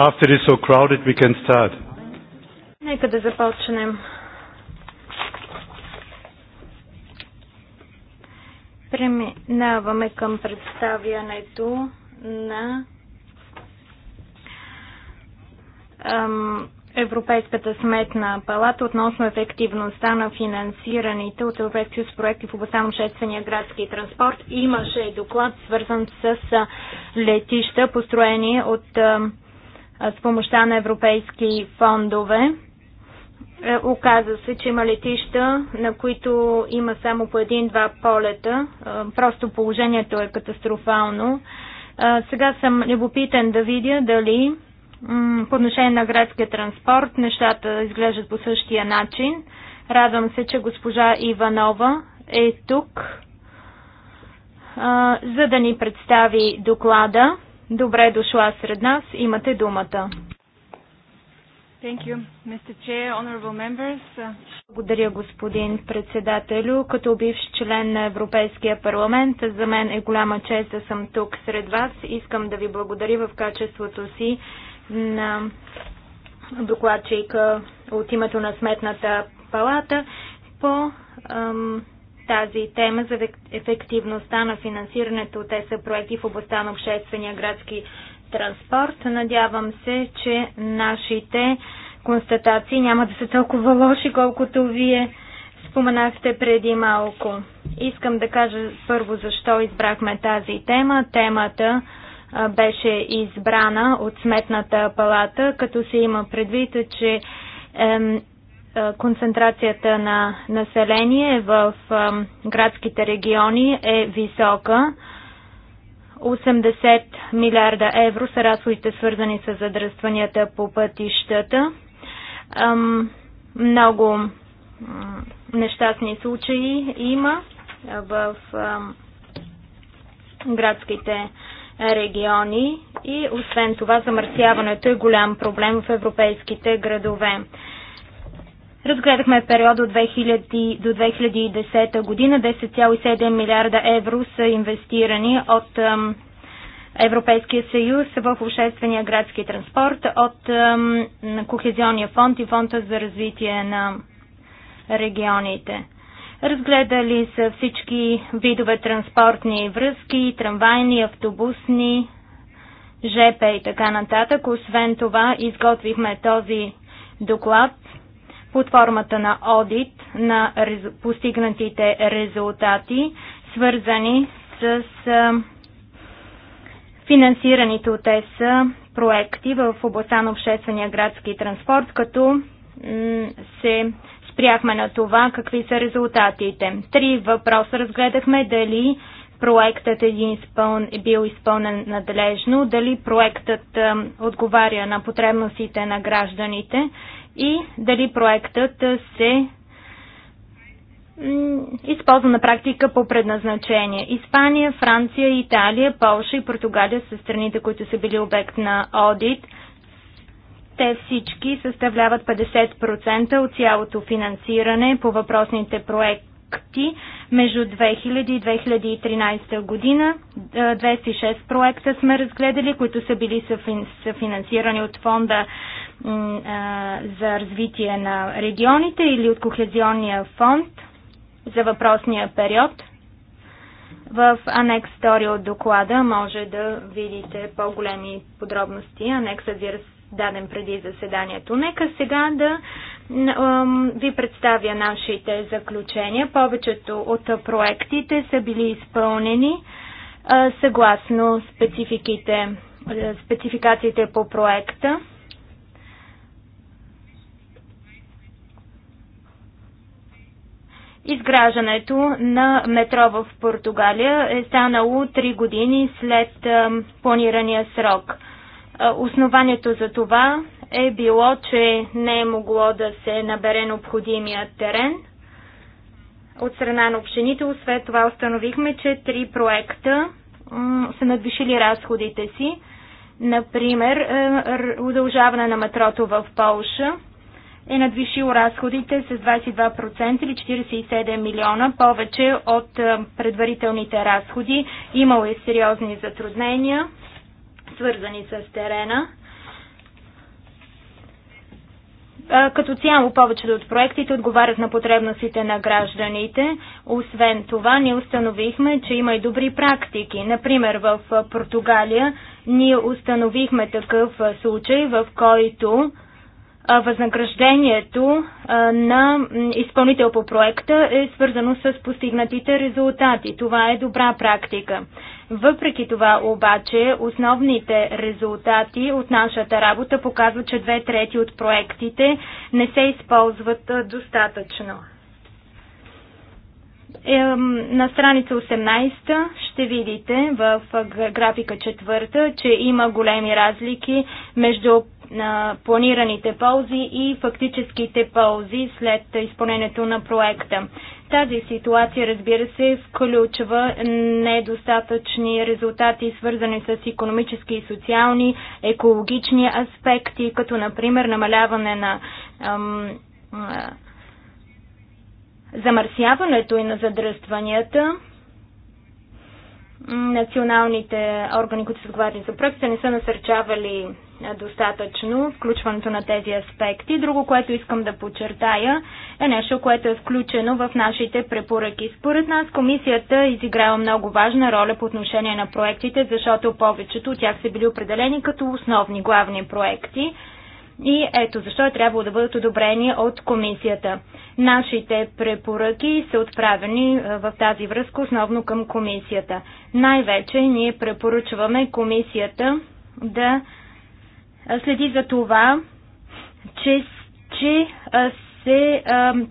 After it is so crowded, we can start. Нека да започнем. Преминаваме към представянето на ам, Европейската сметна палата относно ефективността на финансираните от Европейския съюз проекти в областта на обществения градски транспорт. Имаше доклад свързан с летища, построени от с помощта на европейски фондове. Е, оказа се, че има летища, на които има само по един-два полета. Е, просто положението е катастрофално. Е, сега съм любопитен да видя дали по отношение на градския транспорт нещата изглеждат по същия начин. Радвам се, че госпожа Иванова е тук, за да ни представи доклада. Добре е дошла сред нас. Имате думата. Thank you, Mr. Chair, honorable members. Благодаря, господин председателю. Като бивш член на Европейския парламент, за мен е голяма чест да съм тук сред вас. Искам да ви благодаря в качеството си на докладчика от името на Сметната палата по ам, тази тема за ефективността на финансирането. Те са проекти в областта на обществения градски транспорт. Надявам се, че нашите констатации няма да са толкова лоши, колкото вие споменахте преди малко. Искам да кажа първо защо избрахме тази тема. Темата беше избрана от Сметната палата, като се има предвид, че концентрацията на население в градските региони е висока. 80 милиарда евро са разходите свързани с задръстванията по пътищата. Много нещастни случаи има в градските региони и освен това замърсяването е голям проблем в европейските градове. Разгледахме периода от 2000 до 2010 година. 10,7 милиарда евро са инвестирани от Европейския съюз в обществения градски транспорт, от Кохезионния фонд и фонда за развитие на регионите. Разгледали са всички видове транспортни връзки, трамвайни, автобусни, ЖП и така нататък. Освен това, изготвихме този доклад под формата на одит на постигнатите резултати, свързани с финансираните от ЕС проекти в областта на обществения градски транспорт, като се спряхме на това какви са резултатите. Три въпроса разгледахме дали проектът е, е бил изпълнен надлежно, дали проектът отговаря на потребностите на гражданите и дали проектът се използва на практика по предназначение. Испания, Франция, Италия, Полша и Португалия са страните, които са били обект на одит. Те всички съставляват 50% от цялото финансиране по въпросните проекти проекти между 2000 и 2013 година. 206 е, проекта сме разгледали, които са били съфинансирани от фонда е, за развитие на регионите или от Кохезионния фонд за въпросния период. В анекс 2 от доклада може да видите по-големи подробности. Анекса ви даден преди заседанието. Нека сега да ви представя нашите заключения. Повечето от проектите са били изпълнени съгласно спецификите, спецификациите по проекта. Изграждането на метро в Португалия е станало 3 години след планирания срок. Основанието за това е било, че не е могло да се набере необходимия терен от страна на общините. Освен това установихме, че три проекта са надвишили разходите си. Например, е, удължаване на метрото в Полша е надвишило разходите с 22% или 47 милиона повече от е, предварителните разходи. Имало е сериозни затруднения свързани с терена. Като цяло повечето от проектите отговарят на потребностите на гражданите. Освен това, ние установихме, че има и добри практики. Например, в Португалия ние установихме такъв случай, в който възнаграждението на изпълнител по проекта е свързано с постигнатите резултати. Това е добра практика. Въпреки това обаче, основните резултати от нашата работа показват, че две трети от проектите не се използват достатъчно на страница 18 ще видите в графика четвърта, че има големи разлики между планираните ползи и фактическите ползи след изпълнението на проекта. Тази ситуация, разбира се, включва недостатъчни резултати, свързани с економически и социални, екологични аспекти, като например намаляване на ам, замърсяването и на задръстванията. Националните органи, които са отговаряли за проекта, не са насърчавали достатъчно включването на тези аспекти. Друго, което искам да подчертая, е нещо, което е включено в нашите препоръки. Според нас комисията изиграва много важна роля по отношение на проектите, защото повечето от тях са били определени като основни главни проекти. И ето защо е трябвало да бъдат одобрени от комисията. Нашите препоръки са отправени е, в тази връзка основно към комисията. Най-вече ние препоръчваме комисията да е, следи за това, че, че е, се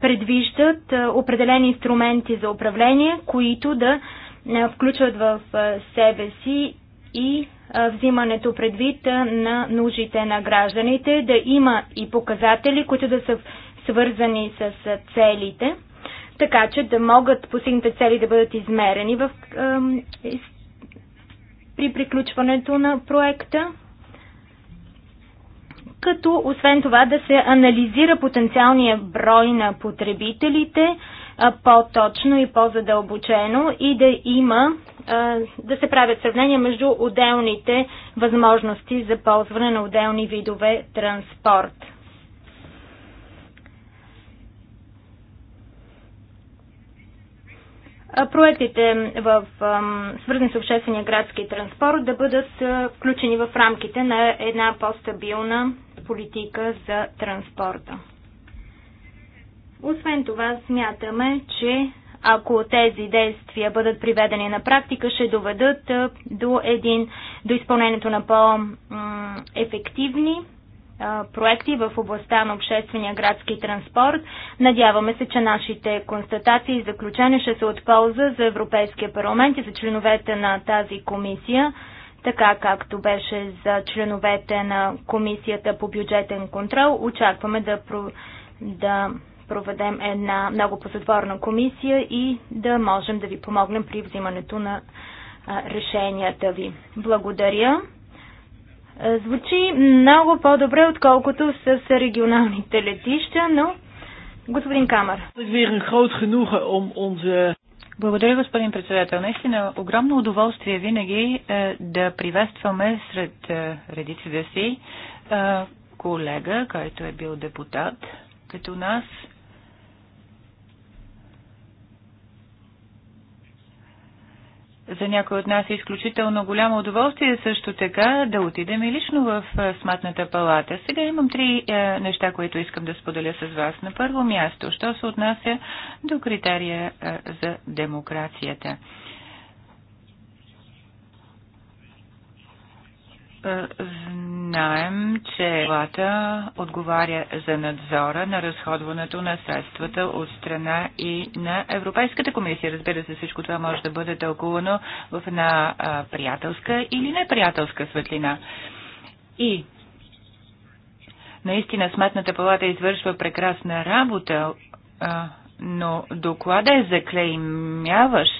предвиждат определени инструменти за управление, които да включват в себе си и взимането предвид на нуждите на гражданите, да има и показатели, които да са свързани с целите, така че да могат постигнатите цели да бъдат измерени в, при приключването на проекта, като освен това да се анализира потенциалния брой на потребителите, по-точно и по-задълбочено и да има да се правят сравнения между отделните възможности за ползване на отделни видове транспорт. проектите в свързани с обществения градски транспорт да бъдат включени в рамките на една по-стабилна политика за транспорта. Освен това, смятаме, че ако тези действия бъдат приведени на практика, ще доведат до, един, до изпълнението на по-ефективни проекти в областта на обществения градски транспорт. Надяваме се, че нашите констатации и заключения ще са от полза за Европейския парламент и за членовете на тази комисия, така както беше за членовете на комисията по бюджетен контрол. Очакваме да, да проведем една много позатворна комисия и да можем да ви помогнем при взимането на решенията ви. Благодаря. Звучи много по-добре, отколкото с регионалните летища, но господин Камър. Благодаря, господин председател. Наистина, огромно удоволствие винаги е, да приветстваме сред е, редиците си е, колега, който е бил депутат като нас За някой от нас е изключително голямо удоволствие също така да отидем и лично в Сматната палата. Сега имам три е, неща, които искам да споделя с вас. На първо място, що се отнася до критерия е, за демокрацията. Е, Знаем, че Лата отговаря за надзора на разходването на средствата от страна и на Европейската комисия. Разбира се, всичко това може да бъде тълкувано в една а, приятелска или неприятелска светлина. И наистина Сметната палата извършва прекрасна работа, а, но доклада е заклеймяващ,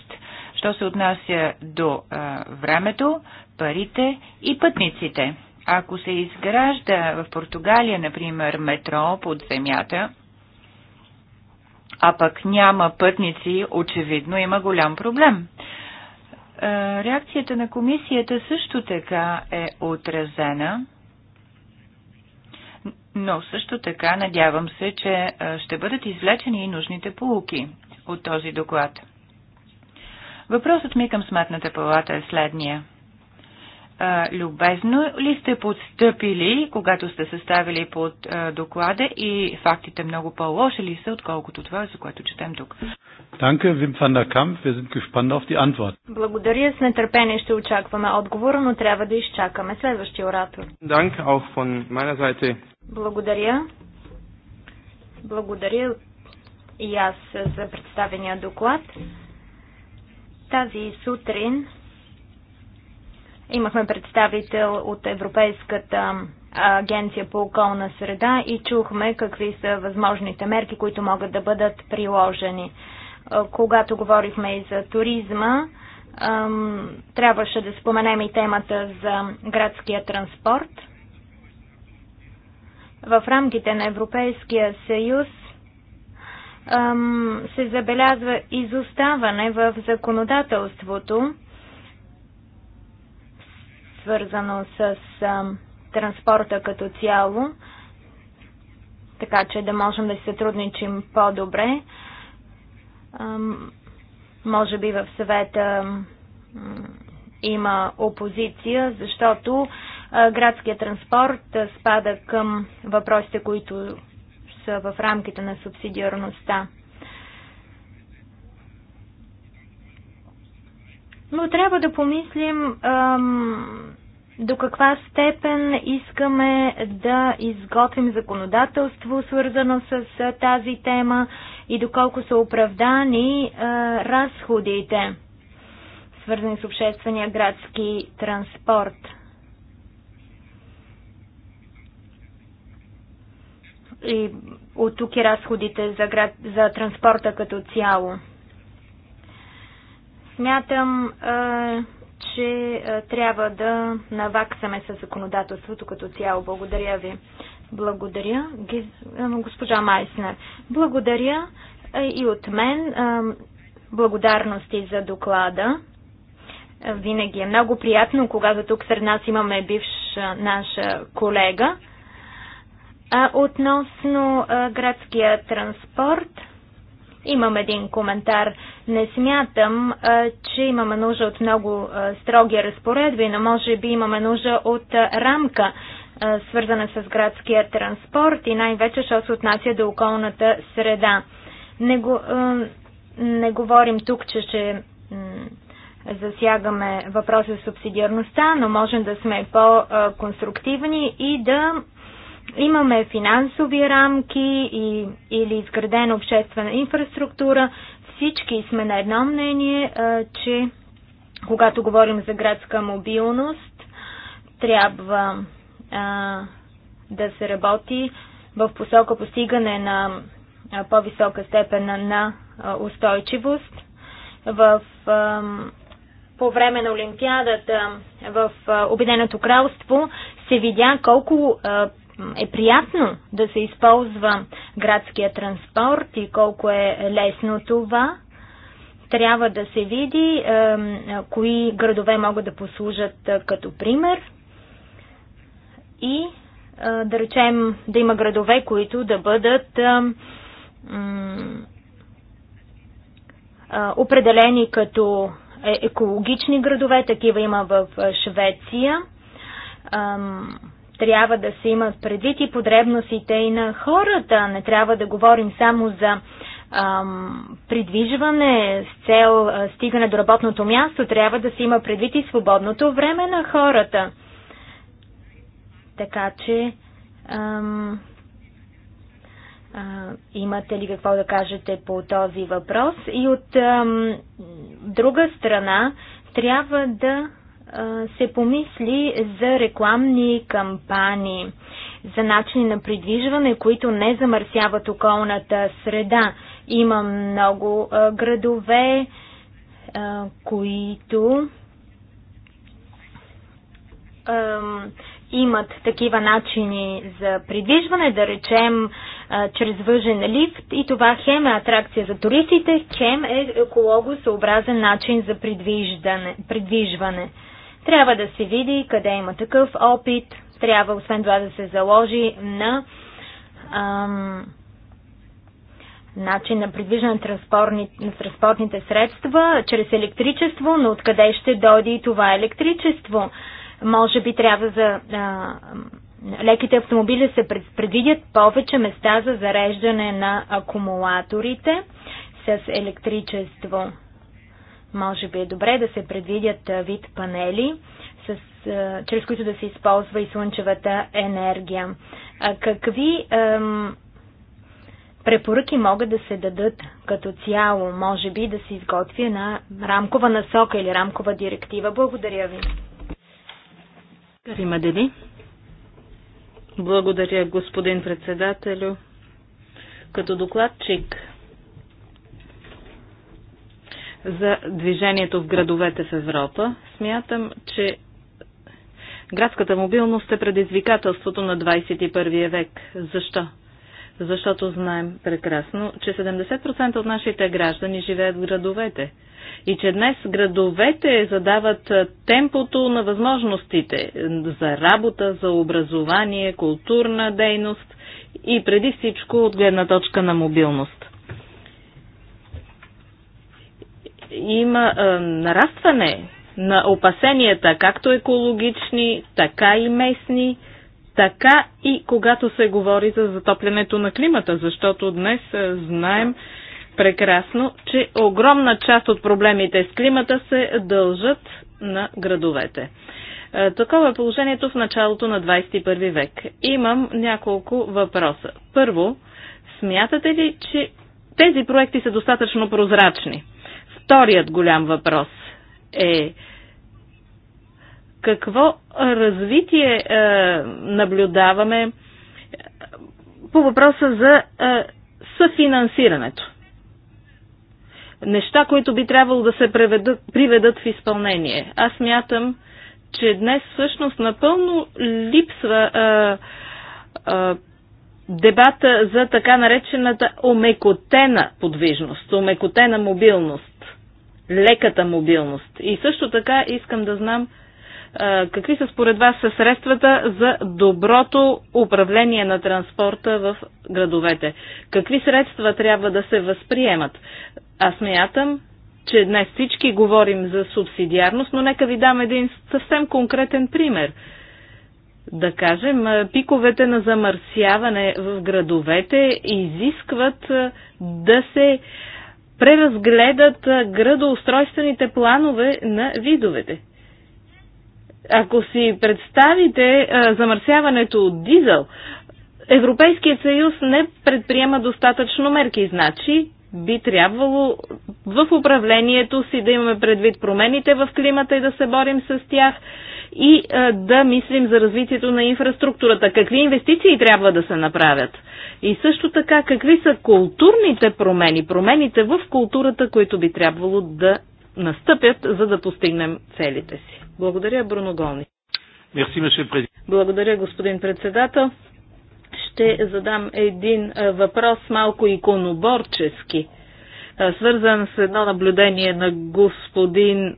що се отнася до а, времето, парите и пътниците. Ако се изгражда в Португалия, например, метро под земята, а пък няма пътници, очевидно има голям проблем. Е, реакцията на комисията също така е отразена, но също така надявам се, че е, ще бъдат извлечени и нужните полуки от този доклад. Въпросът ми към Сметната палата е следния – а, любезно ли сте подстъпили, когато сте съставили под а, доклада и фактите много по-лоши ли са, отколкото това, за което четем тук? Danke, Wim van der Kamp. Wir sind gespannt auf die Antwort. Благодаря, с нетърпение ще очакваме отговора, но трябва да изчакаме следващия оратор. Dank auch von meiner Seite. Благодаря. Благодаря и аз за представения доклад. Тази сутрин Имахме представител от Европейската агенция по околна среда и чухме какви са възможните мерки, които могат да бъдат приложени. Когато говорихме и за туризма, трябваше да споменем и темата за градския транспорт. В рамките на Европейския съюз се забелязва изоставане в законодателството свързано с транспорта като цяло, така че да можем да си сътрудничим по-добре. Може би в съвета има опозиция, защото градския транспорт спада към въпросите, които са в рамките на субсидиарността. Но трябва да помислим ам, до каква степен искаме да изготвим законодателство, свързано с тази тема и доколко са оправдани а, разходите, свързани с обществения градски транспорт. И от тук и разходите за, град, за транспорта като цяло. Смятам, че трябва да наваксаме с законодателството като цяло. Благодаря ви. Благодаря. Госпожа Майснер, благодаря и от мен. Благодарности за доклада. Винаги е много приятно, когато тук сред нас имаме бивш наша колега. Относно градския транспорт, Имам един коментар. Не смятам, че имаме нужда от много строги разпоредби, но може би имаме нужда от рамка, свързана с градския транспорт и най-вече, що се отнася до околната среда. Не, го, не говорим тук, че ще засягаме въпроса с субсидиарността, но можем да сме по-конструктивни и да Имаме финансови рамки и, или изградена обществена инфраструктура. Всички сме на едно мнение, че когато говорим за градска мобилност, трябва а, да се работи в посока постигане на по-висока степен на устойчивост. В, по време на Олимпиадата в Обединеното кралство се видя колко е приятно да се използва градския транспорт и колко е лесно това. Трябва да се види е, кои градове могат да послужат е, като пример и е, да речем да има градове, които да бъдат е, е, определени като е, екологични градове. Такива има в Швеция трябва да се имат предвид и потребностите и на хората. Не трябва да говорим само за ам, придвижване с цел а, стигане до работното място. Трябва да се има предвид и свободното време на хората. Така че ам, а, имате ли какво да кажете по този въпрос? И от ам, друга страна трябва да се помисли за рекламни кампании, за начини на придвижване, които не замърсяват околната среда. Има много градове, които имат такива начини за придвижване, да речем чрез въжен лифт и това хем е атракция за туристите, хем е екологосъобразен начин за придвижване. Трябва да се види къде има такъв опит. Трябва освен това да се заложи на ам, начин на придвижване на, транспортни, на транспортните средства чрез електричество, но откъде ще дойде и това електричество? Може би трябва за а, леките автомобили да се предвидят повече места за зареждане на акумулаторите с електричество. Може би е добре да се предвидят вид панели, с, чрез които да се използва и слънчевата енергия. Какви ем, препоръки могат да се дадат като цяло? Може би да се изготви на рамкова насока или рамкова директива. Благодаря ви. Карима Дели. Благодаря, господин председателю. Като докладчик за движението в градовете в Европа. Смятам, че градската мобилност е предизвикателството на 21 век. Защо? Защото знаем прекрасно, че 70% от нашите граждани живеят в градовете и че днес градовете задават темпото на възможностите за работа, за образование, културна дейност и преди всичко от гледна точка на мобилност. има е, нарастване на опасенията, както екологични, така и местни, така и когато се говори за затоплянето на климата, защото днес е, знаем прекрасно, че огромна част от проблемите с климата се дължат на градовете. Е, такова е положението в началото на 21 век. Имам няколко въпроса. Първо, смятате ли, че тези проекти са достатъчно прозрачни? Вторият голям въпрос е какво развитие е, наблюдаваме е, по въпроса за е, съфинансирането. Неща, които би трябвало да се приведат, приведат в изпълнение. Аз мятам, че днес всъщност напълно липсва е, е, дебата за така наречената омекотена подвижност, омекотена мобилност леката мобилност. И също така искам да знам какви са според вас са средствата за доброто управление на транспорта в градовете? Какви средства трябва да се възприемат? Аз смятам, че днес всички говорим за субсидиарност, но нека ви дам един съвсем конкретен пример. Да кажем, пиковете на замърсяване в градовете изискват да се преразгледат градоустройствените планове на видовете. Ако си представите замърсяването от дизел, Европейският съюз не предприема достатъчно мерки, значи би трябвало в управлението си да имаме предвид промените в климата и да се борим с тях и да мислим за развитието на инфраструктурата. Какви инвестиции трябва да се направят? И също така, какви са културните промени, промените в културата, които би трябвало да настъпят, за да постигнем целите си. Благодаря, Бруно Голни. Благодаря, господин председател. Ще задам един въпрос малко иконоборчески свързан с едно наблюдение на господин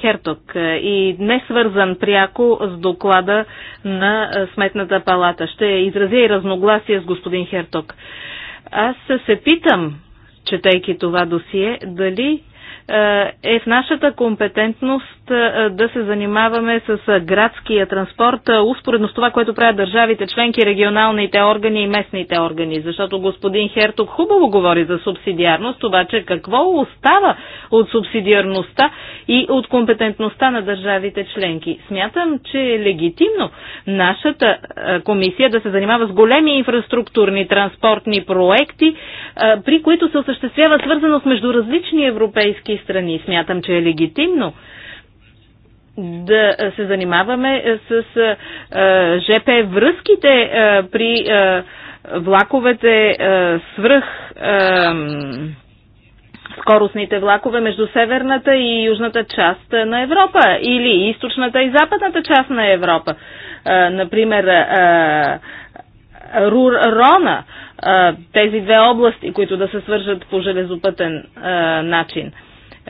Херток и не свързан пряко с доклада на Сметната палата. Ще изразя и разногласие с господин Херток. Аз се питам, четейки това досие, дали е в нашата компетентност е, да се занимаваме с е, градския транспорт, е, успоредно с това, което правят държавите, членки, регионалните органи и местните органи. Защото господин Херток хубаво говори за субсидиарност, обаче какво остава от субсидиарността и от компетентността на държавите членки? Смятам, че е легитимно нашата комисия да се занимава с големи инфраструктурни транспортни проекти, при които се осъществява свързаност между различни европейски трети страни. Смятам, че е легитимно да се занимаваме с ЖП връзките при влаковете свръх скоростните влакове между северната и южната част на Европа или източната и западната част на Европа. Например, Рур, Рона, тези две области, които да се свържат по железопътен начин –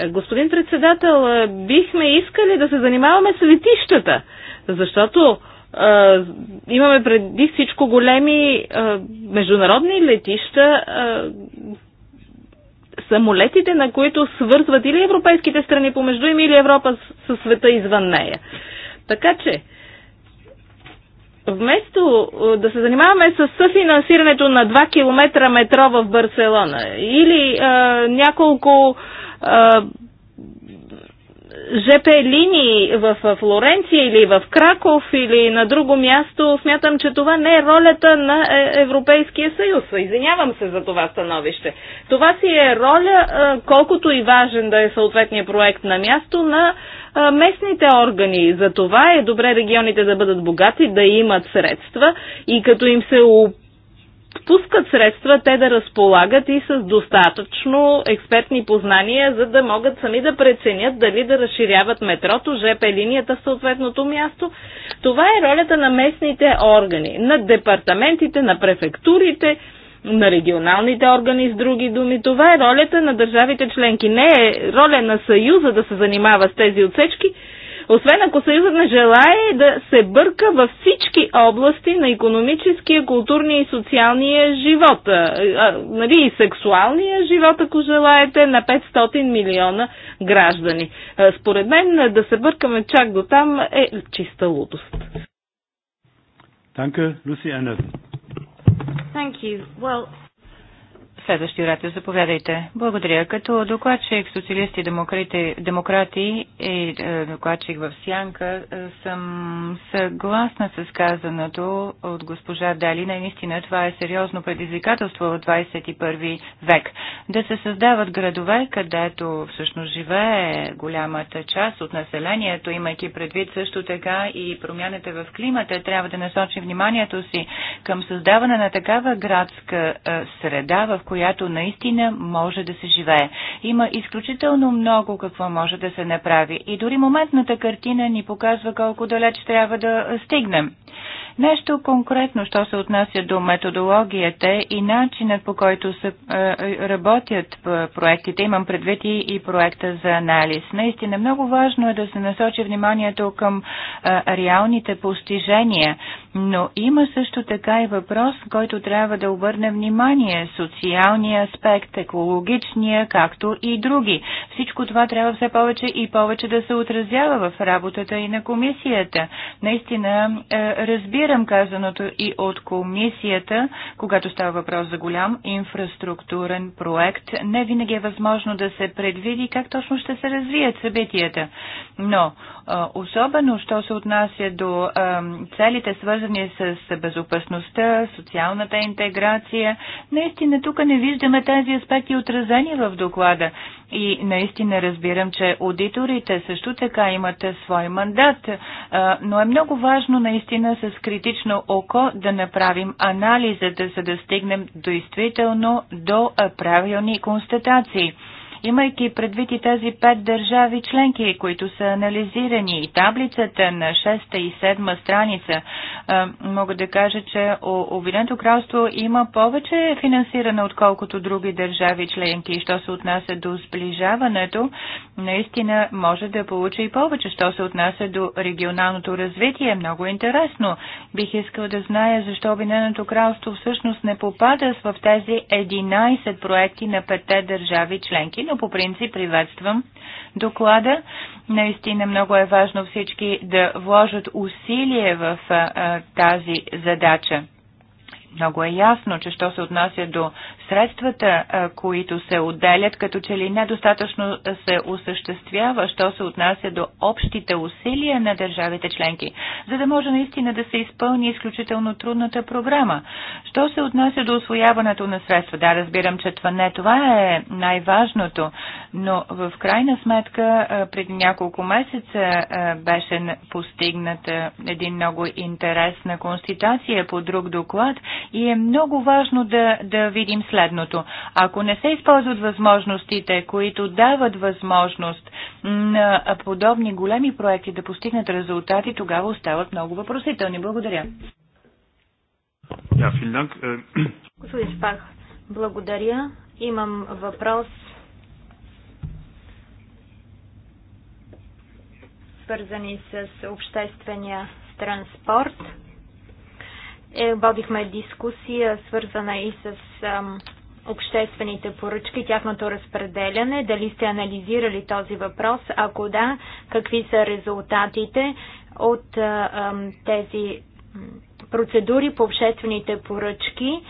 Господин председател, е, бихме искали да се занимаваме с летищата, защото а, е, имаме преди всичко големи а, е, международни летища, а, самолетите, на които свързват или европейските страни помежду им, или Европа със света извън нея. Така че, вместо да се занимаваме с съфинансирането на 2 км метро в Барселона или а, няколко ЖП линии в Флоренция или в Краков или на друго място, смятам, че това не е ролята на е, Европейския съюз. Извинявам се за това становище. Това си е роля, колкото и важен да е съответния проект на място, на местните органи. За това е добре регионите да бъдат богати, да имат средства и като им се опитат отпускат средства, те да разполагат и с достатъчно експертни познания, за да могат сами да преценят дали да разширяват метрото, ЖП линията в съответното място. Това е ролята на местните органи, на департаментите, на префектурите, на регионалните органи, с други думи. Това е ролята на държавите членки. Не е роля на Съюза да се занимава с тези отсечки, освен ако Съюзът не желае да се бърка във всички области на економическия, културния и социалния живот, а, нали, и сексуалния живот, ако желаете, на 500 милиона граждани. А, според мен да се бъркаме чак до там е чиста лудост. Lucy Thank you. Well, Следващи оратор, заповядайте. Благодаря. Като докладчик социалисти демократи, демократи и е, докладчик в Сянка е, съм съгласна с казаното от госпожа И Наистина това е сериозно предизвикателство в 21 век. Да се създават градове, където всъщност живее голямата част от населението, имайки предвид също така и промяната в климата, трябва да насочи вниманието си към създаване на такава градска е, среда, в която която наистина може да се живее. Има изключително много какво може да се направи и дори моментната картина ни показва колко далеч трябва да стигнем. Нещо конкретно, що се отнася до методологията и начинът по който се е, е, работят проектите, имам предвид и, и проекта за анализ. Наистина много важно е да се насочи вниманието към е, реалните постижения, но има също така и въпрос, който трябва да обърне внимание – социалния аспект, екологичния, както и други. Всичко това трябва все повече и повече да се отразява в работата и на комисията. Наистина е, разбирам казаното и от комисията, когато става въпрос за голям инфраструктурен проект. Не винаги е възможно да се предвиди как точно ще се развият събитията. Но особено, що се отнася до целите свързани с безопасността, социалната интеграция. Наистина тук не виждаме тези аспекти отразени в доклада. И наистина разбирам, че аудиторите също така имат свой мандат, но е много важно наистина с критично око да направим анализа, да за да стигнем действително до правилни констатации. Имайки предвид и тези пет държави членки, които са анализирани и таблицата на 6 и 7 страница, мога да кажа, че Обединеното кралство има повече финансиране, отколкото други държави членки. И що се отнася до сближаването, наистина може да получи и повече. Що се отнася до регионалното развитие, много интересно. Бих искал да зная защо Обединеното кралство всъщност не попада в тези 11 проекти на петте държави членки, но по принцип приветствам доклада. Наистина много е важно всички да вложат усилие в тази задача. Много е ясно, че що се отнася до средствата, които се отделят, като че ли недостатъчно се осъществява, що се отнася до общите усилия на държавите членки, за да може наистина да се изпълни изключително трудната програма. Що се отнася до освояването на средства? Да, разбирам, че това не това е най-важното, но в крайна сметка преди няколко месеца беше постигната един много интересна конститация по друг доклад и е много важно да, да видим следното. Ако не се използват възможностите, които дават възможност на подобни големи проекти да постигнат резултати, тогава остават много въпросителни. Благодаря. Äh, Господин Шпах, благодаря. Имам въпрос свързани с обществения транспорт е, водихме дискусия, свързана и с ам, обществените поръчки, тяхното разпределяне. Дали сте анализирали този въпрос? Ако да, какви са резултатите от ам, тези процедури по обществените поръчки?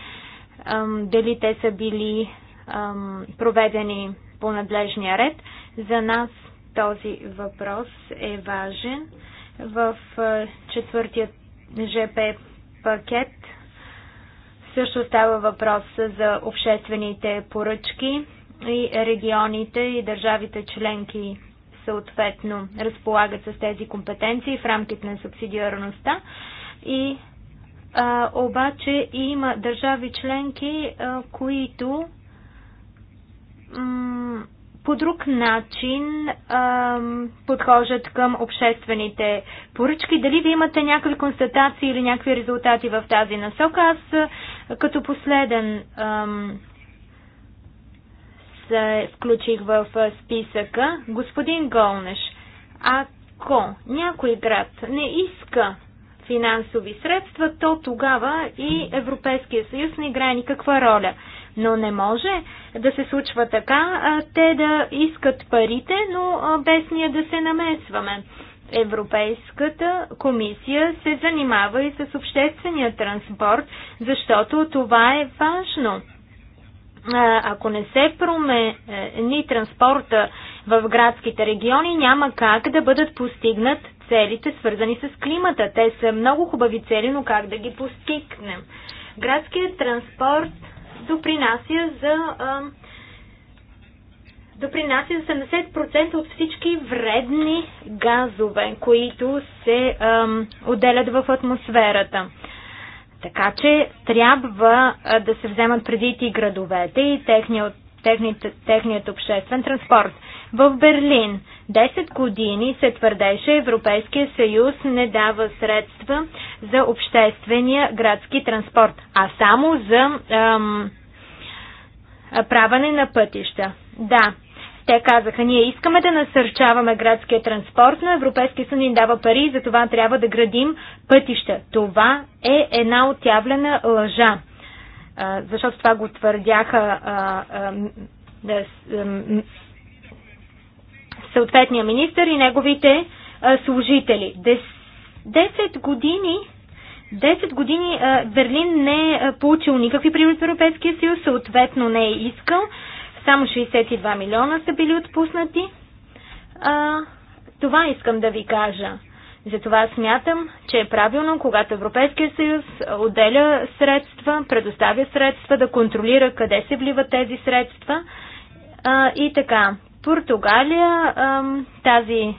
Ам, дали те са били ам, проведени по надлежния ред? За нас този въпрос е важен. В четвъртият ЖП пакет също става въпрос за обществените поръчки и регионите и държавите членки съответно разполагат с тези компетенции в рамките на субсидиарността и а, обаче има държави членки, а, които по друг начин ам, подхожат към обществените поръчки. Дали ви имате някакви констатации или някакви резултати в тази насока? Аз като последен ам, се включих в списъка. Господин Голнеш, ако някой град не иска финансови средства, то тогава и Европейския съюз не играе никаква роля. Но не може да се случва така, те да искат парите, но без ние да се намесваме. Европейската комисия се занимава и с обществения транспорт, защото това е важно. Ако не се промени транспорта в градските региони, няма как да бъдат постигнат целите, свързани с климата. Те са много хубави цели, но как да ги постигнем? Градският транспорт допринася за а, допринася за 70% от всички вредни газове, които се ам, отделят в атмосферата. Така че трябва а, да се вземат преди и градовете и техният, техният, техният обществен транспорт. В Берлин 10 години се твърдеше Европейския съюз не дава средства за обществения градски транспорт, а само за ам, праване на пътища. Да, те казаха, ние искаме да насърчаваме градския транспорт, но Европейския съюз ни дава пари и за това трябва да градим пътища. Това е една отявлена лъжа, защото това го твърдяха съответния министр и неговите служители. Десет години 10 години Берлин не е получил никакви приори от Европейския съюз, съответно не е искал. Само 62 милиона са били отпуснати. А, това искам да ви кажа. Затова смятам, че е правилно, когато Европейския съюз отделя средства, предоставя средства, да контролира къде се вливат тези средства. А, и така, Португалия тази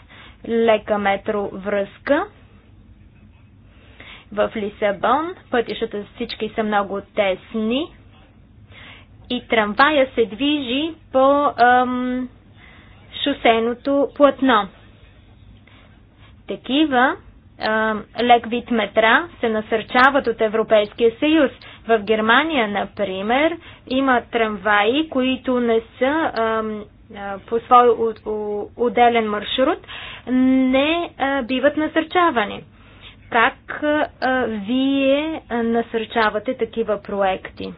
лека метро връзка в Лисабон. Пътищата всички са много тесни и трамвая се движи по ам, шосеното платно. Такива лек вид метра се насърчават от Европейския съюз. В Германия, например, има трамваи, които не са ам, по свой отделен маршрут, не биват насърчавани. Как вие насърчавате такива проекти?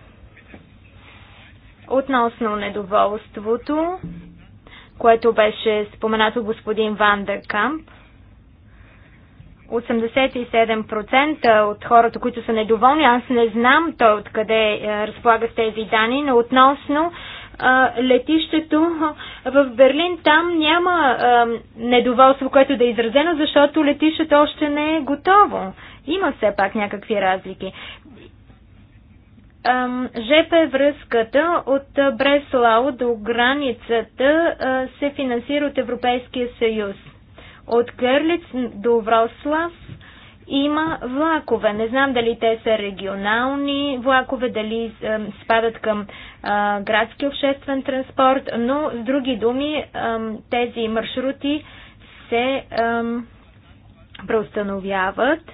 Относно недоволството, което беше споменато господин Вандеркамп, 87% от хората, които са недоволни, аз не знам той откъде е, разполага с тези данни, но относно а, летището в Берлин. Там няма а, недоволство, което да е изразено, защото летището още не е готово. Има все пак някакви разлики. ЖП връзката от Бреслау до границата се финансира от Европейския съюз. От Кърлиц до Врослав има влакове. Не знам дали те са регионални влакове, дали спадат към градски обществен транспорт, но с други думи тези маршрути се преустановяват.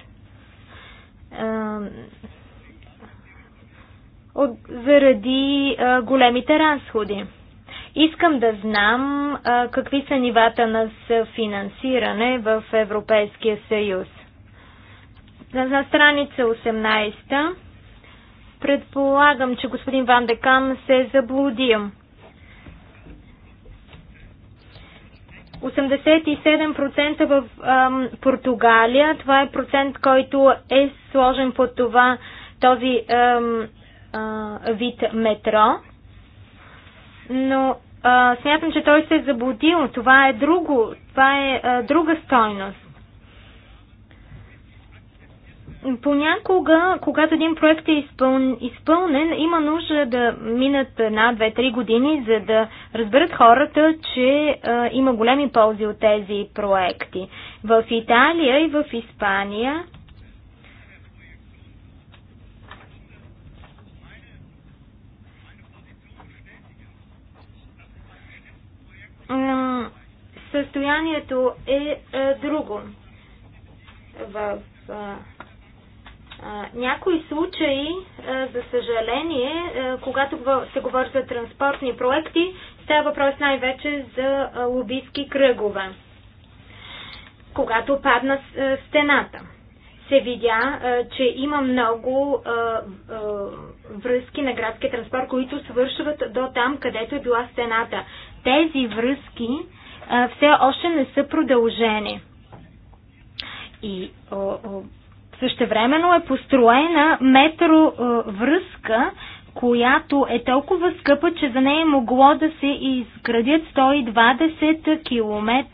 От, заради големите разходи. Искам да знам а, какви са нивата на съфинансиране в Европейския съюз. На, на страница 18 предполагам, че господин Ван Декам се е 87% в ам, Португалия. Това е процент, който е сложен под това този ам, а, вид метро. Но а, смятам, че той се е заблудил. Това е друго. Това е а, друга стойност. Понякога, когато един проект е изпълнен, има нужда да минат една, две, три години, за да разберат хората, че а, има големи ползи от тези проекти. В Италия и в Испания състоянието е, е друго. В някои случаи, за съжаление, когато се говори за транспортни проекти, става въпрос най-вече за лобистки кръгове. Когато падна стената, се видя, че има много връзки на градския транспорт, които свършват до там, където е била стената. Тези връзки все още не са продължени. И Същевременно е построена метровръзка, е, която е толкова скъпа, че за нея е могло да се изградят 120 км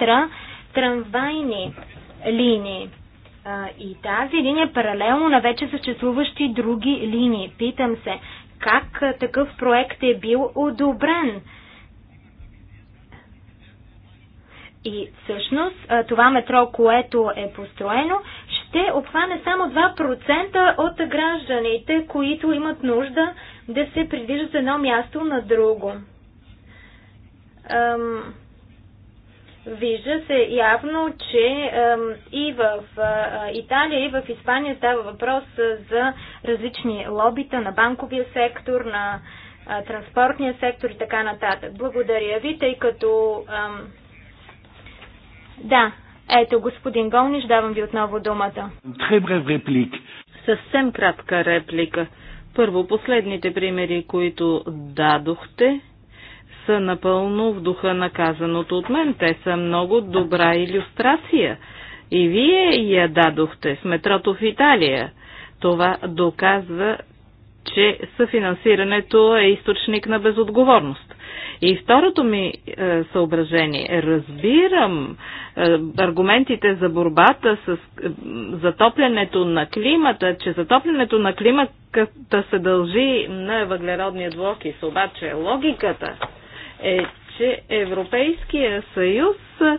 трамвайни линии. И тази линия е паралелно на вече съществуващи други линии. Питам се, как такъв проект е бил одобрен? И всъщност това метро, което е построено, ще обхване само 2% от гражданите, които имат нужда да се придвижат с едно място на друго. Ам, вижда се явно, че ам, и в а, Италия, и в Испания става въпрос за различни лобита на банковия сектор, на а, транспортния сектор и така нататък. Благодаря ви, тъй като. Ам, да, ето, господин Голниш, давам ви отново думата. Съвсем кратка реплика. Първо, последните примери, които дадохте, са напълно в духа на казаното от мен. Те са много добра иллюстрация. И вие я дадохте с метрото в Италия. Това доказва, че съфинансирането е източник на безотговорност. И второто ми е, съображение. Разбирам е, аргументите за борбата с е, затоплянето на климата, че затоплянето на климата се дължи на въглеродния двуокис. Обаче логиката е, че Европейския съюз е,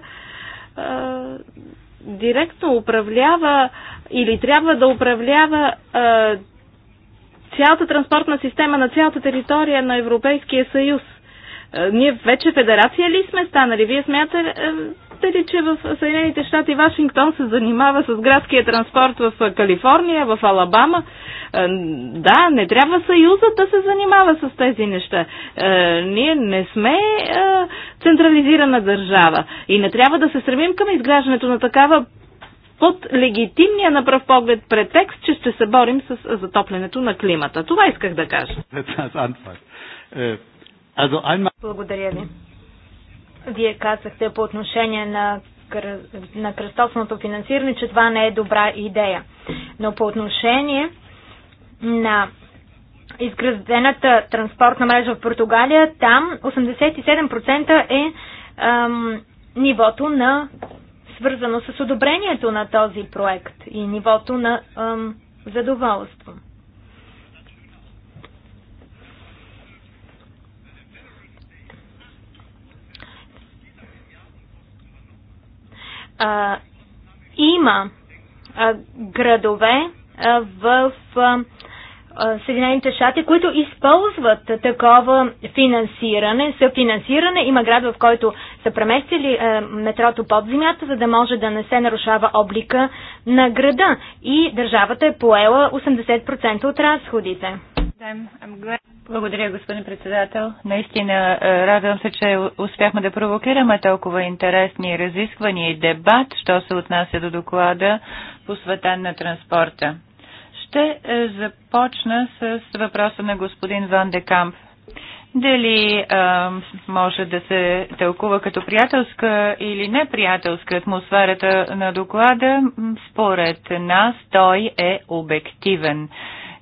директно управлява или трябва да управлява е, цялата транспортна система на цялата територия на Европейския съюз. Е, ние вече федерация ли сме станали? Вие смятате е, ли, че в Съединените щати Вашингтон се занимава с градския транспорт в е, Калифорния, в Алабама? Да, не трябва Съюзът да се занимава с тези неща. Ние не сме централизирана държава и не трябва да се стремим към изграждането на такава под легитимния на пръв поглед претекст, че ще се борим с затоплянето на климата. Това исках да кажа. Благодаря ви. Вие казахте по отношение на, кръ... на кръстосното финансиране, че това не е добра идея. Но по отношение на изградената транспортна мрежа в Португалия, там 87% е ам, нивото на свързано с одобрението на този проект и нивото на ам, задоволство. А, има а, градове а, в а, Съединените щати, които използват такова финансиране, съфинансиране. Има град, в който са преместили е, метрото под земята, за да може да не се нарушава облика на града. И държавата е поела 80% от разходите. Благодаря, господин председател. Наистина е, радвам се, че успяхме да провокираме толкова интересни разисквания и дебат, що се отнася до доклада посветен на транспорта. Ще е, започна с въпроса на господин Ван де Камп. Дали а, е, може да се тълкува като приятелска или неприятелска атмосферата на доклада, според нас той е обективен.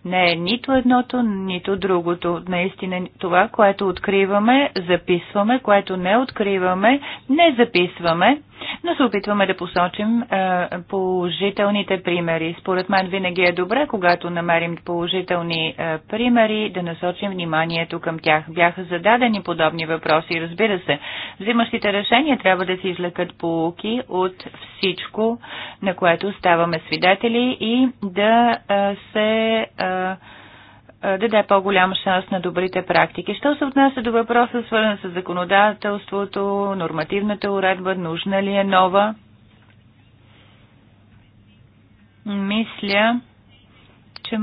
Не е нито едното, нито другото. Наистина това, което откриваме, записваме, което не откриваме, не записваме, но се опитваме да посочим е, положителните примери. Според мен винаги е добре, когато намерим положителни е, примери, да насочим вниманието към тях. Бяха зададени подобни въпроси, разбира се. Взимащите решения трябва да се излекат полуки от всичко, на което ставаме свидетели и да е, се е, е, е, даде по-голям шанс на добрите практики. Що се отнася до въпроса, свързан с законодателството, нормативната уредба, нужна ли е нова? Мисля, че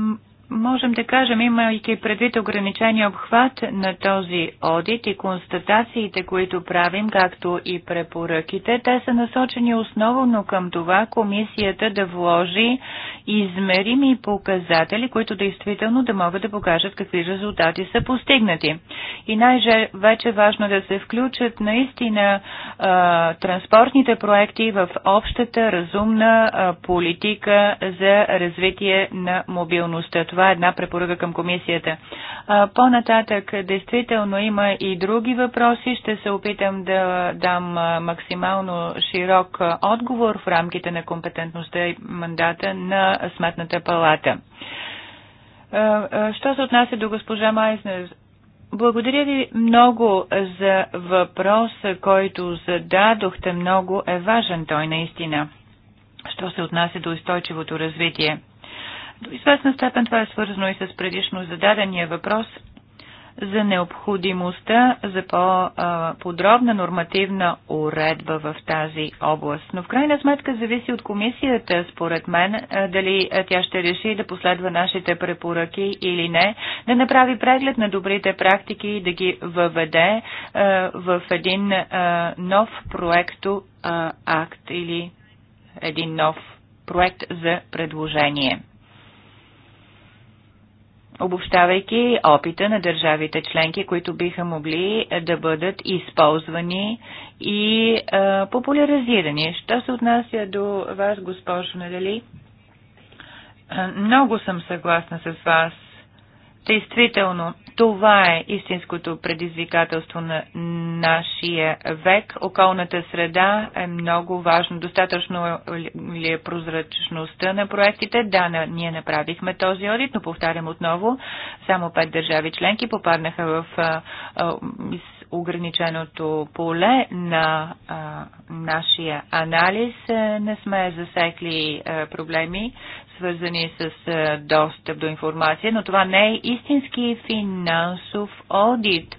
можем да кажем, имайки предвид ограничения обхват на този одит и констатациите, които правим, както и препоръките, те са насочени основно към това комисията да вложи измерими показатели, които действително да могат да покажат какви резултати са постигнати. И най-вече важно да се включат наистина а, транспортните проекти в общата разумна а, политика за развитие на мобилността. Това това е една препоръка към комисията. По-нататък, действително има и други въпроси. Ще се опитам да дам максимално широк отговор в рамките на компетентността и мандата на Сметната палата. Що се отнася до госпожа Майснер? Благодаря ви много за въпроса, който зададохте. Много е важен той наистина, що се отнася до устойчивото развитие. До известна степен това е свързано и с предишно зададения въпрос за необходимостта за по-подробна нормативна уредба в тази област. Но в крайна сметка зависи от комисията, според мен, дали тя ще реши да последва нашите препоръки или не, да направи преглед на добрите практики и да ги въведе в един нов проекто акт или един нов проект за предложение обобщавайки опита на държавите членки, които биха могли е, да бъдат използвани и а, е, популяризирани. Що се отнася до вас, госпожо Надали? Е, много съм съгласна с вас. Действително, това е истинското предизвикателство на нашия век. Околната среда е много важно. Достатъчно ли е прозрачността на проектите? Да, ние направихме този одит, но повтарям отново, само пет държави членки попаднаха в ограниченото поле на а, нашия анализ. Не сме засекли а, проблеми, свързани с е, достъп до информация, но това не е истински финансов одит.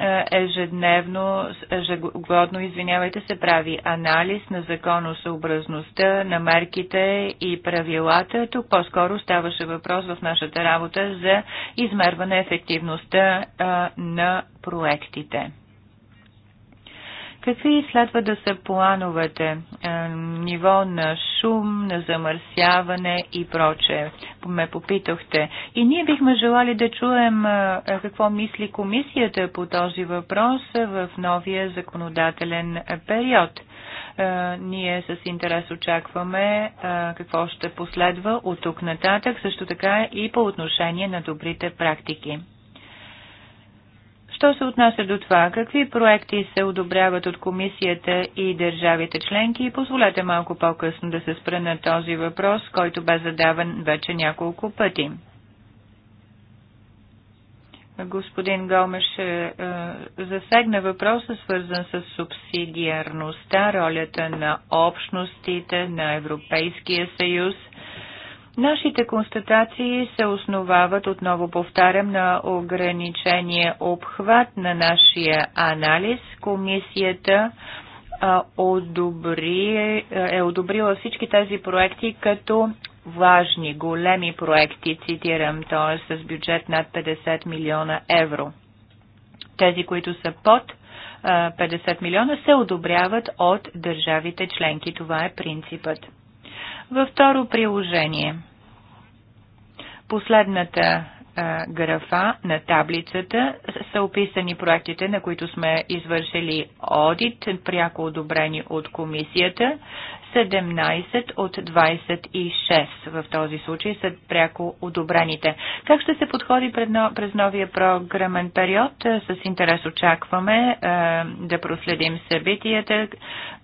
Е, ежедневно, ежегодно, извинявайте, се прави анализ на законосъобразността, на мерките и правилата. Тук по-скоро ставаше въпрос в нашата работа за измерване ефективността е, на проектите. Какви следва да са плановете? Е, ниво на шум, на замърсяване и прочее. Ме попитахте. И ние бихме желали да чуем е, е, какво мисли комисията по този въпрос в новия законодателен период ние с интерес очакваме какво ще последва от тук нататък, също така и по отношение на добрите практики. Що се отнася до това? Какви проекти се одобряват от комисията и държавите членки? И позволете малко по-късно да се спра на този въпрос, който бе задаван вече няколко пъти. Господин Гомеш е, е засегна въпроса, свързан с субсидиарността, ролята на общностите, на Европейския съюз – Нашите констатации се основават, отново повтарям, на ограничение обхват на нашия анализ. Комисията одобри, е одобрила всички тези проекти като важни, големи проекти, цитирам, т.е. с бюджет над 50 милиона евро. Тези, които са под 50 милиона, се одобряват от държавите членки. Това е принципът. Във второ приложение, последната графа на таблицата са описани проектите, на които сме извършили одит, пряко одобрени от комисията. 17 от 26 в този случай са пряко одобрените. Как ще се подходи през новия програмен период? Е, с интерес очакваме е, да проследим събитията,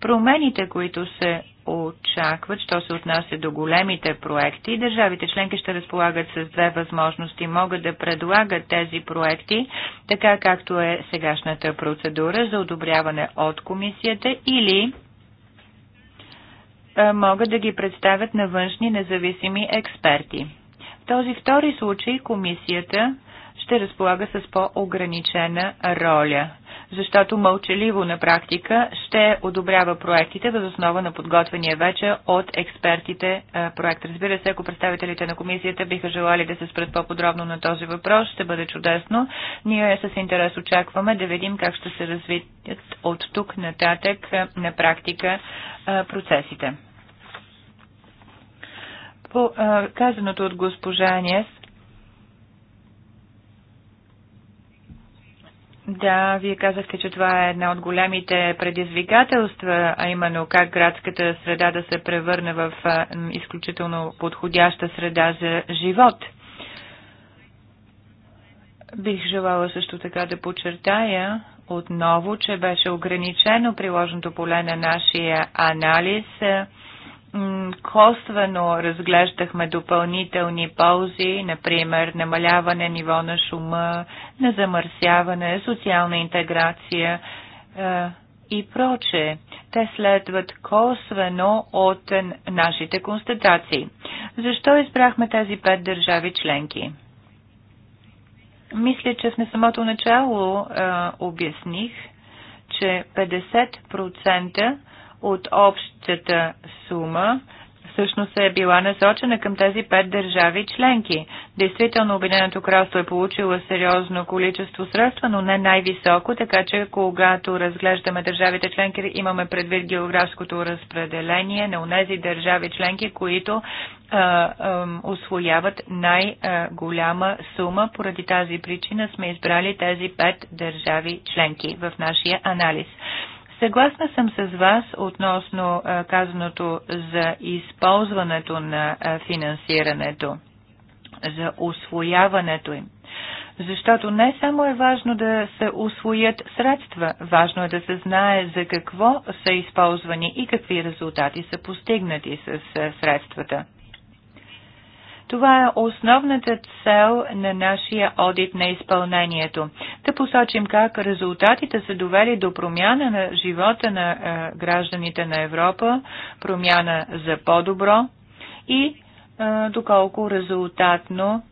промените, които се очакват, що се отнася до големите проекти. Държавите членки ще разполагат с две възможности. Могат да предлагат тези проекти, така както е сегашната процедура за одобряване от комисията или могат да ги представят на външни независими експерти. В този втори случай комисията ще разполага с по-ограничена роля, защото мълчаливо на практика ще одобрява проектите въз основа на подготвения вече от експертите проект. Разбира се, ако представителите на комисията биха желали да се спрат по-подробно на този въпрос, ще бъде чудесно. Ние с интерес очакваме да видим как ще се развият от тук нататък на практика процесите по а, казаното от госпожа Аняс, Да, вие казахте, че това е една от големите предизвикателства, а именно как градската среда да се превърне в изключително подходяща среда за живот. Бих желала също така да подчертая отново, че беше ограничено приложното поле на нашия анализ – косвено разглеждахме допълнителни ползи, например намаляване ниво на шума, на замърсяване, социална интеграция е, и прочее. Те следват косвено от нашите констатации. Защо избрахме тези пет държави членки? Мисля, че в самото начало е, обясних, че 50% от общата сума всъщност е била насочена към тези пет държави членки. Действително Обединеното кралство е получило сериозно количество средства, но не най-високо, така че когато разглеждаме държавите членки, имаме предвид географското разпределение на унези държави членки, които а, а, освояват най-голяма сума. Поради тази причина сме избрали тези пет държави членки в нашия анализ. Съгласна съм с вас относно казаното за използването на финансирането, за освояването им. Защото не само е важно да се освоят средства, важно е да се знае за какво са използвани и какви резултати са постигнати с средствата. Това е основната цел на нашия одит на изпълнението. Да посочим как резултатите са довели до промяна на живота на е, гражданите на Европа, промяна за по-добро и е, доколко резултатно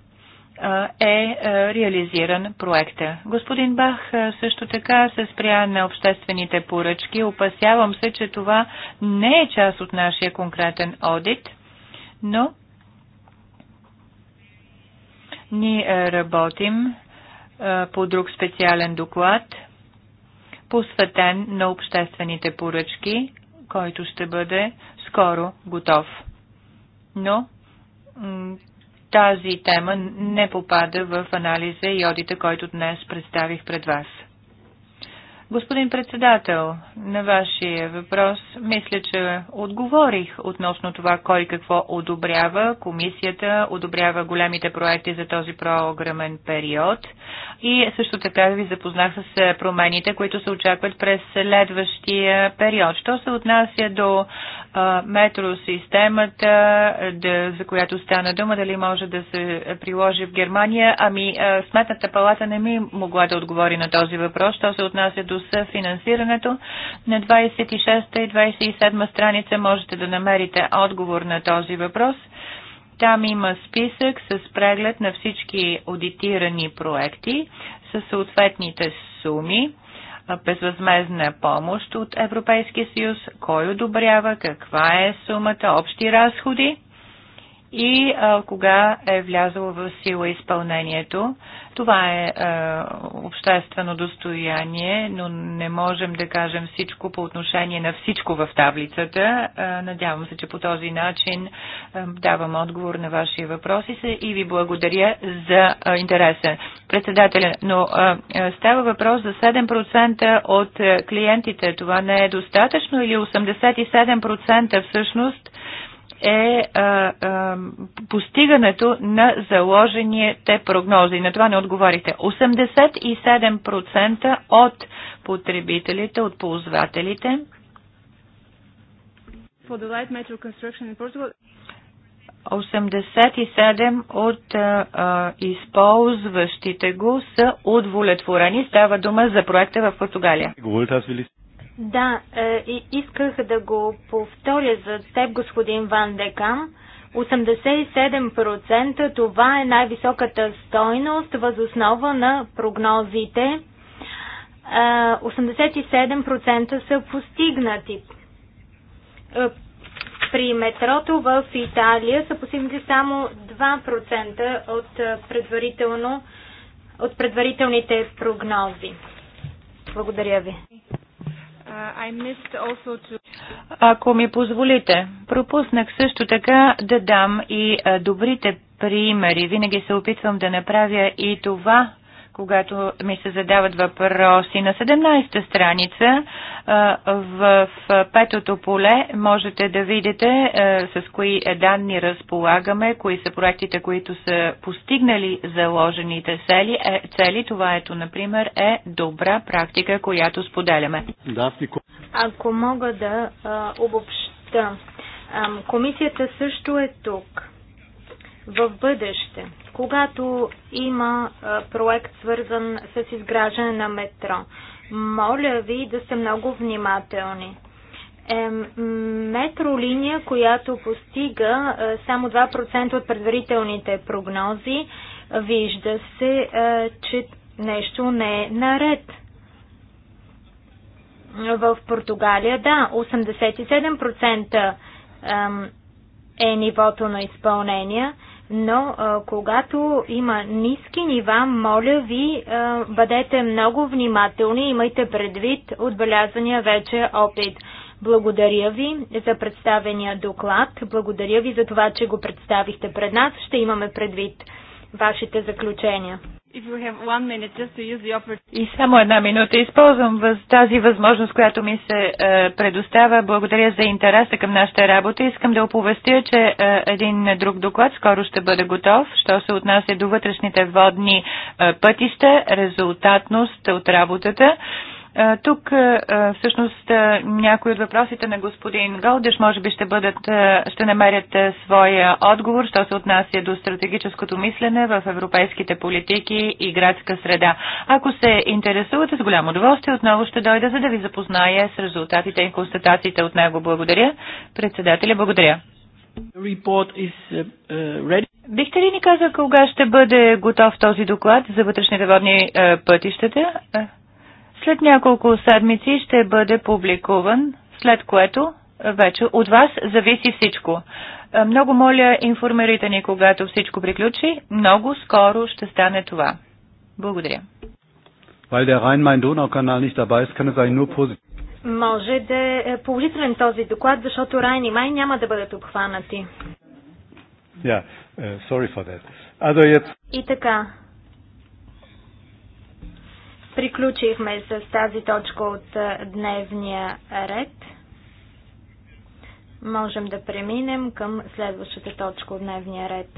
е, е реализиран проекта. Господин Бах е, също така се спря на обществените поръчки. Опасявам се, че това не е част от нашия конкретен одит, но ние е, работим е, по друг специален доклад, посветен на обществените поръчки, който ще бъде скоро готов. Но тази тема не попада в анализа и одита, който днес представих пред вас. Господин председател, на вашия въпрос мисля, че отговорих относно това кой какво одобрява. Комисията одобрява големите проекти за този програмен период и също така ви запознах с промените, които се очакват през следващия период. Що се отнася до метросистемата, да, за която стана дума, дали може да се приложи в Германия. Ами, Сметната палата не ми могла да отговори на този въпрос, що се отнася до съфинансирането. На 26 та и 27 страница можете да намерите отговор на този въпрос. Там има списък с преглед на всички аудитирани проекти, със съответните суми безвъзмезна помощ от Европейския съюз, кой одобрява, каква е сумата, общи разходи и а, кога е влязло в сила изпълнението. Това е а, обществено достояние, но не можем да кажем всичко по отношение на всичко в таблицата. А, надявам се, че по този начин а, давам отговор на вашия въпрос и ви благодаря за а, интереса. Председателя, но а, става въпрос за 7% от клиентите. Това не е достатъчно или 87% всъщност? е а, а, постигането на заложените прогнози. На това не отговорихте. 87% от потребителите, от ползвателите for the light metro construction in Portugal. 87 от а, а, използващите го са удовлетворени. Става дума за проекта в Португалия. Да, е, и исках да го повторя за теб, господин Ван Декам. 87% това е най-високата стойност възоснова на прогнозите. 87% е, са постигнати. Е, при метрото в Италия са постигнати само 2% от, предварително, от предварителните прогнози. Благодаря ви. Uh, Ако ми позволите, пропуснах също така да дам и добрите примери. Винаги се опитвам да направя и това, когато ми се задават въпроси. На 17-та страница в петото поле можете да видите с кои данни разполагаме, кои са проектите, които са постигнали заложените цели. Е, цели. Това ето, например, е добра практика, която споделяме. Ако мога да обобща, комисията също е тук в бъдеще, когато има проект свързан с изграждане на метро. Моля ви да сте много внимателни. Е, метролиния, която постига е, само 2% от предварителните прогнози, вижда се, е, че нещо не е наред. В Португалия, да, 87% е нивото на изпълнение, но а, когато има ниски нива, моля ви, а, бъдете много внимателни, имайте предвид отбелязания вече опит. Благодаря ви за представения доклад, благодаря ви за това, че го представихте пред нас. Ще имаме предвид вашите заключения. И само една минута използвам въз, тази възможност, която ми се е, предоставя. Благодаря за интереса към нашата работа. Искам да оповестя, че е, един друг доклад скоро ще бъде готов, що се отнася до вътрешните водни е, пътища, резултатност от работата. Е, тук всъщност някои от въпросите на господин Голдиш може би ще, бъдат, ще намерят своя отговор, що се отнася до стратегическото мислене в европейските политики и градска среда. Ако се интересувате, с голямо удоволствие отново ще дойда, за да ви запозная с резултатите и констатациите от него. Благодаря. Председателя, благодаря. Uh, uh, Бихте ли ни казал кога ще бъде готов този доклад за вътрешните водни пътищата? След няколко седмици ще бъде публикуван, след което вече от вас зависи всичко. Е, много моля, информирайте ни, когато всичко приключи. Много скоро ще стане това. Благодаря. Weil der Rhein-Main-Donau-Kanal nicht dabei ist, kann es nur positiv може да е, е положителен този доклад, защото Райн и Май няма да бъдат обхванати. Yeah, е, sorry for that. Also jetzt... И така, Приключихме с тази точка от дневния ред. Можем да преминем към следващата точка от дневния ред.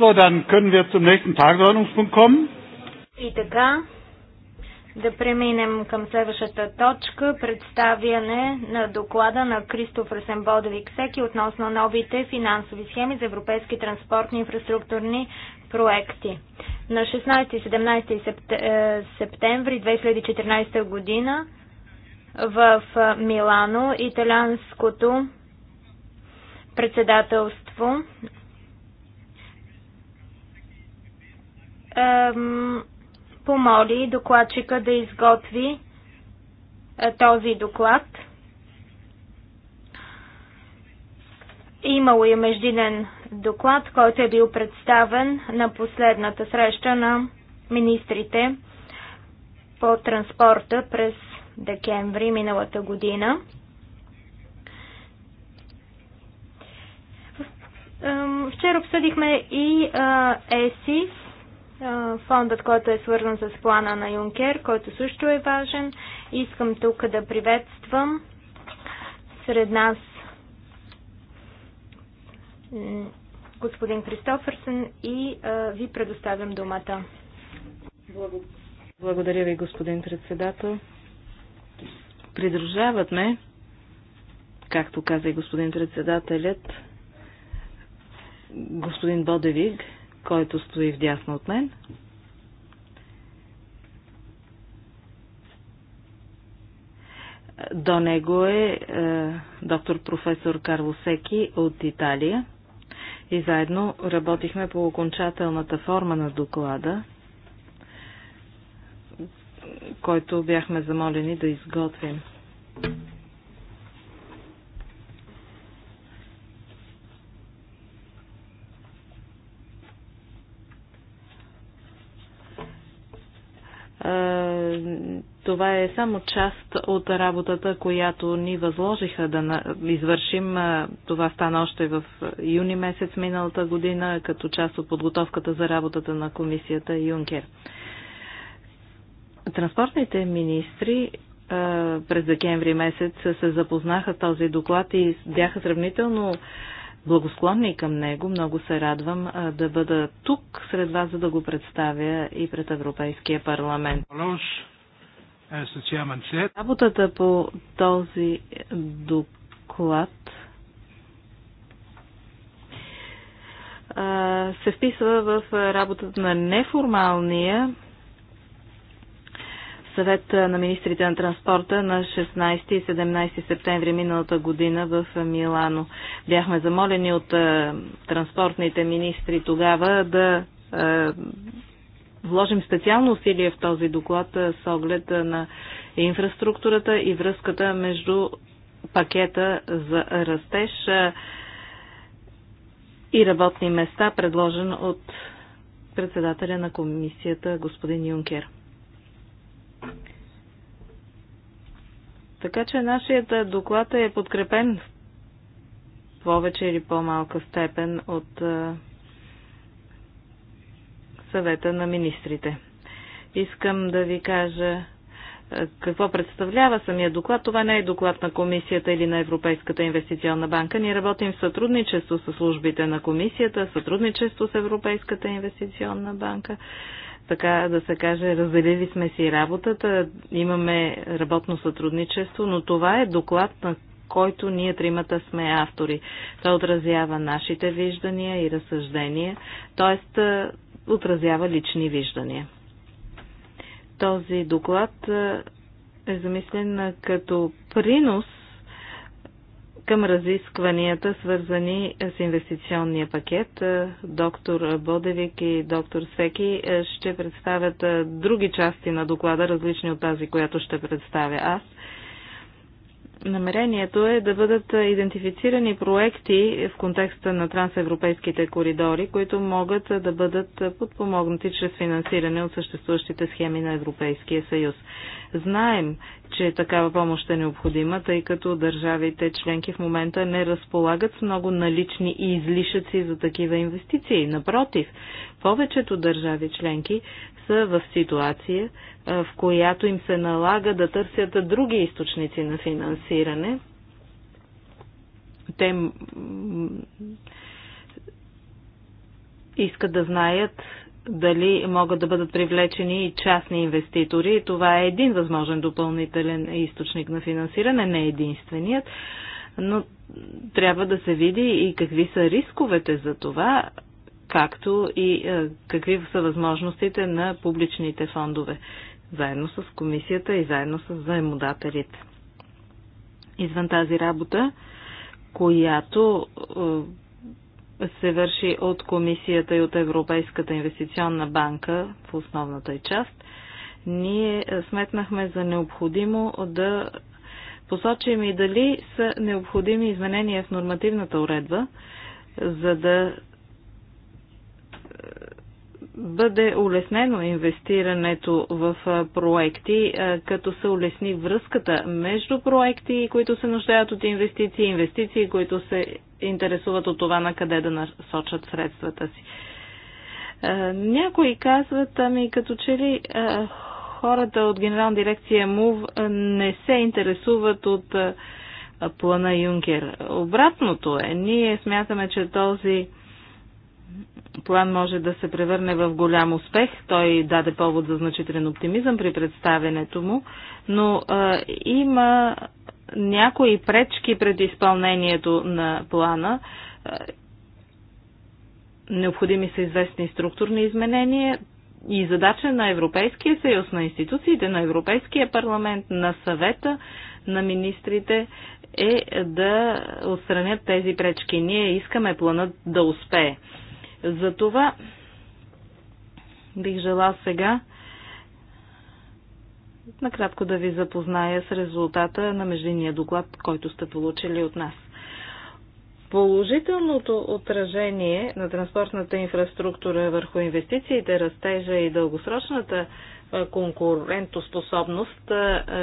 So, dann können wir zum nächsten Tagesordnungspunkt kommen. И така, да преминем към следващата точка представяне на доклада на Кристофър Сембодовик Секи относно новите финансови схеми за европейски транспортни инфраструктурни проекти. На 16 и 17 е, септември 2014 година в е, Милано италянското председателство помоли докладчика да изготви е, този доклад. Имало е междинен доклад, който е бил представен на последната среща на министрите по транспорта през декември миналата година. Вчера обсъдихме и ЕСИС, фондът, който е свързан с плана на Юнкер, който също е важен. Искам тук да приветствам сред нас господин Кристофърсен и ви предоставям думата. Благодаря ви, господин председател. Придружават ме, както каза и господин председателят, господин Бодевиг, който стои вдясно от мен. До него е, е доктор професор Карло Секи от Италия и заедно работихме по окончателната форма на доклада, който бяхме замолени да изготвим. Е, това е само част от работата, която ни възложиха да извършим. Е, това стана още в юни месец миналата година, като част от подготовката за работата на комисията Юнкер. Транспортните министри е, през декември месец се запознаха с този доклад и бяха сравнително благосклонни към него. Много се радвам да бъда тук сред вас, за да го представя и пред Европейския парламент. Е, работата по този доклад се вписва в работата на неформалния съвет на министрите на транспорта на 16 и 17 септември миналата година в Милано. Бяхме замолени от е, транспортните министри тогава да е, вложим специално усилие в този доклад е, с оглед на инфраструктурата и връзката между пакета за растеж и работни места, предложен от председателя на комисията господин Юнкер. Така че нашият доклад е подкрепен в повече или по-малка степен от съвета на министрите. Искам да ви кажа какво представлява самия доклад. Това не е доклад на комисията или на Европейската инвестиционна банка. Ние работим в сътрудничество с службите на комисията, сътрудничество с Европейската инвестиционна банка така да се каже, разделили сме си работата, имаме работно сътрудничество, но това е доклад, на който ние тримата сме автори. Той отразява нашите виждания и разсъждения, т.е. отразява лични виждания. Този доклад е замислен като принос към разискванията, свързани с инвестиционния пакет. Е, доктор Бодевик и доктор Секи е, ще представят е, други части на доклада, различни от тази, която ще представя аз. Намерението е да бъдат идентифицирани проекти в контекста на трансевропейските коридори, които могат да бъдат подпомогнати чрез финансиране от съществуващите схеми на Европейския съюз. Знаем, че такава помощ е необходима, тъй като държавите членки в момента не разполагат с много налични и излишъци за такива инвестиции. Напротив, повечето държави членки са в ситуация, в която им се налага да търсят други източници на финансиране. Те искат да знаят дали могат да бъдат привлечени и частни инвеститори. Това е един възможен допълнителен източник на финансиране, не единственият, но трябва да се види и какви са рисковете за това, както и е, какви са възможностите на публичните фондове, заедно с комисията и заедно с заемодателите. Извън тази работа, която е, се върши от комисията и от Европейската инвестиционна банка в основната й част, ние е, сметнахме за необходимо да посочим и дали са необходими изменения в нормативната уредба, за да е, бъде улеснено инвестирането в е, проекти, като се улесни връзката между проекти, които се нуждаят от инвестиции, инвестиции, които се интересуват от това на къде да насочат средствата си. Е, някои казват, ами като че ли е, хората от генерална дирекция МУВ не се интересуват от е, плана Юнкер. Обратното е, ние смятаме, че този план може да се превърне в голям успех. Той даде повод за значителен оптимизъм при представенето му, но а, има някои пречки пред изпълнението на плана. Е, необходими са известни структурни изменения и задача на Европейския съюз, на институциите, на Европейския парламент, на съвета, на министрите е да отстранят тези пречки. Ние искаме планът да успее. Затова бих желал сега накратко да ви запозная с резултата на междинния доклад, който сте получили от нас. Положителното отражение на транспортната инфраструктура върху инвестициите, растежа и дългосрочната конкурентоспособност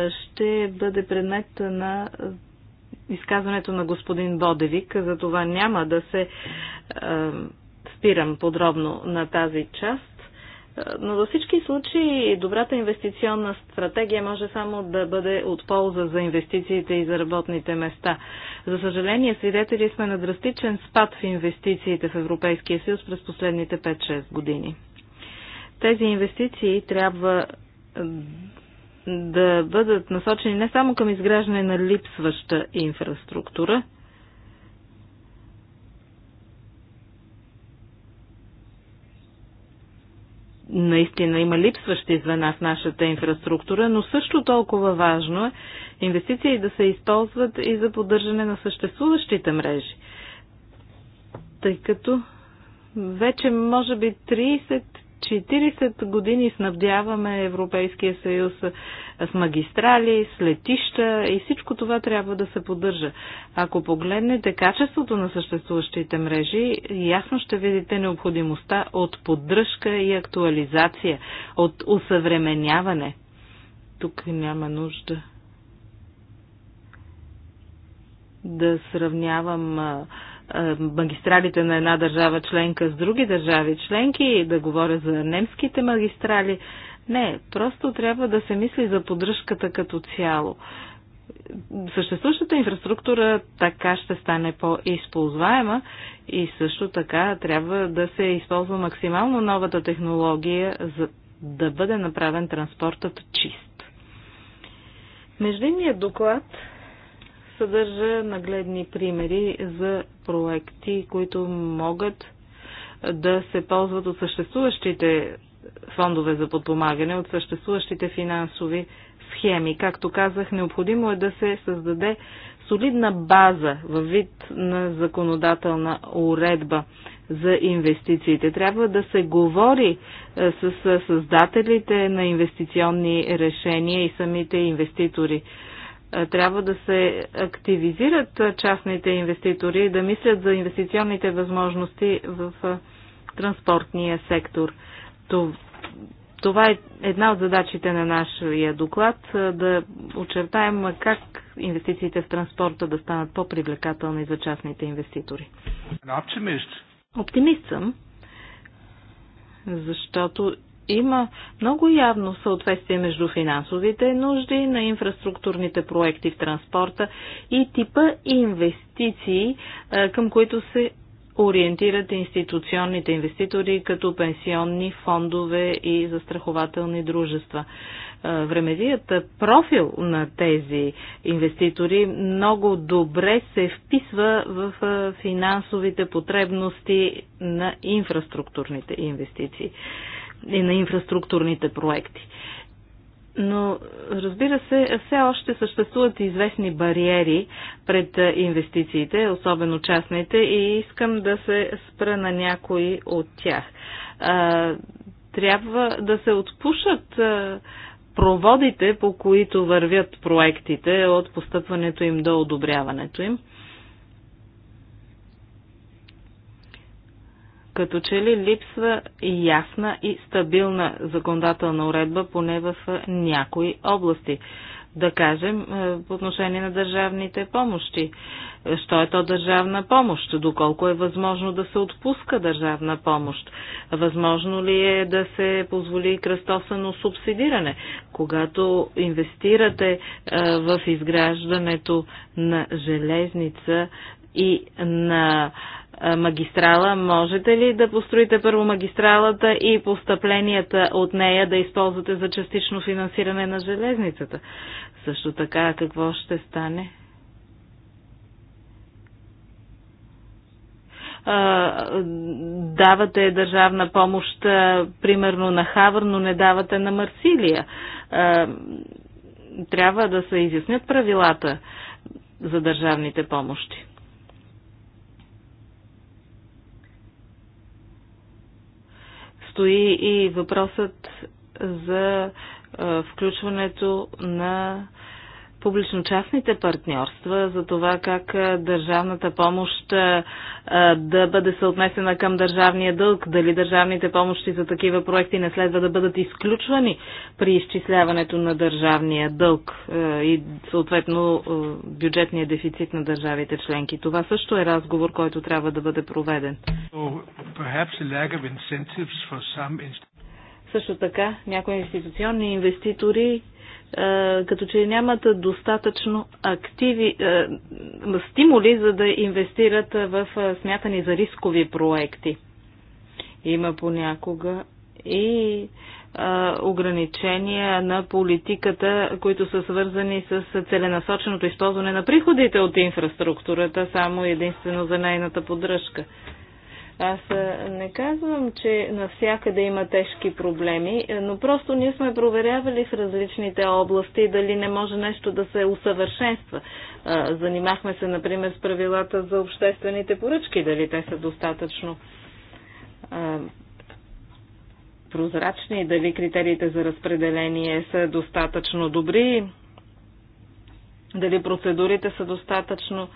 ще бъде предмет на изказването на господин Бодевик. За това няма да се спирам подробно на тази част е, но във всички случаи добрата инвестиционна стратегия може само да бъде от полза за инвестициите и за работните места. За съжаление, свидетели сме на драстичен спад в инвестициите в Европейския съюз през последните 5-6 години. Тези инвестиции трябва да бъдат насочени не само към изграждане на липсваща инфраструктура, наистина има липсващи звена в нашата инфраструктура, но също толкова важно е инвестиции да се използват и за поддържане на съществуващите мрежи. Тъй като вече може би 30 40 години снабдяваме Европейския съюз с магистрали, с летища и всичко това трябва да се поддържа. Ако погледнете качеството на съществуващите мрежи, ясно ще видите необходимостта от поддръжка и актуализация, от усъвременяване. Тук няма нужда да сравнявам е, магистралите на една държава членка с други държави членки, да говоря за немските магистрали. Не, просто трябва да се мисли за поддръжката като цяло. Съществуващата инфраструктура така ще стане по-използваема и също така трябва да се използва максимално новата технология, за да бъде направен транспортът чист. Междинният доклад съдържа нагледни примери за проекти, които могат да се ползват от съществуващите фондове за подпомагане, от съществуващите финансови схеми. Както казах, необходимо е да се създаде солидна база във вид на законодателна уредба за инвестициите. Трябва да се говори е, с създателите на инвестиционни решения и самите инвеститори е, трябва да се активизират частните инвеститори и да мислят за инвестиционните възможности в е, транспортния сектор. Това е една от задачите на нашия доклад е, да очертаем как инвестициите в транспорта да станат по-привлекателни за частните инвеститори. Оптимист съм, защото има много явно съответствие между финансовите нужди на инфраструктурните проекти в транспорта и типа инвестиции, е, към които се ориентират институционните инвеститори като пенсионни фондове и застрахователни дружества. Е, времевият профил на тези инвеститори много добре се вписва в е, финансовите потребности на инфраструктурните инвестиции и на инфраструктурните проекти. Но, разбира се, все още съществуват известни бариери пред инвестициите, особено частните, и искам да се спра на някои от тях. Трябва да се отпушат проводите, по които вървят проектите от постъпването им до одобряването им. Като че ли липсва ясна и стабилна законодателна уредба, поне в е, някои области да кажем, е, по отношение на държавните помощи. Що е то държавна помощ? Доколко е възможно да се отпуска държавна помощ? Възможно ли е да се позволи кръстосано субсидиране? Когато инвестирате е, в изграждането на железница и на магистрала. Можете ли да построите първо магистралата и постъпленията от нея да използвате за частично финансиране на железницата? Също така, какво ще стане? давате държавна помощ, примерно на Хавър, но не давате на Марсилия. Трябва да се изяснят правилата за държавните помощи. стои и въпросът за включването на публично-частните партньорства, за това как държавната помощ да бъде съотнесена към държавния дълг, дали държавните помощи за такива проекти не следва да бъдат изключвани при изчисляването на държавния дълг и съответно бюджетния дефицит на държавите членки. Това също е разговор, който трябва да бъде проведен. Също така, някои институционни инвеститори е, като че нямат достатъчно активи, е, стимули, за да инвестират в е, смятани за рискови проекти. Има понякога и ограничения на политиката, които са свързани с целенасоченото използване на приходите от инфраструктурата, само единствено за нейната поддръжка. Аз не казвам, че навсякъде има тежки проблеми, но просто ние сме проверявали в различните области дали не може нещо да се усъвършенства. Занимахме се, например, с правилата за обществените поръчки, дали те са достатъчно прозрачни, дали критериите за разпределение са достатъчно добри, дали процедурите са достатъчно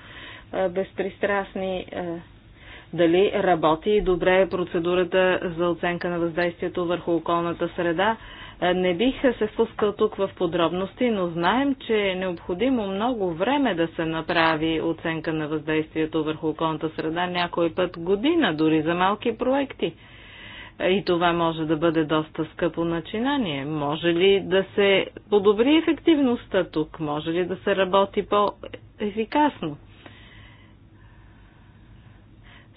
безпристрастни дали работи добре е процедурата за оценка на въздействието върху околната среда. Е, не бих се спускал тук в подробности, но знаем, че е необходимо много време да се направи оценка на въздействието върху околната среда, някой път година, дори за малки проекти. Е, и това може да бъде доста скъпо начинание. Може ли да се подобри ефективността тук? Може ли да се работи по-ефикасно?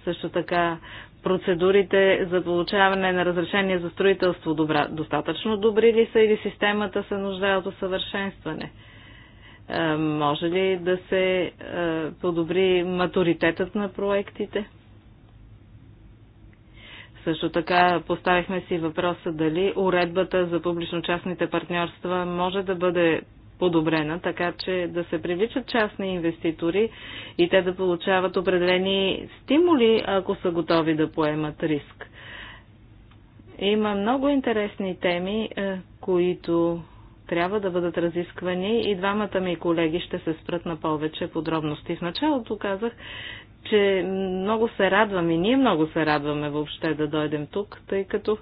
Също така процедурите за получаване на разрешение за строителство добра, достатъчно добри ли са или системата се нуждае от усъвършенстване? Е, може ли да се е, подобри матуритетът на проектите? Също така поставихме си въпроса дали уредбата за публично-частните партньорства може да бъде подобрена, така че да се привличат частни инвеститори и те да получават определени стимули, ако са готови да поемат риск. Има много интересни теми, е, които трябва да бъдат разисквани и двамата ми колеги ще се спрат на повече подробности. В началото казах, че много се радвам и ние много се радваме въобще да дойдем тук, тъй като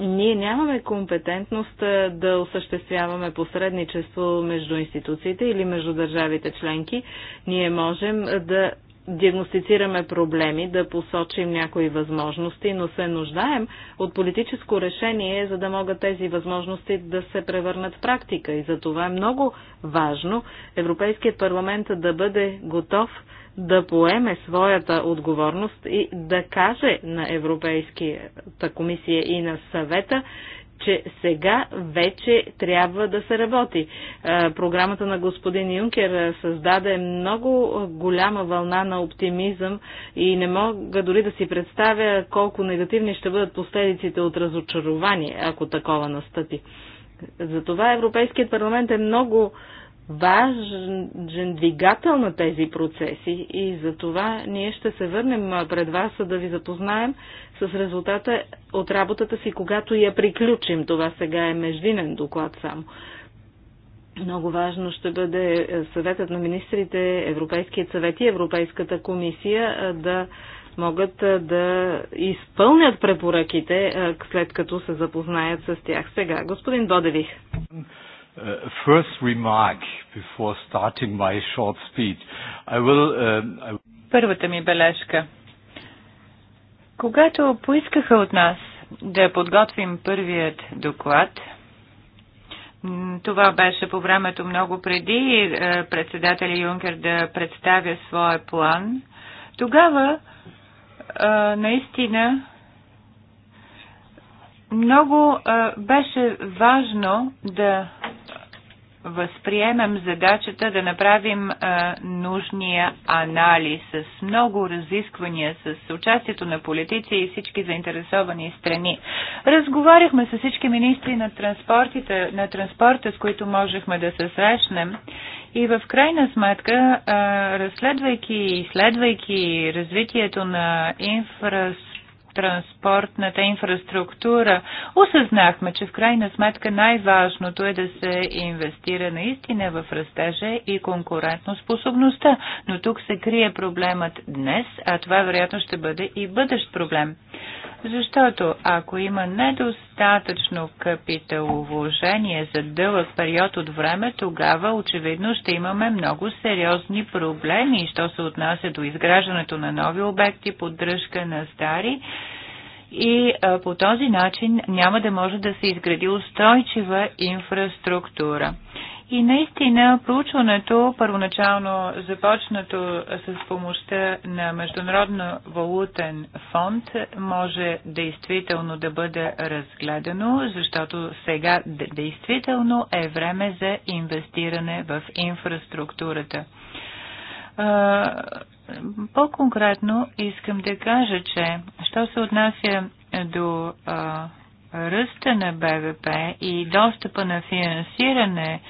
Ние нямаме компетентност е, да осъществяваме посредничество между институциите или между държавите членки. Ние можем е, да диагностицираме проблеми, да посочим някои възможности, но се нуждаем от политическо решение, за да могат тези възможности да се превърнат в практика. И за това е много важно Европейският парламент да бъде готов да поеме своята отговорност и да каже на Европейската комисия и на съвета, че сега вече трябва да се работи. Е, програмата на господин Юнкер е, създаде много голяма вълна на оптимизъм и не мога дори да си представя колко негативни ще бъдат последиците от разочарование, ако такова настъпи. Затова Европейският парламент е много важен двигател на тези процеси и за това ние ще се върнем пред вас да ви запознаем с резултата от работата си, когато я приключим. Това сега е междинен доклад само. Много важно ще бъде е, съветът на министрите, Европейският съвет и Европейската комисия е, да могат е, да изпълнят препоръките, след като се запознаят с тях сега. Господин Бодевих a uh, first remark before starting my short speech. I will, uh, I... Първата ми бележка. Когато поискаха от нас да подготвим първият доклад, това беше по времето много преди е, председателя Юнкер да представя своя план. Тогава е, наистина много е, беше важно да възприемем задачата да направим а, нужния анализ с много разисквания, с участието на политици и всички заинтересовани страни. Разговаряхме с всички министри на, транспортите, на транспорта, с които можехме да се срещнем и в крайна сметка, разследвайки и изследвайки развитието на инфраструктурата, транспортната инфраструктура, осъзнахме, че в крайна сметка най-важното е да се инвестира наистина в растежа и конкурентоспособността. Но тук се крие проблемът днес, а това вероятно ще бъде и бъдещ проблем. Защото ако има недостатъчно капиталовложение за дълъг период от време, тогава очевидно ще имаме много сериозни проблеми, що се отнася до изграждането на нови обекти, поддръжка на стари и а, по този начин няма да може да се изгради устойчива инфраструктура. И наистина проучването, първоначално започнато с помощта на Международно валутен фонд, може действително да бъде разгледано, защото сега действително е време за инвестиране в инфраструктурата. По-конкретно искам да кажа, че що се отнася до ръста на БВП и достъпа на финансиране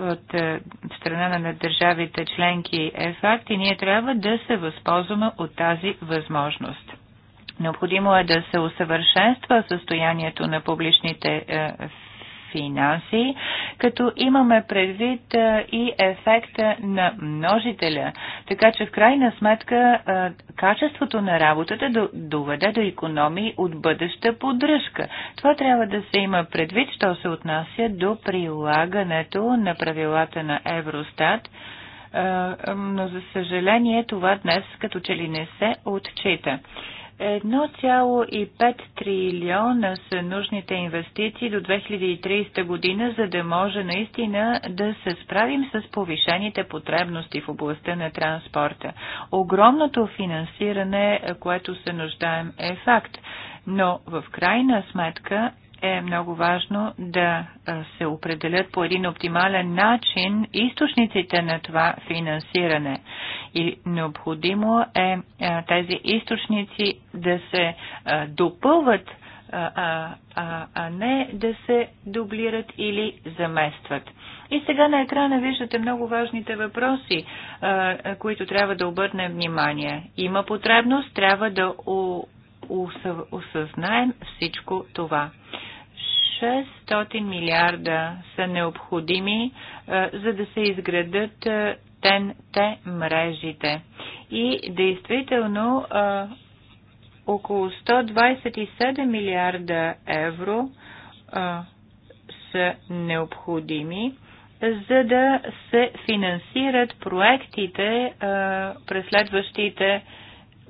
от е, страна на държавите членки е факт и ние трябва да се възползваме от тази възможност. Необходимо е да се усъвършенства състоянието на публичните е, финанси, като имаме предвид и ефекта на множителя. Така че в крайна сметка качеството на работата доведе до економии от бъдеща поддръжка. Това трябва да се има предвид, що се отнася до прилагането на правилата на Евростат но за съжаление това днес като че ли не се отчита. 1,5 трилиона са нужните инвестиции до 2030 година, за да може наистина да се справим с повишените потребности в областта на транспорта. Огромното финансиране, което се нуждаем, е факт. Но в крайна сметка е много важно да се определят по един оптимален начин източниците на това финансиране. И необходимо е тези източници да се допълват, а не да се дублират или заместват. И сега на екрана виждате много важните въпроси, които трябва да обърнем внимание. Има потребност, трябва да осъзнаем всичко това. 600 милиарда са необходими, е, за да се изградат ТНТ е, мрежите. И действително е, около 127 милиарда евро са необходими за да се финансират проектите през следващите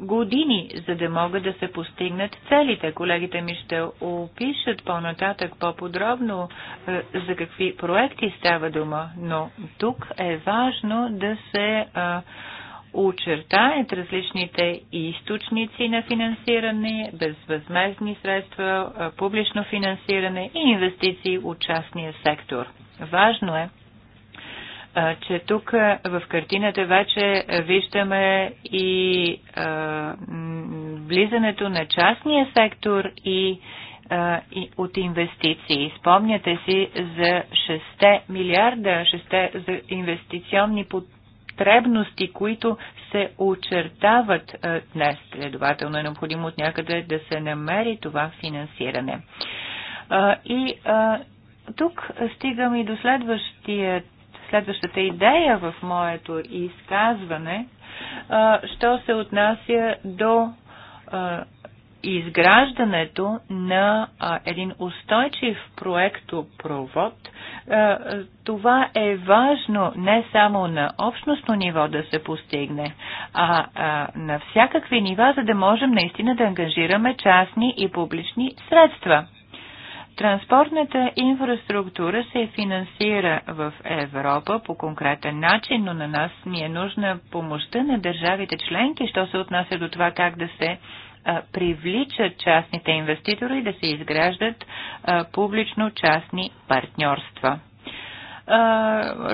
години, за да могат да се постигнат целите. Колегите ми ще опишат по-нататък по-подробно е, за какви проекти става дума, но тук е важно да се очертаят различните източници на финансиране, безвъзмезни средства, публично финансиране и инвестиции от частния сектор. Важно е че тук в картината вече виждаме и влизането на частния сектор и от инвестиции. Спомняте си за 6 милиарда, 6 за инвестиционни потребности, които се очертават днес. Следователно е необходимо от някъде да се намери това финансиране. И тук стигам и до следващият следващата идея в моето изказване, що се отнася до изграждането на а, един устойчив проектопровод. А, това е важно не само на общностно ниво да се постигне, а, а на всякакви нива, за да можем наистина да ангажираме частни и публични средства. Транспортната инфраструктура се финансира в Европа по конкретен начин, но на нас ни е нужна помощта на държавите членки, що се отнася до това как да се привличат частните инвеститори и да се изграждат публично-частни партньорства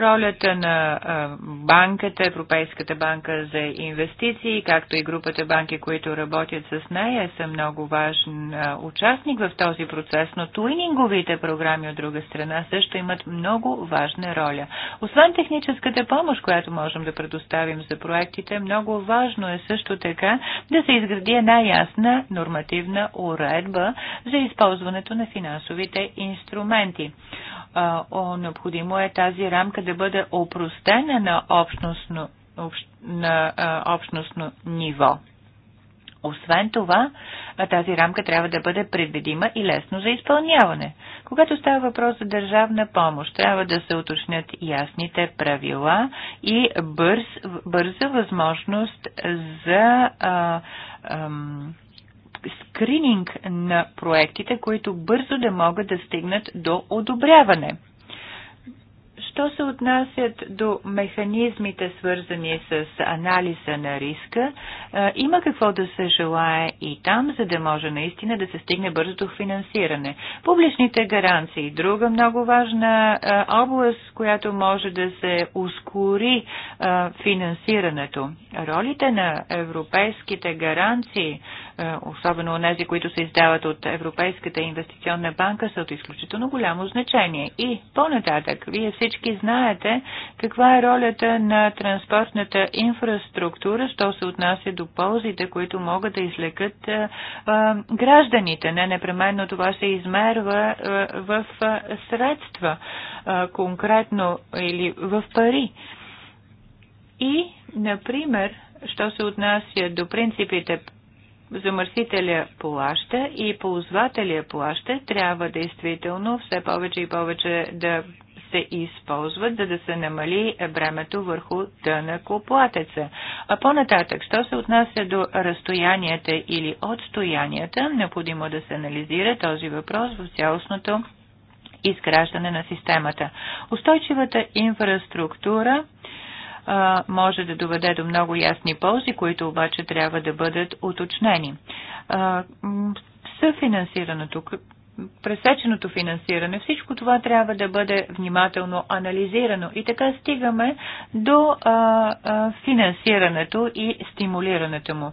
ролята на банката, Европейската банка за инвестиции, както и групата банки, които работят с нея, са много важен участник в този процес, но туининговите програми от друга страна също имат много важна роля. Освен техническата помощ, която можем да предоставим за проектите, много важно е също така да се изгради една ясна нормативна уредба за използването на финансовите инструменти а, о, необходимо е тази рамка да бъде опростена на общностно, общ, на, а, общностно ниво. Освен това, тази рамка трябва да бъде предвидима и лесно за изпълняване. Когато става въпрос за държавна помощ, трябва да се уточнят ясните правила и бърз, бърза възможност за а, ам, скрининг на проектите, които бързо да могат да стигнат до одобряване. Що се отнасят до механизмите, свързани с анализа на риска, е, има какво да се желае и там, за да може наистина да се стигне бързото финансиране. Публичните гаранции, друга много важна е, област, която може да се ускори е, финансирането. Ролите на европейските гаранции е, особено тези, които се издават от Европейската инвестиционна банка, са от изключително голямо значение. И по-нататък, вие всички знаете каква е ролята на транспортната инфраструктура, що се отнася до ползите, които могат да излекат е, е, гражданите. Не непременно това се измерва в средства, конкретно или в пари. И, например, що се отнася до принципите замърсителя плаща и ползвателя плаща, трябва действително все повече и повече да се използват, за да се намали бремето върху дънакоплатеца. А по-нататък, що се отнася до разстоянията или отстоянията, необходимо да се анализира този въпрос в цялостното изграждане на системата. Устойчивата инфраструктура може да доведе до много ясни ползи, които обаче трябва да бъдат уточнени. Съфинансирането, пресеченото финансиране, всичко това трябва да бъде внимателно анализирано. И така стигаме до финансирането и стимулирането му.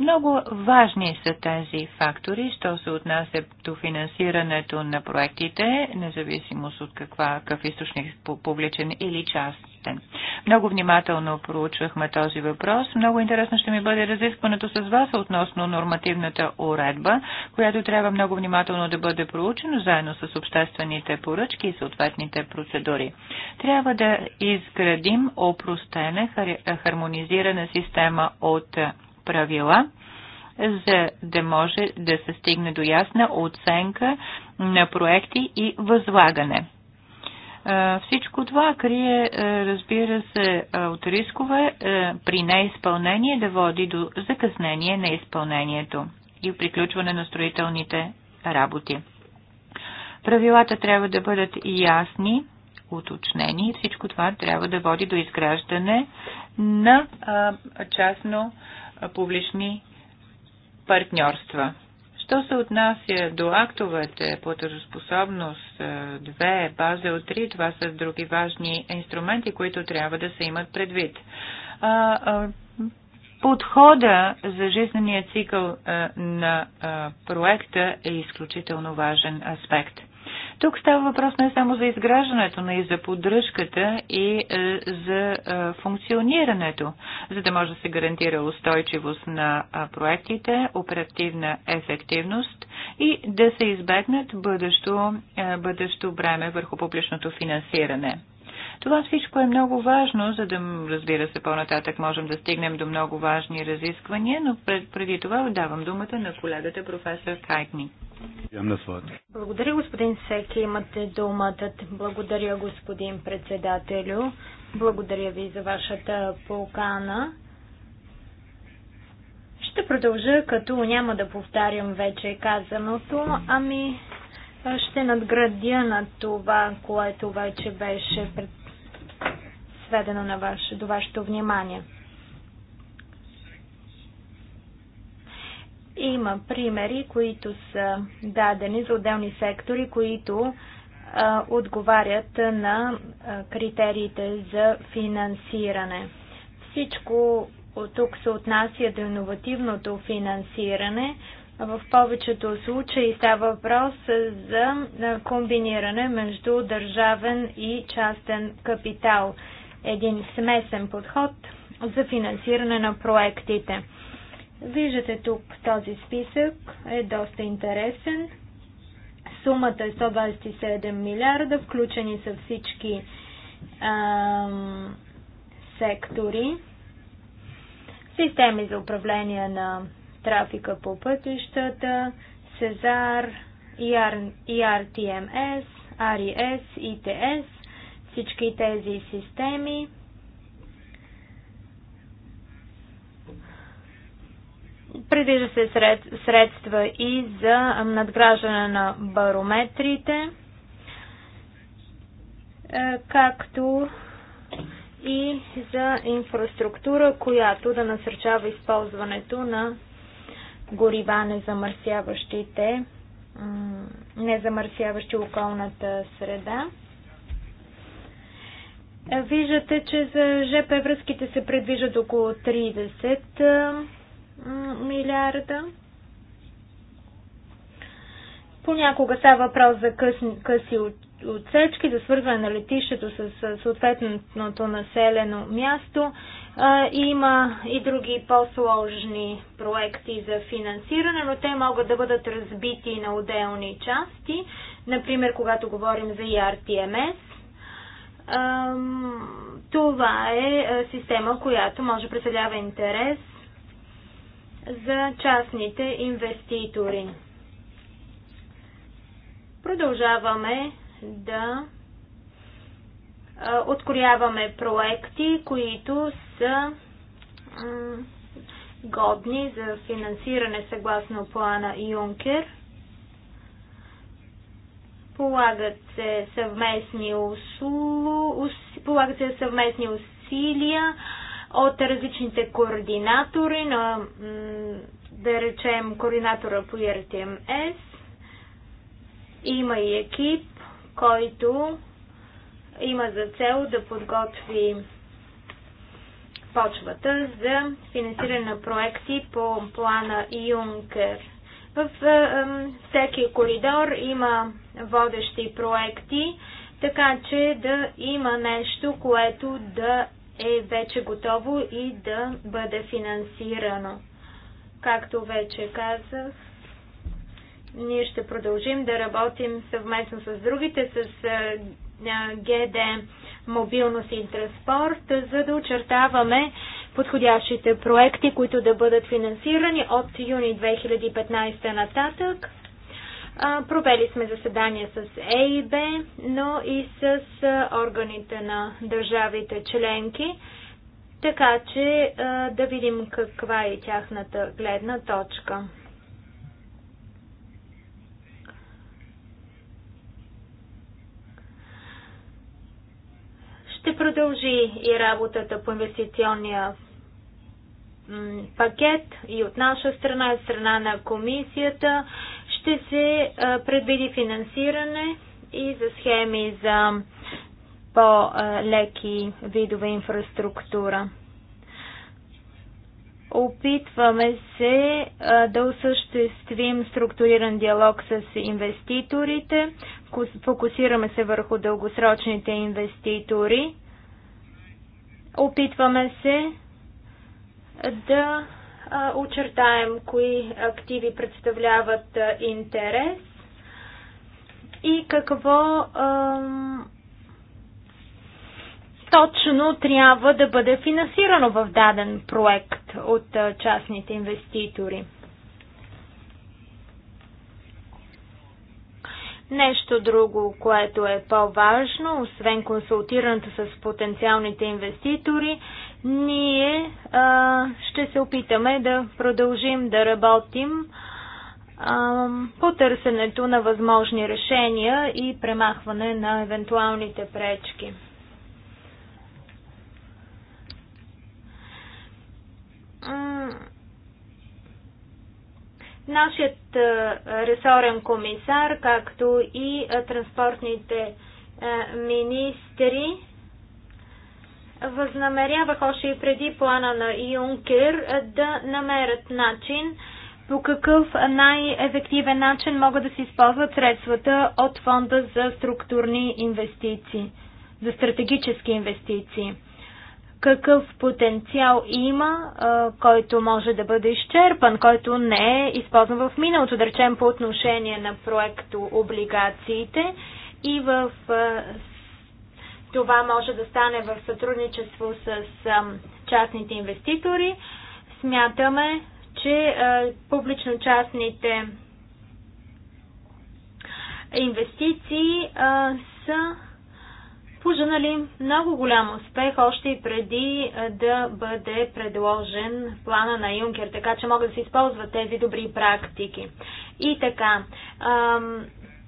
Много важни са тези фактори, що се отнася до финансирането на проектите, независимост от каква, какъв източник публичен или част конкурентен. Много внимателно проучвахме този въпрос. Много интересно ще ми бъде разискването с вас относно нормативната уредба, която трябва много внимателно да бъде проучено заедно с обществените поръчки и съответните процедури. Трябва да изградим опростена, хармонизирана система от правила, за да може да се стигне до ясна оценка на проекти и възлагане. Всичко това крие, е, разбира се, от рискове е, при неизпълнение да води до закъснение на изпълнението и приключване на строителните работи. Правилата трябва да бъдат ясни, уточнени и всичко това трябва да води до изграждане на частно-публични партньорства. Що се отнася до актовете по трудоспособност 2, е, база от 3, това са други важни инструменти, които трябва да се имат предвид. Подхода за жизнения цикъл е, на е, проекта е изключително важен аспект. Тук става въпрос не само за изграждането, но и за поддръжката и е, за е, функционирането, за да може да се гарантира устойчивост на проектите, оперативна ефективност и да се избегнат бъдещо, е, бъдещо бреме върху публичното финансиране. Това всичко е много важно, за да, разбира се, по-нататък можем да стигнем до много важни разисквания, но пред, преди това давам думата на колегата професор Кайтни. Благодаря, господин Секи. Имате думата. Благодаря, господин председателю. Благодаря ви за вашата покана. Ще продължа, като няма да повтарям вече казаното, ами ще надградя на това, което вече беше сведено на ваше, до вашето внимание. Има примери, които са дадени за отделни сектори, които а, отговарят на а, критериите за финансиране. Всичко от тук се отнася до иновативното финансиране. В повечето случаи става въпрос за комбиниране между държавен и частен капитал. Един смесен подход за финансиране на проектите. Виждате тук този списък, е доста интересен. Сумата е 127 милиарда, включени са всички ам, сектори, системи за управление на трафика по пътищата, Сезар, ERTMS, e RIS, e ITS, e всички тези системи Предвижда се сред, средства и за надграждане на барометрите, е, както и за инфраструктура, която да насърчава използването на горива, незамърсяващите, незамърсяващи околната среда. Виждате, че за ЖП връзките се предвижат около 30 милиарда. Понякога става въпрос за късни, къси отсечки, за свързване на летището с съответното населено място. Има и други по-сложни проекти за финансиране, но те могат да бъдат разбити на отделни части. Например, когато говорим за ERTMS, това е система, която може да представлява интерес за частните инвеститори. Продължаваме да открояваме проекти, които са годни за финансиране съгласно плана Юнкер. Полагат се съвместни, услу... полагат се съвместни усилия от различните координатори на, да речем, координатора по e RTMS. Има и екип, който има за цел да подготви почвата за финансиране на проекти по плана Юнкер. В всеки коридор има водещи проекти, така че да има нещо, което да е вече готово и да бъде финансирано. Както вече казах, ние ще продължим да работим съвместно с другите, с ГД мобилност и транспорт, за да очертаваме подходящите проекти, които да бъдат финансирани от юни 2015 нататък. Провели сме заседания с ЕИБ, но и с органите на държавите членки, така че да видим каква е тяхната гледна точка. Ще продължи и работата по инвестиционния пакет и от наша страна, от страна на комисията ще се предвиди финансиране и за схеми за по-леки видове инфраструктура. Опитваме се да осъществим структуриран диалог с инвеститорите. Фокусираме се върху дългосрочните инвеститори. Опитваме се да очертаем кои активи представляват интерес и какво точно трябва да бъде финансирано в даден проект от частните инвеститори. Нещо друго, което е по-важно, освен консултирането с потенциалните инвеститори, ние а, ще се опитаме да продължим да работим а, по търсенето на възможни решения и премахване на евентуалните пречки. Нашият ресорен комисар, както и транспортните министри, възнамерявах още и преди плана на Юнкер да намерят начин по какъв най-ефективен начин могат да се използват средствата от фонда за структурни инвестиции, за стратегически инвестиции. Какъв потенциал има, който може да бъде изчерпан, който не е използван в миналото, да речем по отношение на проекто облигациите и в това може да стане в сътрудничество с частните инвеститори. Смятаме, че публично-частните инвестиции са пожанали много голям успех още и преди да бъде предложен плана на Юнкер, така че могат да се използват тези добри практики. И така,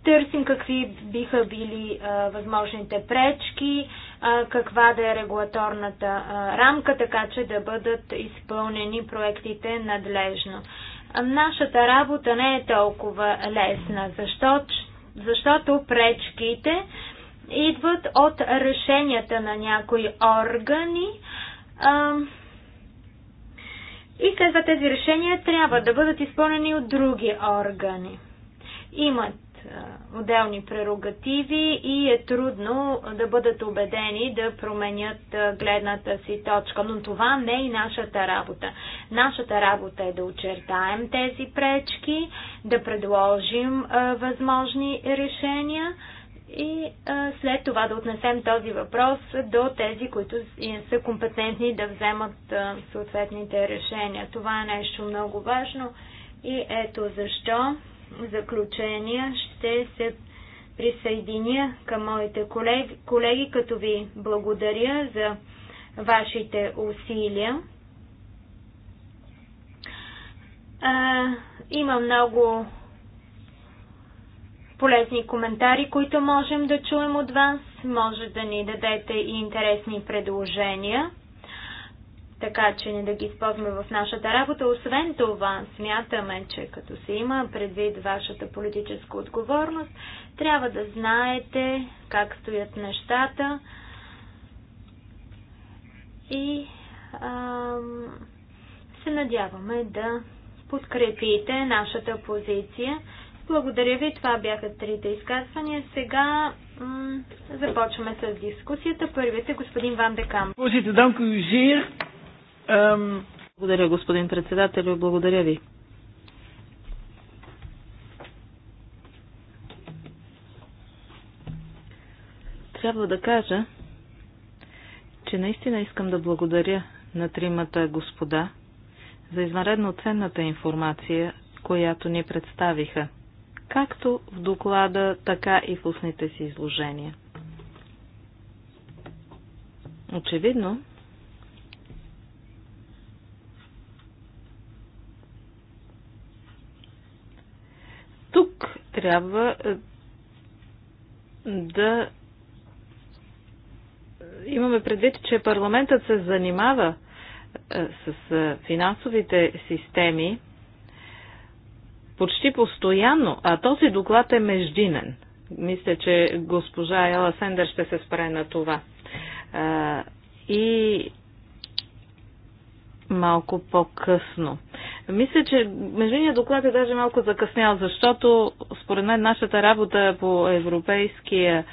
търсим какви биха били а, възможните пречки, а, каква да е регулаторната а, рамка, така че да бъдат изпълнени проектите надлежно. А, нашата работа не е толкова лесна, защо, защото пречките идват от решенията на някои органи. А, и след тези решения трябва да бъдат изпълнени от други органи. Имат отделни прерогативи и е трудно да бъдат убедени да променят гледната си точка. Но това не е и нашата работа. Нашата работа е да очертаем тези пречки, да предложим възможни решения и след това да отнесем този въпрос до тези, които са компетентни да вземат съответните решения. Това е нещо много важно и ето защо заключения ще се присъединя към моите колеги, колеги като ви благодаря за вашите усилия. А, има много полезни коментари, които можем да чуем от вас. Може да ни дадете и интересни предложения така че не да ги използваме в нашата работа. Освен това, смятаме, че като се има предвид вашата политическа отговорност, трябва да знаете как стоят нещата и ам, се надяваме да подкрепите нашата позиция. Благодаря ви. Това бяха трите изказвания. Сега започваме с дискусията. Първият е господин Ван Декам. Voorzitter, dank u благодаря, господин председател, Благодаря ви. Трябва да кажа, че наистина искам да благодаря на тримата господа за извънредно ценната информация, която ни представиха, както в доклада, така и в устните си изложения. Очевидно, Тук трябва е, да е, имаме предвид, че парламентът се занимава е, с финансовите системи почти постоянно, а този доклад е междинен. Мисля, че госпожа Ела Сендър ще се спре на това. И малко по-късно. Мисля, че междуният доклад е даже малко закъснял, защото според мен нашата работа по Европейския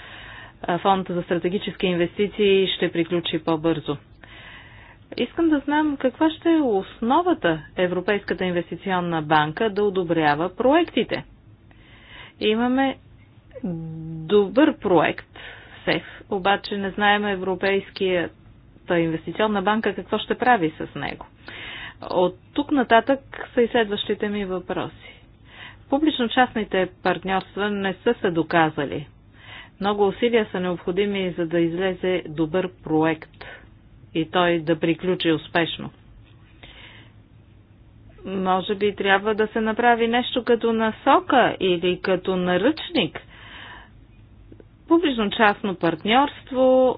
фонд за стратегически инвестиции ще приключи по-бързо. Искам да знам каква ще е основата Европейската инвестиционна банка да одобрява проектите. Имаме добър проект, СЕФ, обаче не знаем Европейската инвестиционна банка какво ще прави с него. От тук нататък са и следващите ми въпроси. Публично-частните партньорства не са се доказали. Много усилия са необходими, за да излезе добър проект и той да приключи успешно. Може би трябва да се направи нещо като насока или като наръчник. Публично-частно партньорство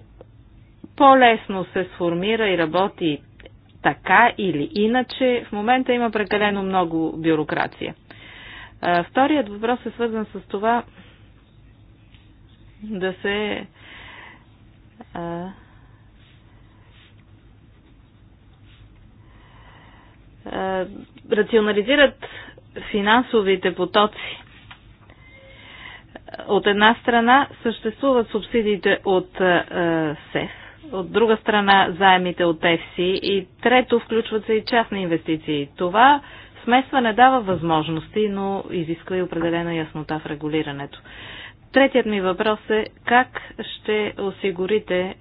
по-лесно се сформира и работи така или иначе, в момента има прекалено много бюрокрация. Вторият въпрос е свързан с това да се рационализират финансовите потоци. От една страна съществуват субсидиите от СЕФ, от друга страна заемите от ЕФСИ и трето включват се и частни инвестиции. Това смесване дава възможности, но изисква и определена яснота в регулирането. Третият ми въпрос е как ще осигурите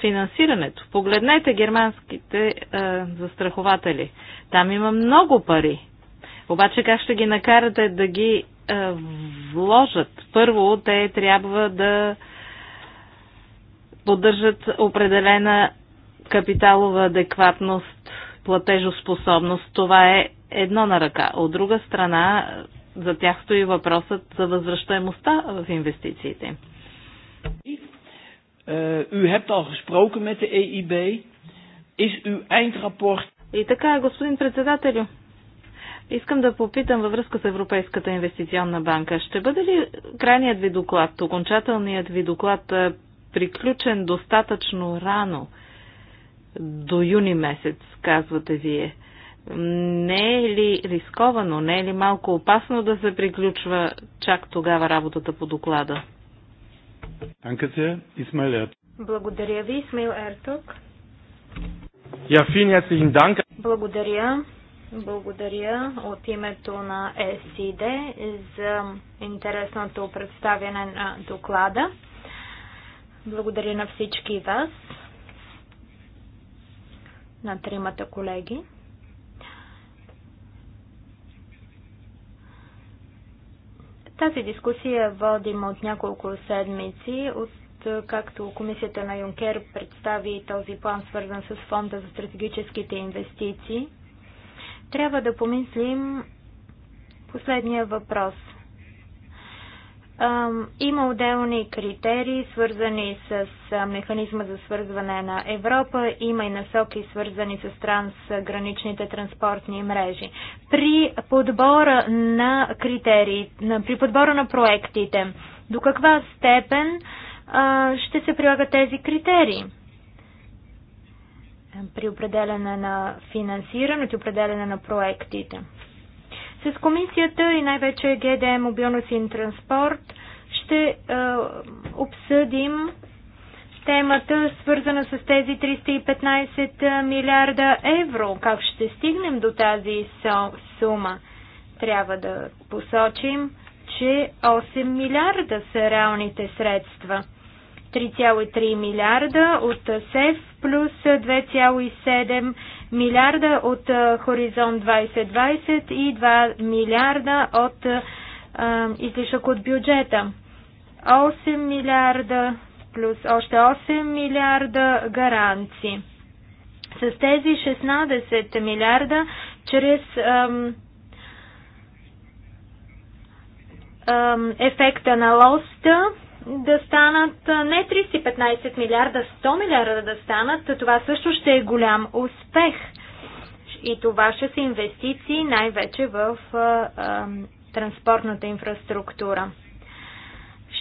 финансирането. Погледнете германските е, застрахователи. Там има много пари. Обаче как ще ги накарате да ги е, вложат? Първо те трябва да поддържат определена капиталова адекватност, платежоспособност. Това е едно на ръка. От друга страна, за тях стои въпросът за възвръщаемостта в инвестициите. U е, hebt al gesproken met de EIB. Is uw eindrapport... И така, господин председателю, искам да попитам във връзка с Европейската инвестиционна банка. Ще бъде ли крайният ви доклад, окончателният ви доклад е, приключен достатъчно рано, до юни месец, казвате вие. Не е ли рисковано, не е ли малко опасно да се приключва чак тогава работата по доклада? Благодаря ви, Исмаил Ерток. Благодаря. Благодаря от името на е СИД за интересното представяне на доклада. Благодаря на всички вас, на тримата колеги. Тази дискусия водим от няколко седмици, от както комисията на Юнкер представи този план, свързан с фонда за стратегическите инвестиции. Трябва да помислим последния въпрос – има отделни критерии, свързани с механизма за свързване на Европа. Има и насоки, свързани с трансграничните транспортни мрежи. При подбора на критерии, при подбора на проектите, до каква степен ще се прилагат тези критерии? При определене на финансирането, определене на проектите. С комисията и най-вече ГД Мобилност и транспорт ще е, обсъдим темата, свързана с тези 315 е, милиарда евро. Как ще стигнем до тази сума? Трябва да посочим, че 8 милиарда са реалните средства. 3,3 милиарда от СЕФ плюс 2,7 милиарда от Хоризонт 2020 и 2 милиарда от излишък от бюджета. 8 милиарда плюс още 8 милиарда гаранции. С тези 16 милиарда чрез ам, ам, ефекта на лоста да станат не 315 милиарда, 100 милиарда да станат, това също ще е голям успех. И това ще са инвестиции най-вече в а, а, транспортната инфраструктура.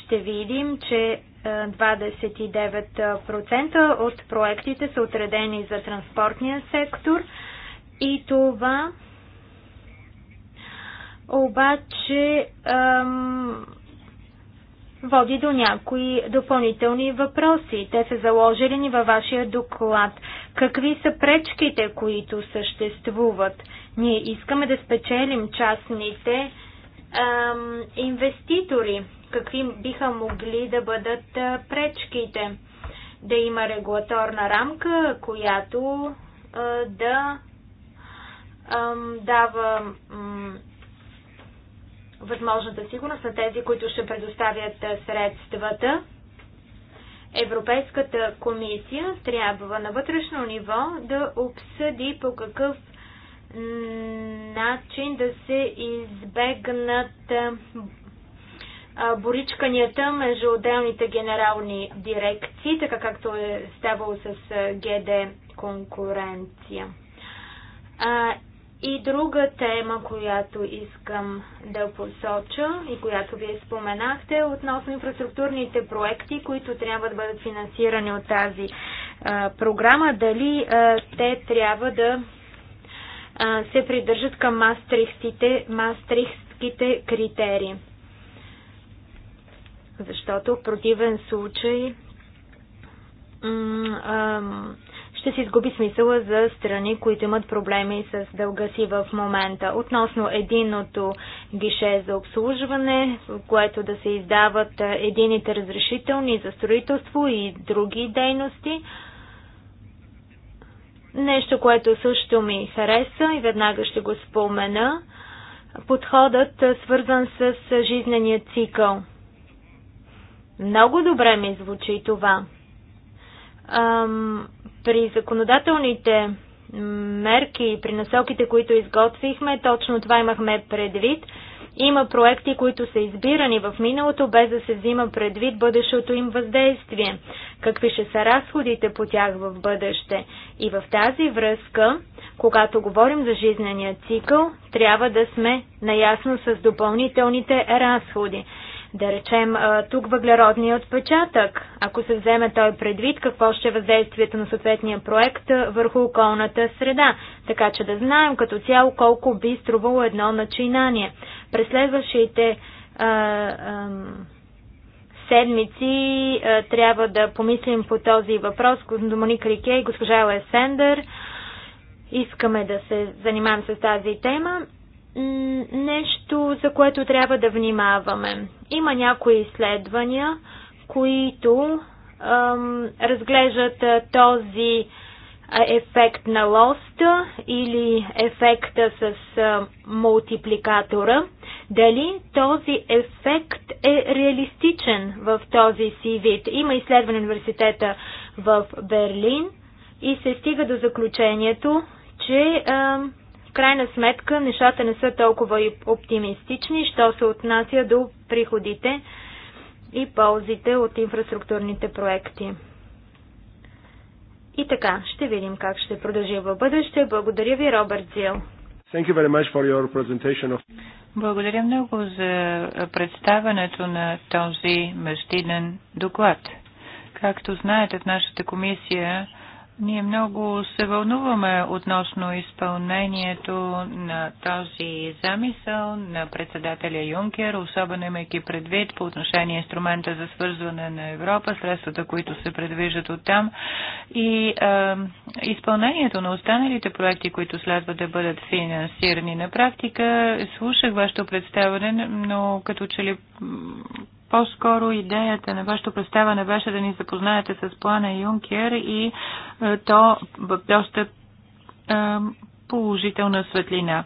Ще видим, че 29% от проектите са отредени за транспортния сектор и това обаче ам, води до някои допълнителни въпроси. Те са заложени във вашия доклад. Какви са пречките, които съществуват? Ние искаме да спечелим частните ам, инвеститори. Какви биха могли да бъдат пречките? Да има регулаторна рамка, която а, да ам, дава ам, възможната сигурност на тези, които ще предоставят средствата. Европейската комисия трябва на вътрешно ниво да обсъди по какъв начин да се избегнат боричканията между отделните генерални дирекции, така както е ставало с ГД конкуренция. И друга тема, която искам да посоча и която вие споменахте, е относно инфраструктурните проекти, които трябва да бъдат финансирани от тази а, програма. Дали а, те трябва да а, се придържат към мастрихските критерии. Защото в противен случай ще се изгуби смисъла за страни, които имат проблеми с дълга си в момента. Относно единното гише за обслужване, в което да се издават едините разрешителни за строителство и други дейности. Нещо, което също ми хареса и веднага ще го спомена. Подходът свързан с жизнения цикъл. Много добре ми звучи това. При законодателните мерки и при насоките, които изготвихме, точно това имахме предвид. Има проекти, които са избирани в миналото, без да се взима предвид бъдещото им въздействие. Какви ще са разходите по тях в бъдеще? И в тази връзка, когато говорим за жизнения цикъл, трябва да сме наясно с допълнителните разходи. Да речем, тук въглеродния отпечатък. Ако се вземе той предвид, какво ще е въздействието на съответния проект върху околната среда, така че да знаем като цяло колко би струвало едно начинание. През следващите а, а, седмици а, трябва да помислим по този въпрос. Моника Рике и госпожа Лесендър. Искаме да се занимаем с тази тема нещо, за което трябва да внимаваме. Има някои изследвания, които ам, разглеждат този ефект на лоста или ефекта с а, мултипликатора. Дали този ефект е реалистичен в този си вид? Има изследване на университета в Берлин и се стига до заключението, че ам, в крайна сметка нещата не са толкова и оптимистични, що се отнася до приходите и ползите от инфраструктурните проекти. И така, ще видим как ще продължи в бъдеще. Благодаря ви, Робърт Зил. Of... Благодаря много за представянето на този междинен доклад. Както знаете, в нашата комисия ние много се вълнуваме относно изпълнението на този замисъл на председателя Юнкер, особено имайки предвид по отношение инструмента за свързване на Европа, средствата, които се предвиждат от там и е, изпълнението на останалите проекти, които следва да бъдат финансирани. На практика слушах вашето представяне, но като че ли по-скоро идеята на вашето представане беше да ни запознаете с плана Юнкер и е, то в доста е, положителна светлина.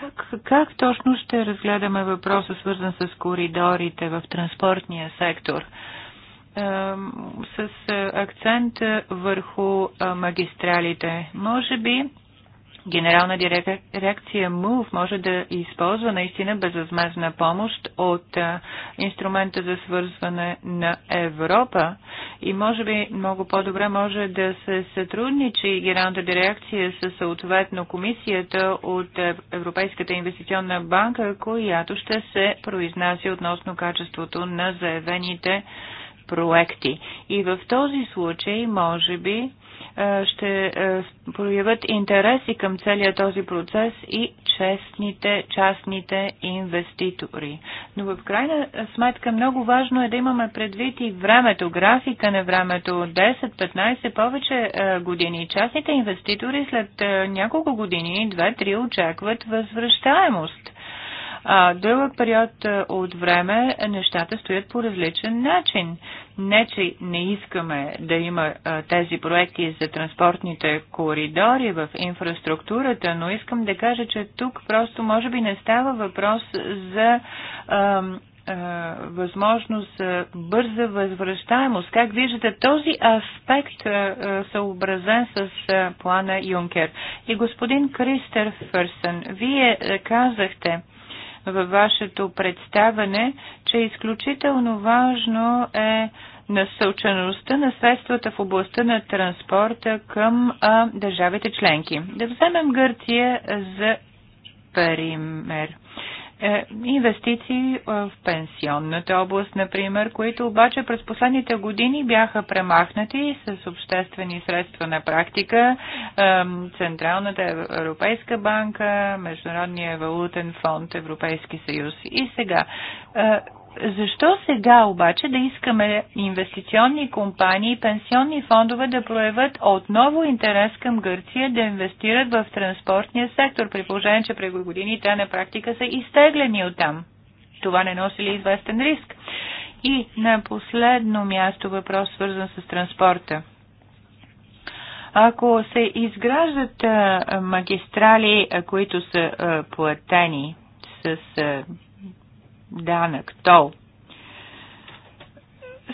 Как, как точно ще разгледаме въпроса, свързан с коридорите в транспортния сектор? Е, с акцент върху магистралите. Може би Генерална дирекция МУВ може да използва наистина безвъзмезна помощ от инструмента за свързване на Европа и може би много по-добре може да се сътрудничи Генералната дирекция с съответно комисията от Европейската инвестиционна банка, която ще се произнася относно качеството на заявените проекти. И в този случай, може би, е, ще е, проявят интереси към целият този процес и честните, частните инвеститори. Но в крайна сметка много важно е да имаме предвид и времето, графика на времето 10-15 повече е, години. Частните инвеститори след няколко години, 2-3 очакват възвръщаемост а, дълъг период от време нещата стоят по различен начин. Не, че не искаме да има а, тези проекти за транспортните коридори в инфраструктурата, но искам да кажа, че тук просто може би не става въпрос за а, възможност за бърза възвръщаемост. Как виждате този аспект съобразен с плана Юнкер? И господин Кристер Фърсън, вие казахте, във вашето представане, че изключително важно е насълчеността на средствата в областта на транспорта към а, държавите членки. Да вземем Гърция за пример. Е, инвестиции е, в пенсионната област, например, които обаче през последните години бяха премахнати с обществени средства на практика. Е, Централната Европейска банка, Международния валутен фонд, Европейски съюз. И сега, защо сега обаче да искаме инвестиционни компании и пенсионни фондове да проявят отново интерес към Гърция да инвестират в транспортния сектор, при положение, че преди години те на практика са изтеглени там, Това не носи ли известен риск? И на последно място въпрос свързан с транспорта. Ако се изграждат магистрали, които са платени с данък, тол.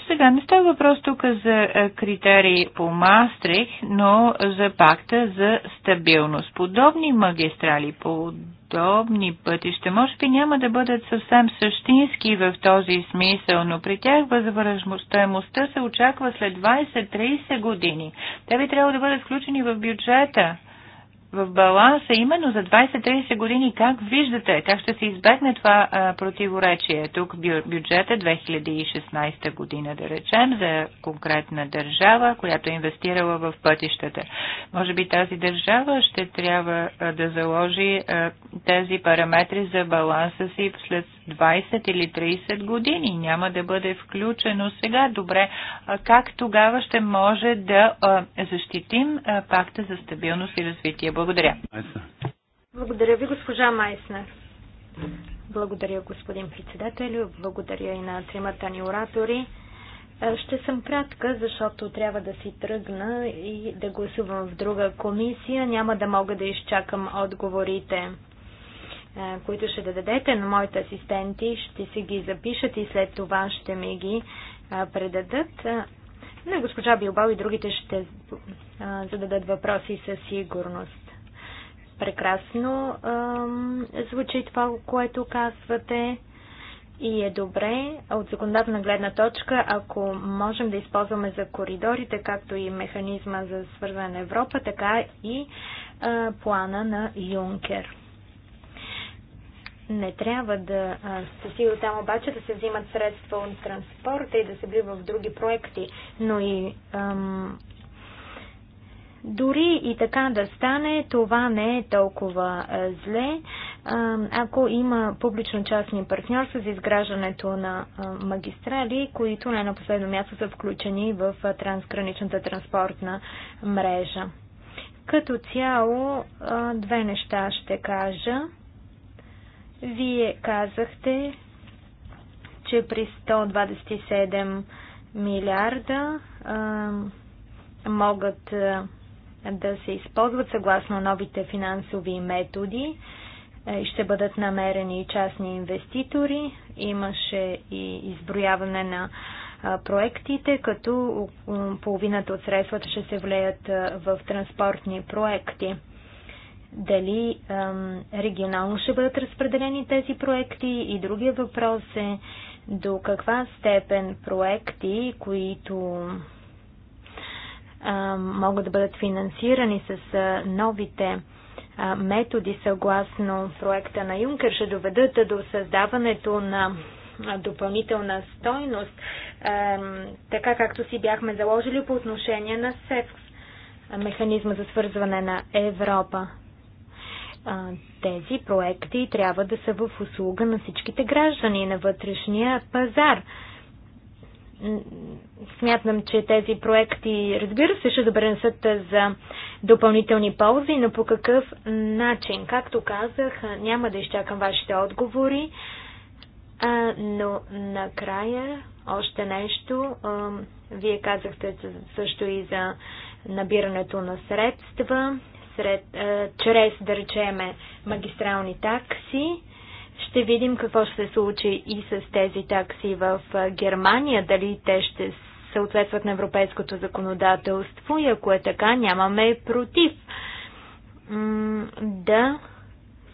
Сега не става въпрос тук за е, критерии по Мастрих, но за пакта за стабилност. Подобни магистрали, подобни пътища, може би няма да бъдат съвсем същински в този смисъл, но при тях възвръщаемостта се очаква след 20-30 години. Те би трябвало да бъдат включени в бюджета в баланса именно за 20-30 години. Как виждате, как ще се избегне това а, противоречие? Тук бю, бюджета 2016 година, да речем, за конкретна държава, която е инвестирала в пътищата. Може би тази държава ще трябва а, да заложи а, тези параметри за баланса си след 20 или 30 години. Няма да бъде включено сега. Добре, а как тогава ще може да а, защитим а, пакта за стабилност и развитие? Благодаря. Благодаря ви, госпожа Майснер. Благодаря, господин председател, Благодаря и на тримата ни оратори. Е, ще съм кратка, защото трябва да си тръгна и да гласувам в друга комисия. Няма да мога да изчакам отговорите, е, които ще дадете, но моите асистенти ще си ги запишат и след това ще ми ги е, предадат. На госпожа Билбал и другите ще зададат въпроси със сигурност. Прекрасно звучи това, което казвате. И е добре от законодателна гледна точка, ако можем да използваме за коридорите, както и механизма за свързване на Европа, така и а, плана на Юнкер. Не трябва да се стига там обаче да се взимат средства от транспорта и да се влива в други проекти, но и ам, дори и така да стане, това не е толкова зле, ако има публично-частни партньорства за изграждането на магистрали, които не на последно място са включени в трансграничната транспортна мрежа. Като цяло, две неща ще кажа. Вие казахте, че при 127 милиарда могат да се използват съгласно новите финансови методи. Е, ще бъдат намерени частни инвеститори. Имаше и изброяване на проектите, като половината от средствата ще се влеят в транспортни проекти. Дали регионално ще бъдат разпределени тези проекти и другия въпрос е до каква степен проекти, които могат да бъдат финансирани с новите методи съгласно проекта на Юнкер ще доведат до създаването на допълнителна стойност, така както си бяхме заложили по отношение на СЕФС, механизма за свързване на Европа. Тези проекти трябва да са в услуга на всичките граждани на вътрешния пазар смятам, че тези проекти, разбира се, ще добренесат за допълнителни ползи, но по какъв начин? Както казах, няма да изчакам вашите отговори, а, но накрая още нещо. А, вие казахте също и за набирането на средства сред, а, чрез, да речеме, магистрални такси. Ще видим какво ще се случи и с тези такси в Германия, дали те ще съответстват на европейското законодателство и ако е така, нямаме против да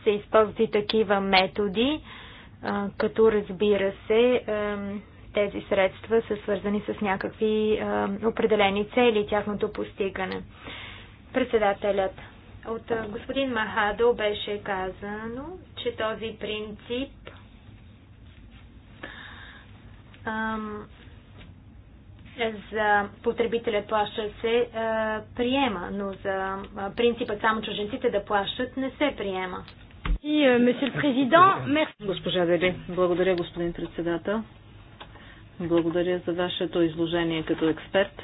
се използват и такива методи, като разбира се, тези средства са свързани с някакви определени цели и тяхното постигане. Председателят от господин Махадо беше казано, че този принцип ам, за потребителя плаща се а, приема, но за принципът само чужденците да плащат не се приема. И, президент, мерси. Госпожа Дели, благодаря господин председател. Благодаря за вашето изложение като експерт.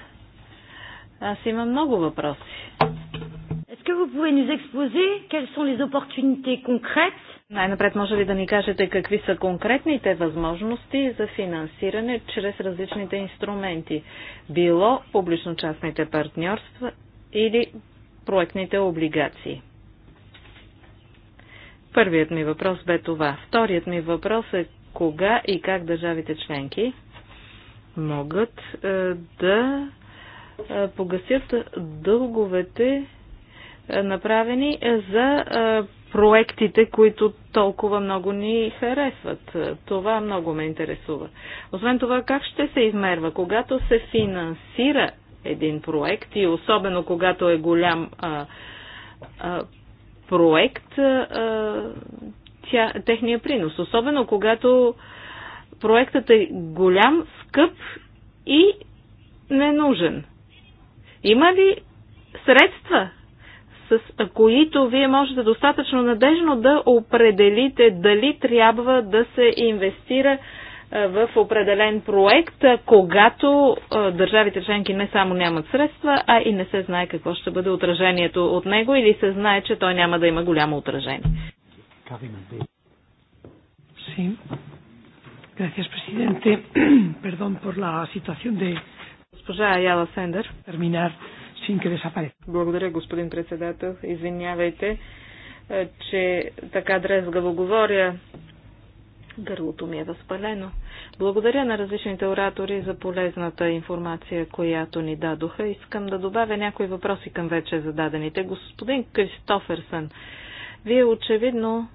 Аз имам много въпроси que vous pouvez nous exposer quelles sont les opportunités concrètes? Най-напред може ли да ни кажете какви са конкретните възможности за финансиране чрез различните инструменти, било публично-частните партньорства или проектните облигации? Първият ми въпрос бе това. Вторият ми въпрос е кога и как държавите членки могат е, да е, погасят дълговете направени е, за е, проектите, които толкова много ни харесват. Това много ме интересува. Освен това, как ще се измерва? Когато се финансира един проект и особено когато е голям а, а, проект, а, тя, техния принос. Особено когато проектът е голям, скъп и ненужен. Има ли средства с които вие можете достатъчно надежно да определите дали трябва да се инвестира е, в определен проект, когато е, държавите членки не само нямат средства, а и не се знае какво ще бъде отражението от него или се знае, че той няма да има голямо отражение. Sí. Gracias, presidente. Perdón por la situación de... Госпожа Аяла Сендер. Terminar. Благодаря, господин председател. Извинявайте, е, че така дрезгаво говоря. Гърлото ми е възпалено. Благодаря на различните оратори за полезната информация, която ни дадоха. Искам да добавя някои въпроси към вече зададените. Господин Кристоферсън, вие очевидно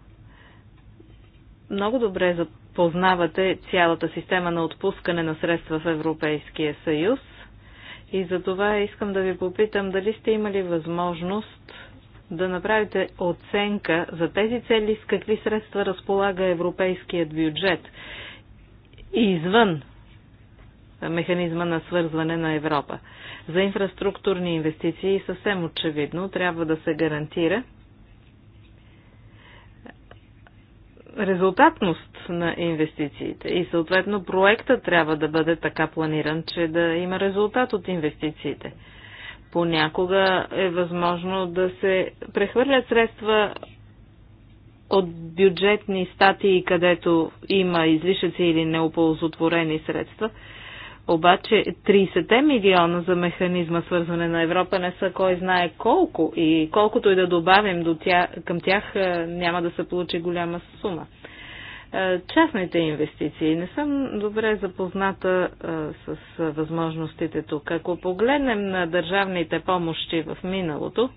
много добре запознавате цялата система на отпускане на средства в Европейския съюз – и за това искам да ви попитам дали сте имали възможност да направите оценка за тези цели с какви средства разполага европейският бюджет извън механизма на свързване на Европа. За инфраструктурни инвестиции съвсем очевидно трябва да се гарантира, резултатност на инвестициите и съответно проекта трябва да бъде така планиран, че да има резултат от инвестициите. Понякога е възможно да се прехвърлят средства от бюджетни статии, където има излишъци или неоползотворени средства – обаче 30 милиона за механизма свързване на Европа не са кой знае колко и колкото и да добавим до тя, към тях е, няма да се получи голяма сума. Е, частните инвестиции. Не съм добре запозната е, с възможностите тук. Ако погледнем на държавните помощи в миналото,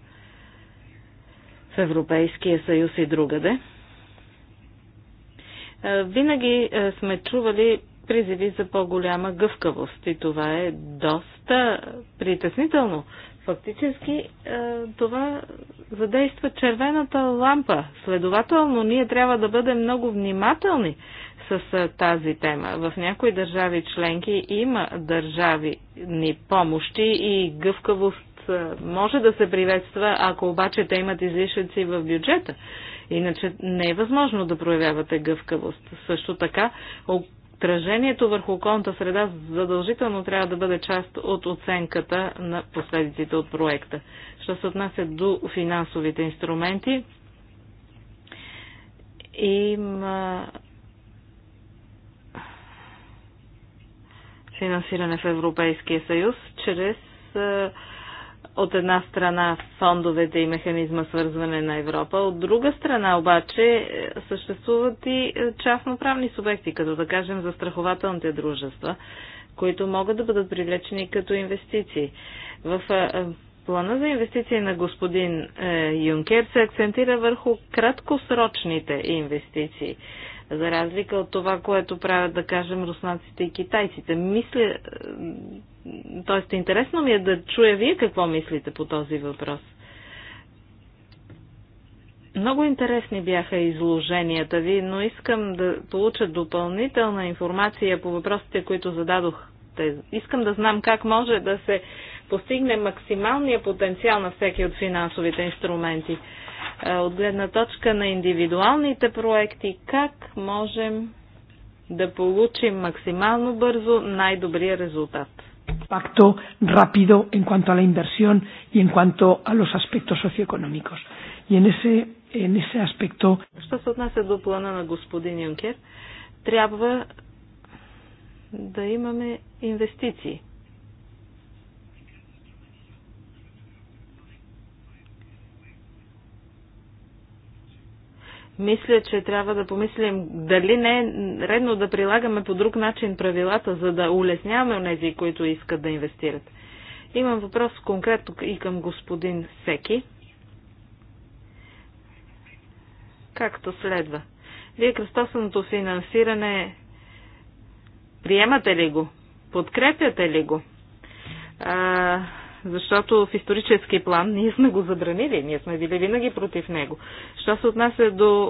в Европейския съюз и другаде, винаги сме чували призиви за по-голяма гъвкавост. И това е доста притеснително. Фактически е, това задейства червената лампа. Следователно, ние трябва да бъдем много внимателни с е, тази тема. В някои държави членки има държавни помощи и гъвкавост е, може да се приветства, ако обаче те имат излишъци в бюджета. Иначе не е възможно да проявявате гъвкавост. Също така, отражението върху околната среда задължително трябва да бъде част от оценката на последиците от проекта. Що се отнася до финансовите инструменти, има финансиране в Европейския съюз чрез от една страна фондовете и механизма свързване на Европа, от друга страна обаче е, съществуват и е, частноправни субекти, като да кажем застрахователните дружества, които могат да бъдат привлечени като инвестиции. В е, плана за инвестиции на господин Юнкер се акцентира върху краткосрочните инвестиции за разлика от това, което правят, да кажем, руснаците и китайците. Мисля, Тоест, интересно ми е да чуя вие какво мислите по този въпрос. Много интересни бяха изложенията ви, но искам да получа допълнителна информация по въпросите, които зададох. Искам да знам как може да се постигне максималния потенциал на всеки от финансовите инструменти. Е, от гледна точка на индивидуалните проекти, как можем да получим максимално бързо най-добрия резултат impacto rápido en cuanto a la inversión y en cuanto a los aspectos socioeconómicos. Y en ese, en ese aspecto. Що се отнася до плана на господин Юнкер, трябва да имаме инвестиции. Мисля, че трябва да помислим дали не е редно да прилагаме по друг начин правилата, за да улесняваме онези, които искат да инвестират. Имам въпрос конкретно и към господин Секи. Както следва. Вие кръстосаното финансиране приемате ли го? Подкрепяте ли го? А, защото в исторически план ние сме го забранили, ние сме били винаги против него. Що се отнася до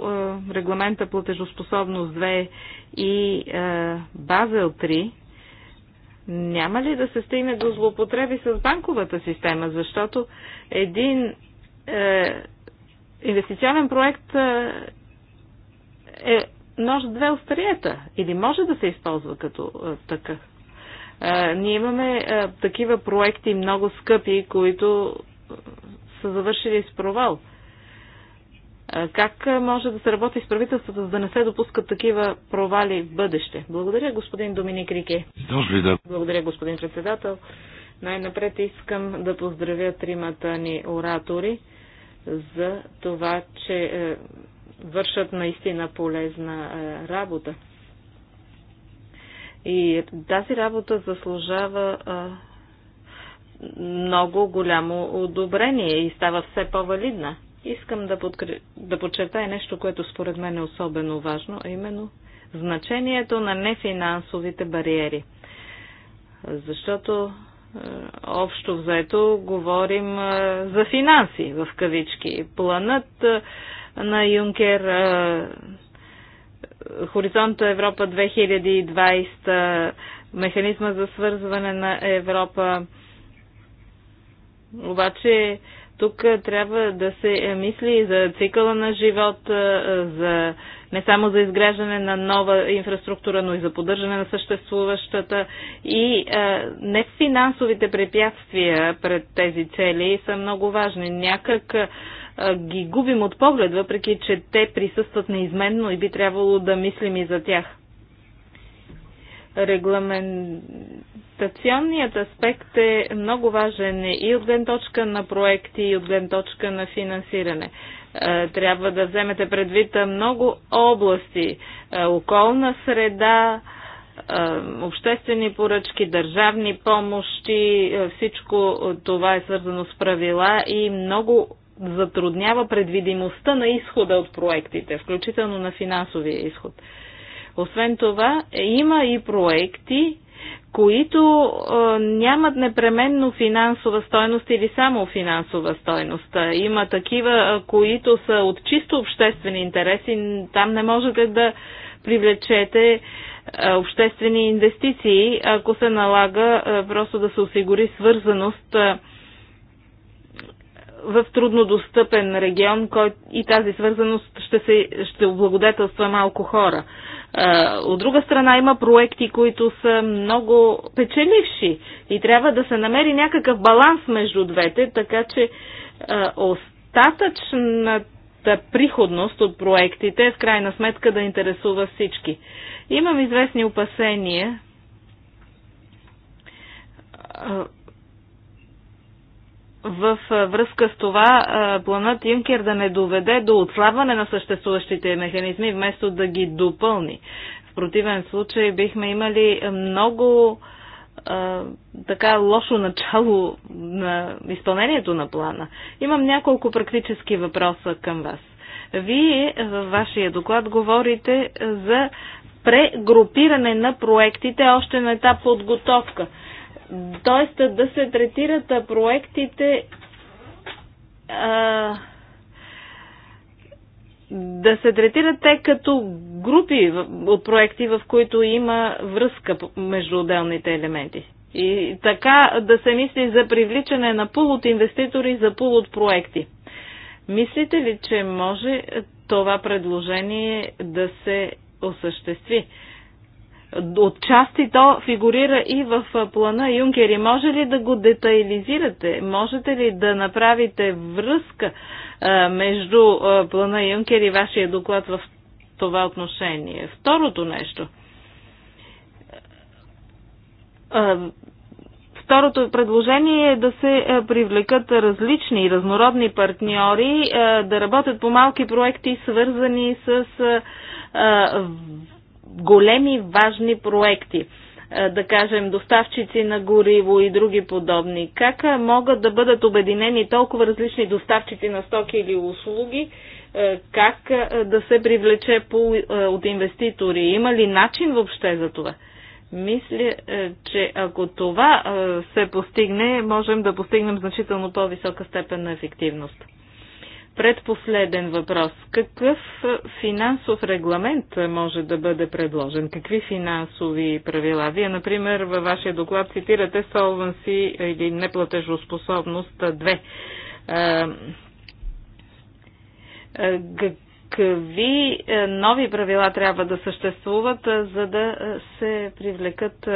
е, регламента платежоспособност 2 и е, Базел 3, няма ли да се стигне до злоупотреби с банковата система, защото един е, инвестиционен проект е, е нож две остриета или може да се използва като е, такъв? Ние имаме такива проекти много скъпи, които са завършили с провал. Как може да се работи с правителството, за да не се допускат такива провали в бъдеще? Благодаря, господин Доминик Рике. Да. Благодаря, господин председател. Най-напред искам да поздравя тримата ни оратори за това, че вършат наистина полезна работа. И тази работа заслужава а, много голямо одобрение и става все по-валидна. Искам да, подкр... да подчертая нещо, което според мен е особено важно, а именно значението на нефинансовите бариери. Защото общо взето говорим за финанси в кавички. Планът на Юнкер Хоризонта Европа 2020, механизма за свързване на Европа. Обаче тук трябва да се мисли за цикъла на живот, за не само за изграждане на нова инфраструктура, но и за поддържане на съществуващата. И а, не финансовите препятствия пред тези цели са много важни. Някак ги губим от поглед, въпреки че те присъстват неизменно и би трябвало да мислим и за тях. Регламентационният аспект е много важен и от ден точка на проекти, и от ден точка на финансиране. Трябва да вземете предвид много области. Околна среда, обществени поръчки, държавни помощи, всичко това е свързано с правила и много затруднява предвидимостта на изхода от проектите, включително на финансовия изход. Освен това, има и проекти, които е, нямат непременно финансова стойност или само финансова стойност. Има такива, които са от чисто обществени интереси. Там не можете да привлечете е, обществени инвестиции, ако се налага е, просто да се осигури свързаност. Е, в труднодостъпен регион кой, и тази свързаност ще, се, ще облагодетелства малко хора. От друга страна има проекти, които са много печеливши и трябва да се намери някакъв баланс между двете, така че остатъчната приходност от проектите е в крайна сметка да интересува всички. Имам известни опасения в връзка с това планът Юнкер да не доведе до отслабване на съществуващите механизми, вместо да ги допълни. В противен случай бихме имали много така лошо начало на изпълнението на плана. Имам няколко практически въпроса към вас. Вие във вашия доклад говорите за прегрупиране на проектите още на етап подготовка. Тоест да се третират проектите а, да се третират те като групи от проекти, в които има връзка между отделните елементи. И така да се мисли за привличане на пул от инвеститори за пул от проекти. Мислите ли, че може това предложение да се осъществи? Отчасти то фигурира и в плана Юнкери. може ли да го детайлизирате? Можете ли да направите връзка между плана Юнкер и вашия доклад в това отношение? Второто нещо. Второто предложение е да се привлекат различни и разнородни партньори да работят по малки проекти, свързани с големи важни проекти, е, да кажем доставчици на гориво и други подобни. Как е, могат да бъдат обединени толкова различни доставчици на стоки или услуги? Е, как да се привлече пул от инвеститори? Има ли начин въобще за това? Мисля, че ако това се постигне, можем да постигнем значително по-висока степен на ефективност. Предпоследен въпрос. Какъв финансов регламент може да бъде предложен? Какви финансови правила? Вие, например, във вашия доклад цитирате Solvency или неплатежоспособност 2. Какви нови правила трябва да съществуват, за да се привлекат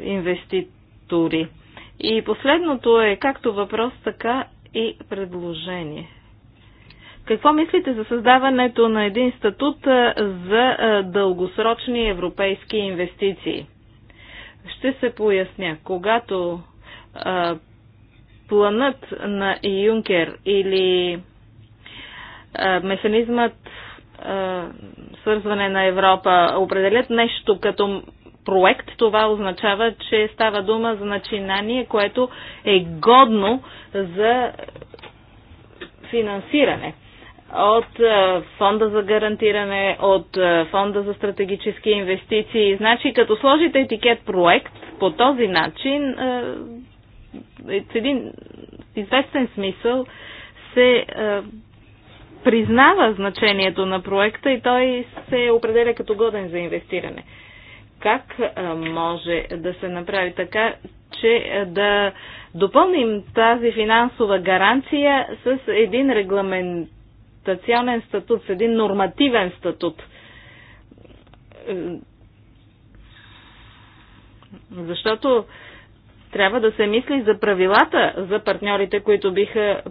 инвеститори? И последното е както въпрос, така и предложение. Какво мислите за създаването на един статут за дългосрочни европейски инвестиции? Ще се поясня. Когато а, планът на Юнкер или а, механизмът а, свързване на Европа определят нещо като проект, това означава, че става дума за начинание, което е годно за финансиране от е, Фонда за гарантиране, от е, Фонда за стратегически инвестиции. Значи, като сложите етикет проект по този начин, в е, един известен смисъл се признава значението на проекта и той се определя като годен за инвестиране. Как може да се направи така, че да допълним тази финансова гаранция с един регламент консултационен статут, с един нормативен статут. Защото трябва да се мисли за правилата за партньорите, които биха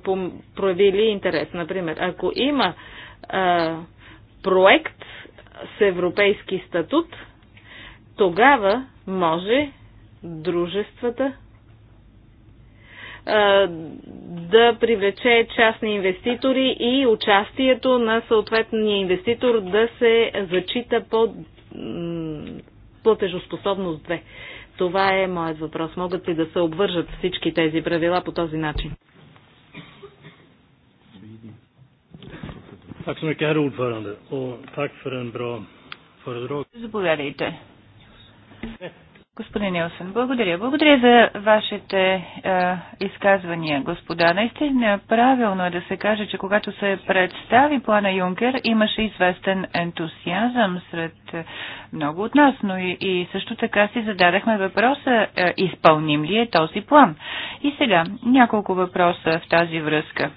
проявили интерес. Например, ако има а, проект с европейски статут, тогава може дружествата да привлече частни инвеститори и участието на съответния инвеститор да се зачита по платежоспособност 2. Това е моят въпрос. Могат ли да се обвържат всички тези правила по този начин? Заповядайте. Господин Елсен, благодаря. Благодаря за вашите е, изказвания, господа. Наистина правилно е да се каже, че когато се представи плана Юнкер, имаше известен ентусиазъм сред е, много от нас, но и, и също така си зададахме въпроса, е, изпълним ли е този план. И сега няколко въпроса в тази връзка.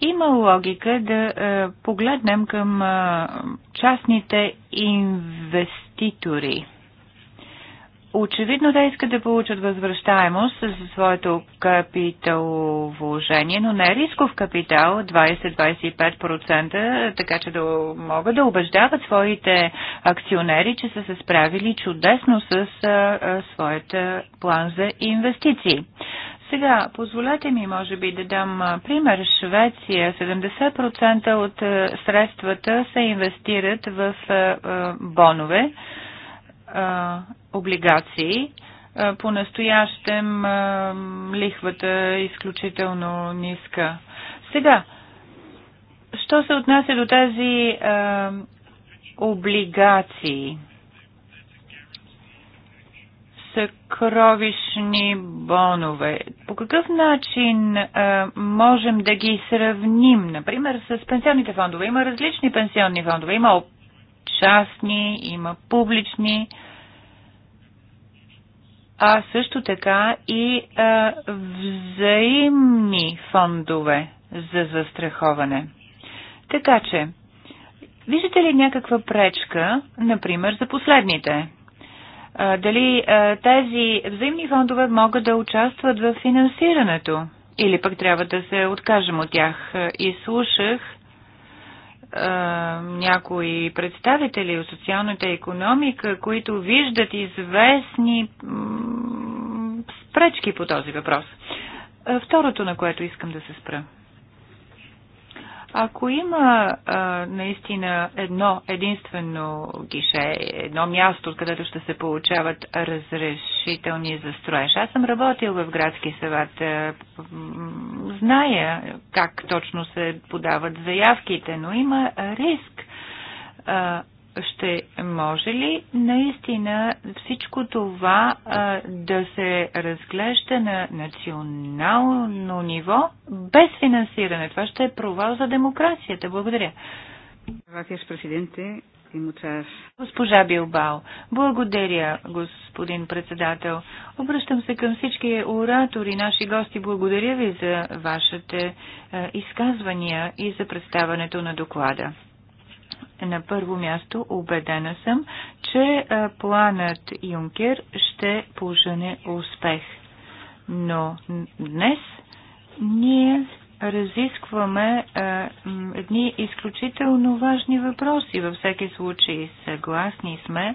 Има логика да е, погледнем към е, частните инвеститори Очевидно те да искат да получат възвръщаемост за своето вложение, но не е рисков капитал 20-25%, така че да могат да убеждават своите акционери, че са се справили чудесно с своята план за инвестиции. Сега, позволете ми, може би, да дам пример. Швеция 70% от средствата се инвестират в бонове а, облигации. По-настоящем лихвата е изключително ниска. Сега, що се отнася до тези а, облигации? съкровищни бонове. По какъв начин а, можем да ги сравним, например, с пенсионните фондове? Има различни пенсионни фондове. Има частни, има публични. А, а също така и а, взаимни фондове за застраховане. Така че, виждате ли някаква пречка, например, за последните? А, дали а, тези взаимни фондове могат да участват в финансирането? Или пък трябва да се откажем от тях? И слушах някои представители от социалната економика, които виждат известни пречки по този въпрос. Е, второто, на което искам да се спра. Ако има а, е, наистина едно единствено гише, едно място, откъдето ще се получават разрешителни за строеж. Аз съм работил в градски съвет. Е, зная как точно се подават заявките, но има риск а, ще може ли наистина всичко това а, да се разглежда на национално ниво без финансиране? Това ще е провал за демокрацията. Благодаря. Госпожа Билбао, благодаря, господин председател. Обръщам се към всички оратори, наши гости. Благодаря ви за вашите е, изказвания и за представането на доклада. На първо място, убедена съм, че планът Юнкер ще пожене успех. Но днес ние разискваме едни изключително важни въпроси. Във всеки случай съгласни сме,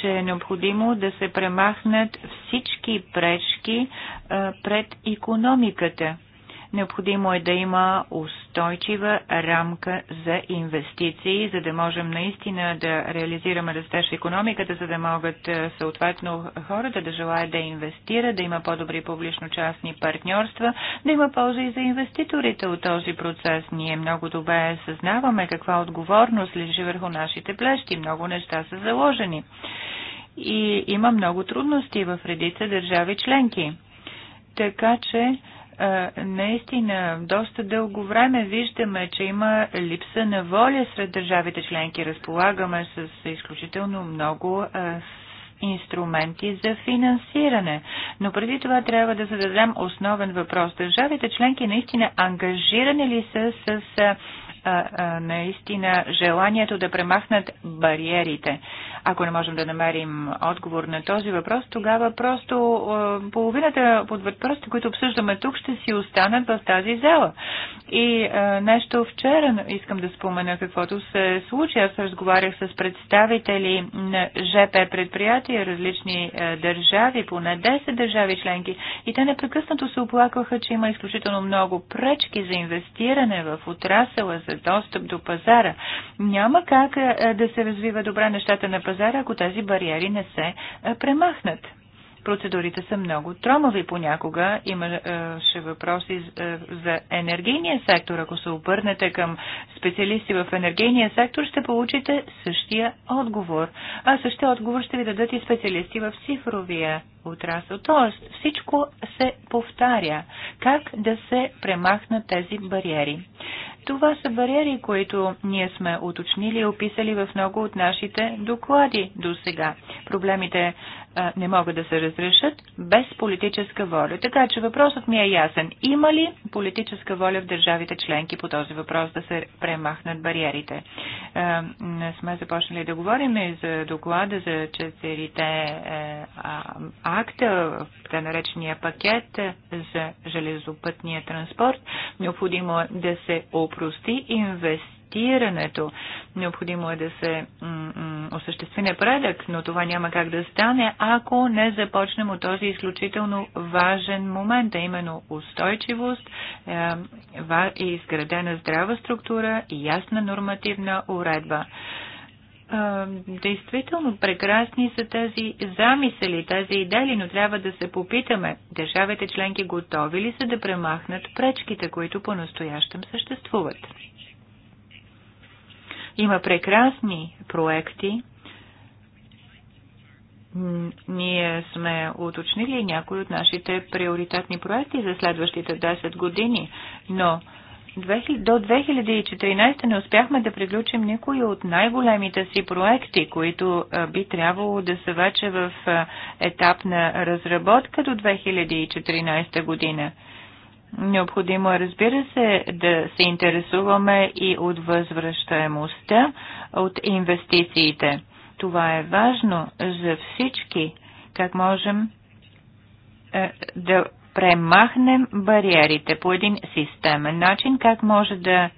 че е необходимо да се премахнат всички пречки пред економиката. Необходимо е да има устойчива рамка за инвестиции, за да можем наистина да реализираме растеж в економиката, за да могат е, съответно хората да желаят да инвестират, да има по-добри публично-частни партньорства, да има полза и за инвеститорите от този процес. Ние много добре съзнаваме каква отговорност лежи върху нашите плещи. Много неща са заложени. И има много трудности в редица държави членки. Така че наистина доста дълго време виждаме, че има липса на воля сред държавите членки. Разполагаме с изключително много инструменти за финансиране. Но преди това трябва да зададем основен въпрос. Държавите членки наистина ангажирани ли са с наистина желанието да премахнат бариерите. Ако не можем да намерим отговор на този въпрос, тогава просто половината от въпросите, които обсъждаме тук, ще си останат в тази зала. И нещо вчера искам да спомена каквото се случи. Аз разговарях с представители на ЖП предприятия, различни държави, поне 10 държави членки, и те непрекъснато се оплакваха, че има изключително много пречки за инвестиране в отрасъла, за с достъп до пазара. Няма как е, да се развива добре нещата на пазара, ако тези бариери не се е, премахнат. Процедурите са много тромави понякога. Имаше въпроси е, за енергийния сектор. Ако се обърнете към специалисти в енергийния сектор, ще получите същия отговор. А същия отговор ще ви дадат и специалисти в цифровия отрасъл. Тоест, всичко се повтаря. Как да се премахнат тези бариери? Това са бариери, които ние сме уточнили и описали в много от нашите доклади до сега. Проблемите не могат да се разрешат без политическа воля. Така че въпросът ми е ясен. Има ли политическа воля в държавите членки по този въпрос да се премахнат бариерите? Не сме започнали да говорим и за доклада за четирите е, акта, да наречения пакет за железопътния транспорт. Необходимо е да се опрости инвестиция третирането. Необходимо е да се осъществи напредък, но това няма как да стане, ако не започнем от този изключително важен момент, а именно устойчивост е, и изградена здрава структура и ясна нормативна уредба е, действително прекрасни са тези замисели, тези идеи, но трябва да се попитаме, държавите членки готови ли са да премахнат пречките, които по-настоящем съществуват. Има прекрасни проекти. Ние сме уточнили някои от нашите приоритетни проекти за следващите 10 години, но до 2014 не успяхме да приключим никои от най-големите си проекти, които би трябвало да са вече в етап на разработка до 2014 година. Необходимо е, разбира се, да се интересуваме и от възвръщаемостта от инвестициите. Това е важно за всички. Как можем е, да премахнем бариерите по един системен начин, как може да е,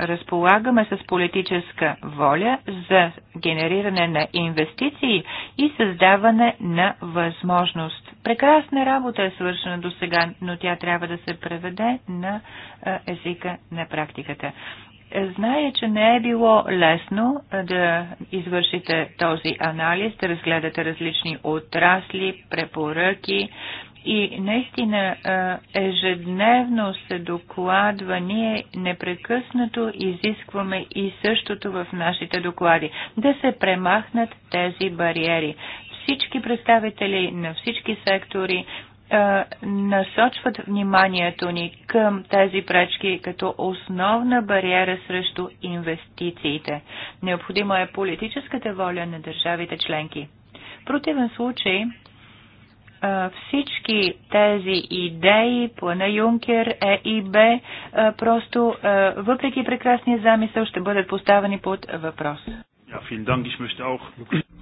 разполагаме с политическа воля за генериране на инвестиции и създаване на възможност. Прекрасна работа е свършена до сега, но тя трябва да се преведе на езика на практиката. Е, Зная, че не е било лесно да извършите този анализ, да разгледате различни отрасли, препоръки и наистина ежедневно се докладва, ние непрекъснато изискваме и същото в нашите доклади, да се премахнат тези бариери всички представители на всички сектори е, насочват вниманието ни към тези пречки като основна бариера срещу инвестициите. Необходима е политическата воля на държавите членки. В противен случай е, всички тези идеи, плана Юнкер, Е и Б, е, просто въпреки прекрасния замисъл ще бъдат поставени под въпрос.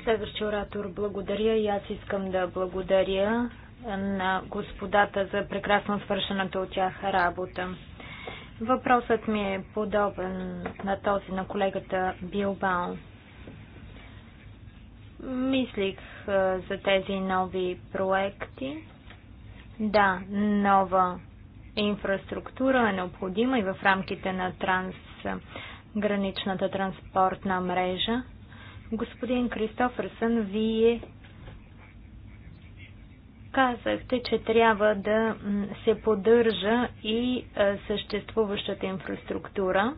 Следващия оратор, благодаря и аз искам да благодаря на господата за прекрасно свършената от тях работа. Въпросът ми е подобен на този на колегата Билбао. Мислих за тези нови проекти. Да, нова инфраструктура е необходима и в рамките на транс граничната транспортна мрежа. Господин Кристоферсън, вие казахте, че трябва да се поддържа и съществуващата инфраструктура.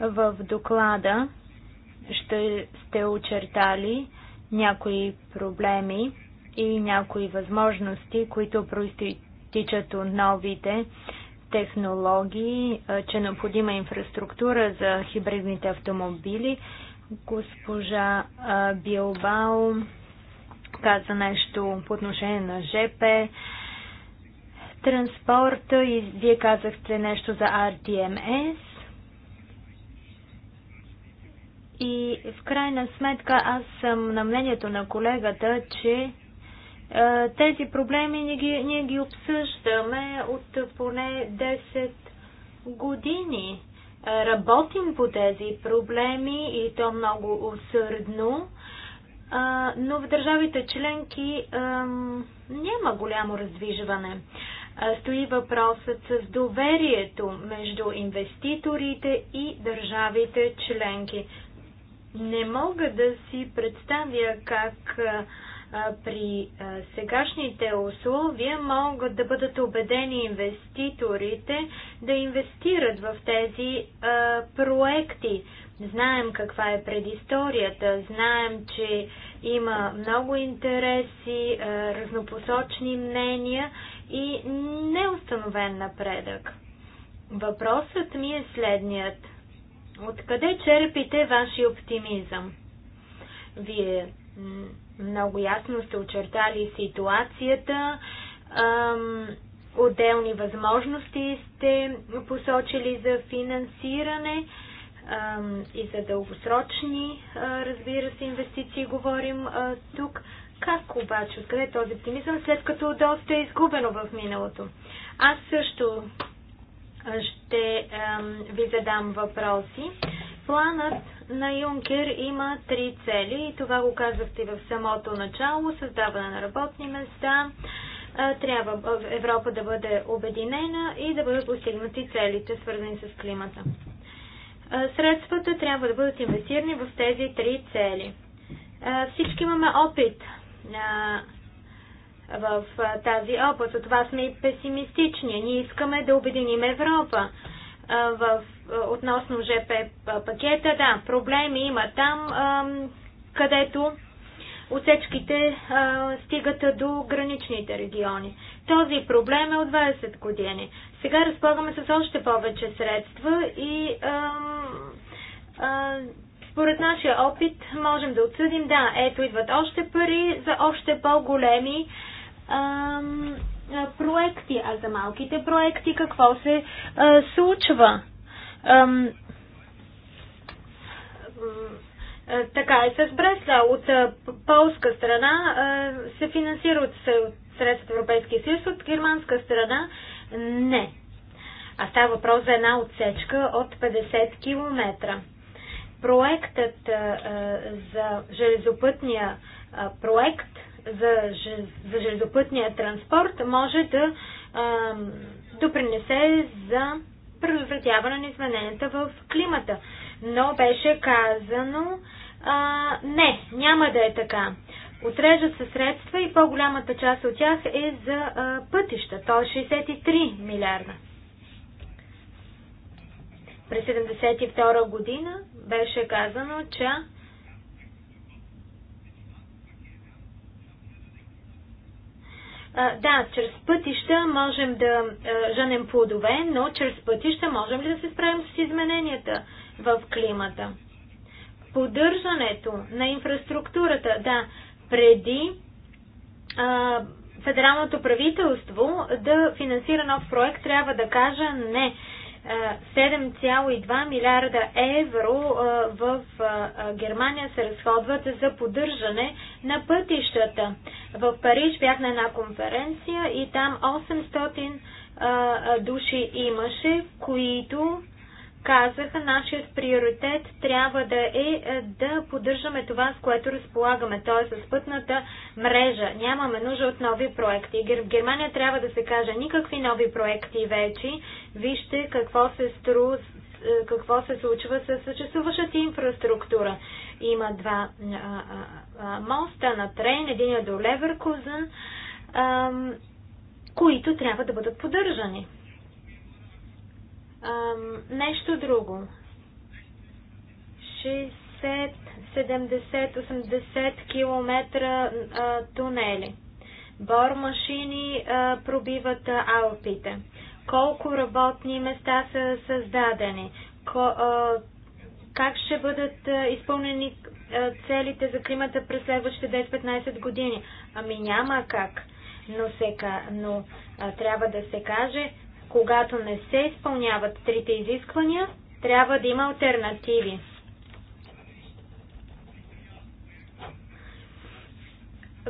В доклада ще сте очертали някои проблеми и някои възможности, които проистичат от новите технологии, че е необходима инфраструктура за хибридните автомобили. Госпожа Билбао каза нещо по отношение на ЖП, транспорта и вие казахте нещо за RTMS. И в крайна сметка аз съм на мнението на колегата, че е, тези проблеми ние ги, ние ги обсъждаме от поне 10 години. Е, работим по тези проблеми и то много усърдно, е, но в държавите членки няма голямо раздвижване стои въпросът с доверието между инвеститорите и държавите членки. Не мога да си представя как при сегашните условия могат да бъдат убедени инвеститорите да инвестират в тези проекти. Знаем каква е предисторията, знаем, че има много интереси, разнопосочни мнения и неустановен напредък. Въпросът ми е следният. Откъде черпите вашия оптимизъм? Вие много ясно сте очертали ситуацията, отделни възможности сте посочили за финансиране и за дългосрочни, разбира се, инвестиции говорим тук. Как обаче, откъде е този оптимизъм, след като доста е изгубено в миналото? Аз също ще ви задам въпроси. Планът на Юнкер има три цели и това го казахте в самото начало. Създаване на работни места, трябва Европа да бъде обединена и да бъдат постигнати целите, свързани с климата. Средствата трябва да бъдат инвестирани в тези три цели. Всички имаме опит в тази област, от това сме и песимистични. Ние искаме да обединим Европа в, относно ЖП пакета. Да, проблеми има там, където отсечките стигат до граничните региони. Този проблем е от 20 години. Сега разполагаме с още повече средства и според нашия опит можем да отсъдим, да, ето идват още пари за още по-големи проекти, а за малките проекти какво се а, случва. Ам, а, така е с Бресла. От а, полска страна а, се финансира от средства Европейския съюз, от германска страна не. А става въпрос за една отсечка от 50 км. Проектът а, за железопътния а, проект за, за железопътния транспорт може да а, допринесе за предотвратяване на измененията в климата. Но беше казано, а, не, няма да е така. Отрежат се средства и по-голямата част от тях е за а, пътища, то 63 е милиарда. През 1972 година беше казано, че Да, чрез пътища можем да женем плодове, но чрез пътища можем ли да се справим с измененията в климата? Поддържането на инфраструктурата, да, преди а, федералното правителство да финансира нов проект, трябва да кажа не. 7,2 е, милиарда евро е, в е, Германия се разходват за поддържане на пътищата. В Париж бях на една конференция и там 800 души имаше, които казаха, нашият приоритет трябва да е, е да поддържаме това, с което разполагаме, т.е. с пътната мрежа. Нямаме нужда от нови проекти. В Германия трябва да се каже никакви нови проекти вече. Вижте какво се, стру, е, какво се случва с съществуващата инфраструктура. Има два а, а, а, моста на трен, един е до Леверкузен, които трябва да бъдат поддържани. Um, нещо друго. 60, 70, 80 км uh, тунели. Бор машини uh, пробиват uh, Алпите. Колко работни места са създадени? Ко, uh, как ще бъдат uh, изпълнени uh, целите за климата през следващите 10-15 години? Ами няма как. Но, сека, но а, трябва да се каже, когато не се изпълняват трите изисквания, трябва да има альтернативи.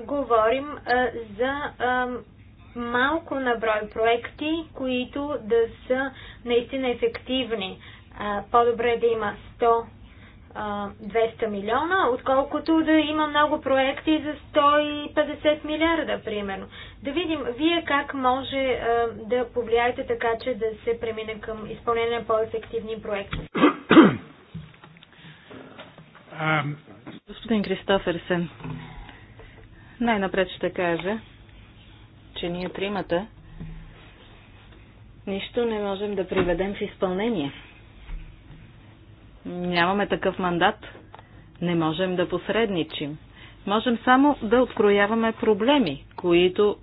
Говорим а, за а, малко наброй проекти, които да са наистина ефективни. По-добре е да има 100 200 милиона, отколкото да има много проекти за 150 милиарда, примерно. Да видим вие как може а, да повлияете така, че да се премине към изпълнение на по-ефективни проекти. Господин Кристоферсен, най-напред ще кажа, че ние тримата нищо не можем да приведем в изпълнение – Нямаме такъв мандат. Не можем да посредничим. Можем само да открояваме проблеми, които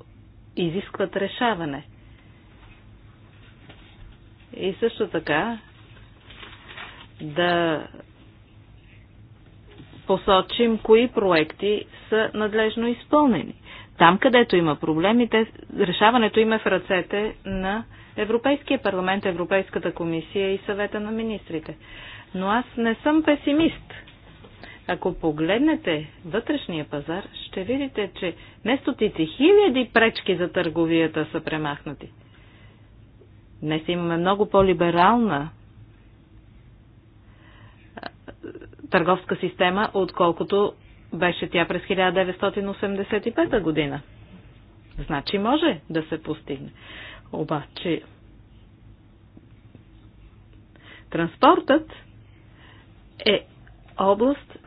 изискват решаване. И също така да посочим кои проекти са надлежно изпълнени. Там, където има проблеми, те, решаването им е в ръцете на Европейския парламент, Европейската комисия и съвета на министрите но аз не съм песимист. Ако погледнете вътрешния пазар, ще видите, че не хиляди пречки за търговията са премахнати. Днес имаме много по-либерална търговска система, отколкото беше тя през 1985 година. Значи може да се постигне. Обаче транспортът е област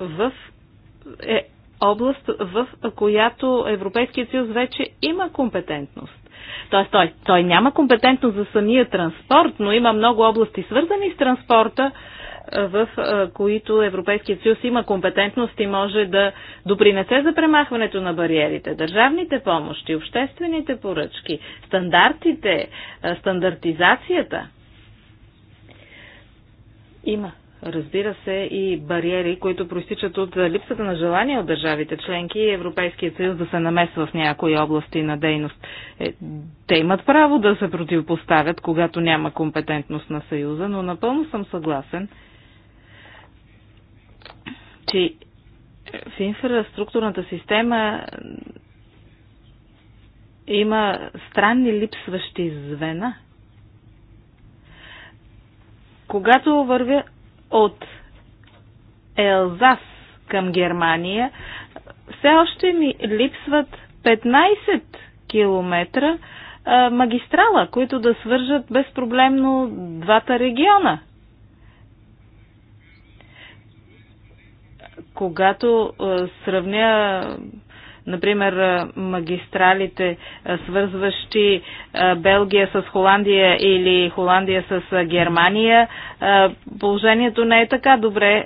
в е област, в която Европейският съюз вече има компетентност. Тоест, той, той няма компетентност за самия транспорт, но има много области свързани с транспорта, е, в е, които Европейският съюз има компетентност и може да допринесе за премахването на бариерите. Държавните помощи, обществените поръчки, стандартите, е, стандартизацията – има. Разбира се, и бариери, които проистичат от липсата на желание от държавите членки и Европейския съюз да се намесва в някои области на дейност. Е, те имат право да се противопоставят, когато няма компетентност на съюза, но напълно съм съгласен, че в инфраструктурната система има странни липсващи звена – когато вървя от Елзас към Германия, все още ми липсват 15 км магистрала, които да свържат безпроблемно двата региона. Когато сравня Например, магистралите, свързващи Белгия с Холандия или Холандия с Германия. Положението не е така добре,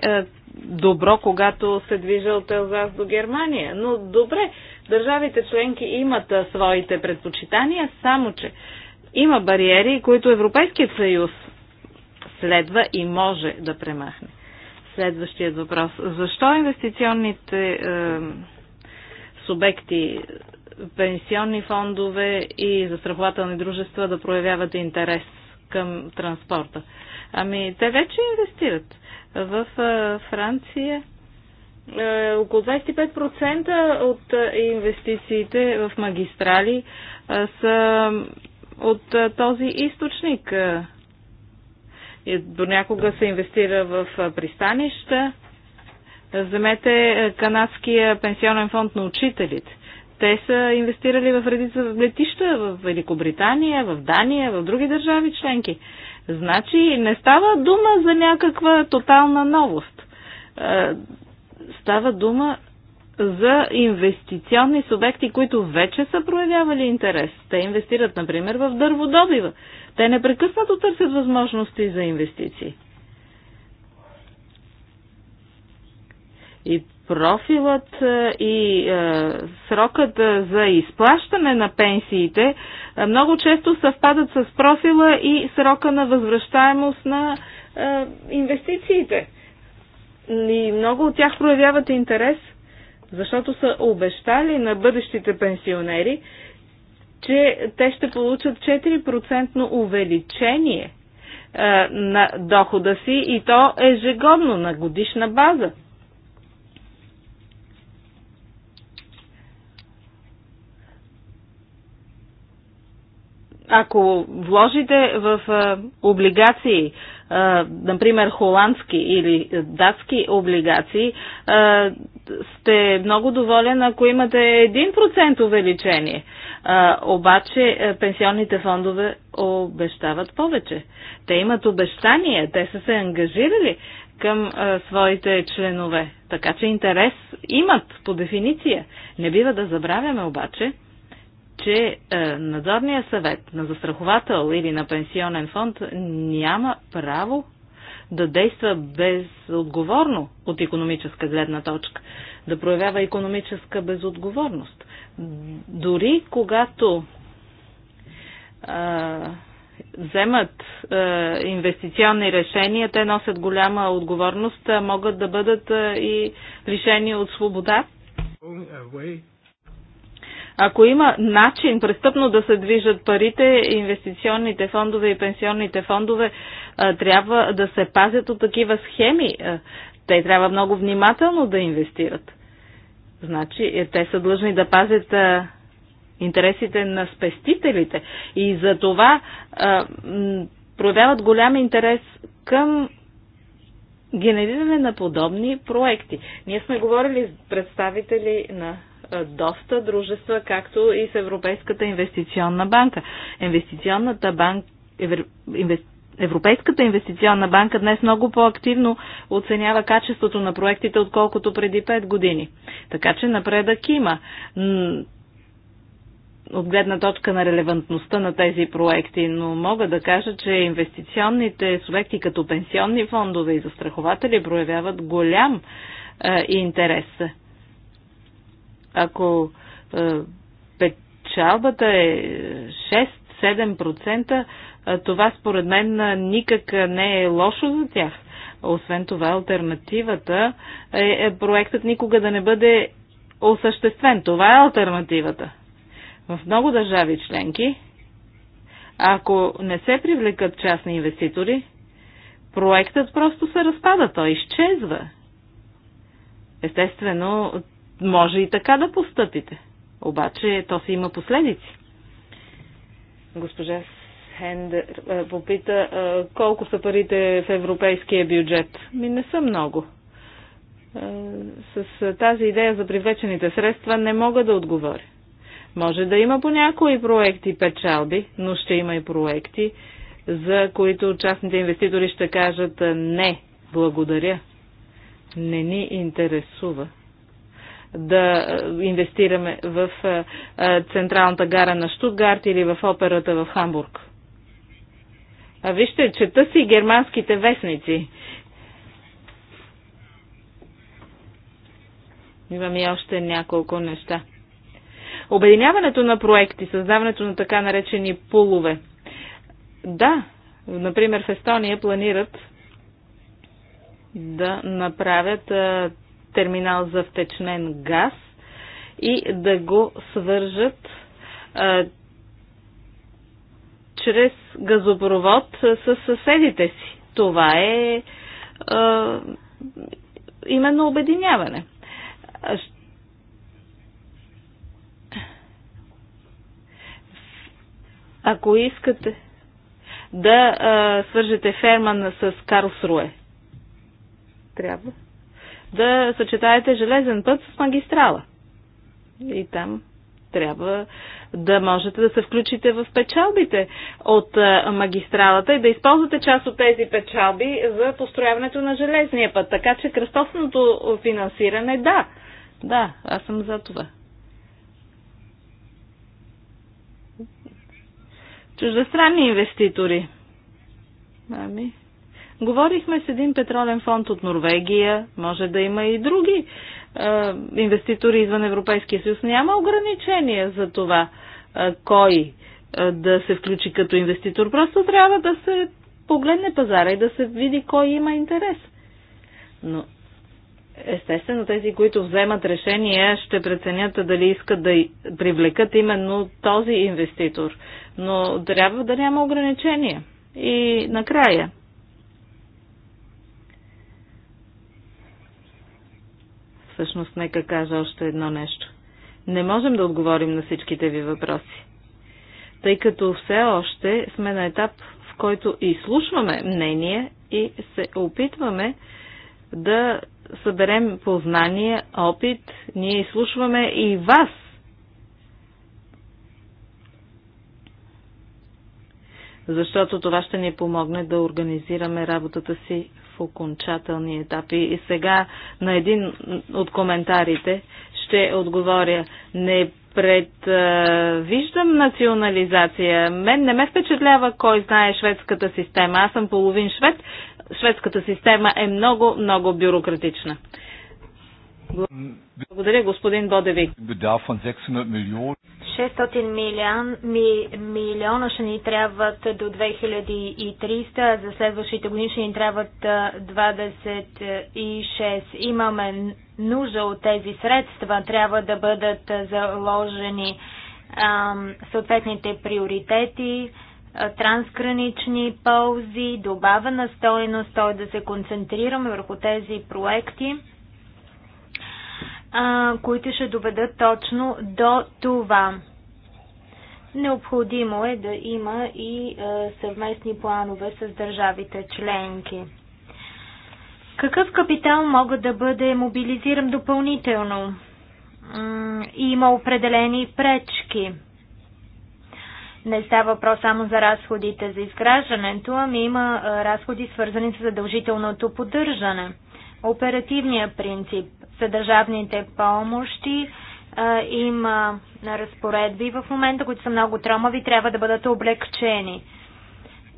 добро, когато се движа от Елзас до Германия. Но добре, държавите членки имат своите предпочитания, само че има бариери, които Европейският съюз следва и може да премахне. Следващият въпрос. Защо инвестиционните е, субекти, пенсионни фондове и застрахователни дружества да проявяват интерес към транспорта. Ами, те вече инвестират. В Франция около 25% от инвестициите в магистрали са от този източник. някога се инвестира в пристанища, Вземете е, канадския пенсионен фонд на учителите. Те са инвестирали в редица летища в Великобритания, в Дания, в други държави членки. Значи не става дума за някаква тотална новост. Е, става дума за инвестиционни субекти, които вече са проявявали интерес. Те инвестират, например, в дърводобива. Те непрекъснато търсят възможности за инвестиции. и профилът е, и е, срокът е, за изплащане на пенсиите е, много често съвпадат с профила и срока на възвръщаемост на е, инвестициите. И много от тях проявяват интерес, защото са обещали на бъдещите пенсионери, че те ще получат 4% увеличение е, на дохода си и то ежегодно на годишна база. Ако вложите в облигации, например холандски или датски облигации, сте много доволен, ако имате 1% увеличение. Обаче пенсионните фондове обещават повече. Те имат обещания, те са се ангажирали към а, своите членове. Така че интерес имат по дефиниция. Не бива да забравяме обаче, че е, надзорния съвет на застраховател или на пенсионен фонд няма право да действа безотговорно от економическа гледна точка, да проявява економическа безотговорност. Дори когато е, вземат е, инвестиционни решения, те носят голяма отговорност, могат да бъдат е, и лишени от свобода. Ако има начин престъпно да се движат парите, инвестиционните фондове и пенсионните фондове трябва да се пазят от такива схеми. Те трябва много внимателно да инвестират. Значи, е, те са длъжни да пазят интересите на спестителите и за това проявяват голям интерес към генериране на подобни проекти. Ние сме говорили с представители на е, доста дружества, както и с Европейската инвестиционна банка. Инвестиционната банка Европейската инвестиционна банка днес много по-активно оценява качеството на проектите, отколкото преди 5 години. Така че напредък има. От гледна точка на релевантността на тези проекти, но мога да кажа, че инвестиционните субекти като пенсионни фондове и застрахователи проявяват голям е, интерес. Ако е, печалбата е 6-7%, е, това според мен е, никак не е лошо за тях. Освен това, альтернативата е, е проектът никога да не бъде осъществен. Това е альтернативата. В много държави членки, ако не се привлекат частни инвеститори, проектът просто се разпада, той изчезва. Естествено, може и така да постъпите. Обаче то си има последици. Госпожа Хендер попита колко са парите в европейския бюджет. Ми не са много. С тази идея за привлечените средства не мога да отговоря. Може да има по някои проекти печалби, но ще има и проекти, за които частните инвеститори ще кажат не, благодаря, не ни интересува да е, инвестираме в е, е, Централната гара на Штутгарт или в операта в Хамбург. А вижте, чета си германските вестници. Имам и още няколко неща. Обединяването на проекти, създаването на така наречени пулове. Да, например в Естония планират да направят терминал за втечнен газ и да го свържат а, чрез газопровод с съседите си. Това е а, именно обединяване. Ако искате да а, свържете Ферман с Карлсруе, трябва да съчетаете железен път с магистрала. И там трябва да можете да се включите в печалбите от магистралата и да използвате част от тези печалби за построяването на железния път. Така че кръстосното финансиране, да. Да, аз съм за това. Чуждестранни инвеститори. Ами. Говорихме с един петролен фонд от Норвегия, може да има и други е, инвеститори извън Европейския съюз. Няма ограничения за това е, кой е, да се включи като инвеститор. Просто трябва да се погледне пазара и да се види кой има интерес. Но естествено тези, които вземат решение, ще преценят дали искат да привлекат именно този инвеститор. Но трябва да няма ограничения. И накрая, Всъщност, нека кажа още едно нещо. Не можем да отговорим на всичките ви въпроси, тъй като все още сме на етап, в който изслушваме мнение и се опитваме да съберем познание, опит. Ние изслушваме и вас. Защото това ще ни помогне да организираме работата си окончателни етапи. И сега на един от коментарите ще отговоря. Не предвиждам национализация. Мен не ме впечатлява кой знае шведската система. Аз съм половин швед. Шведската система е много, много бюрократична. Благодаря, господин Бодевик. 600 милион, ми, милиона ще ни трябват до 2300, за следващите години ще ни трябват 26. Имаме нужда от тези средства, трябва да бъдат заложени ам, съответните приоритети, трансгранични ползи, добавена стоеност, той да се концентрираме върху тези проекти а, които ще доведат точно до това. Необходимо е да има и а, съвместни планове с държавите членки. Какъв капитал мога да бъде мобилизиран допълнително? Има определени пречки. Не става въпрос само за разходите за изграждането, ами има разходи свързани с задължителното поддържане оперативния принцип за държавните помощи има разпоредби в момента, които са много тромави, трябва да бъдат облегчени.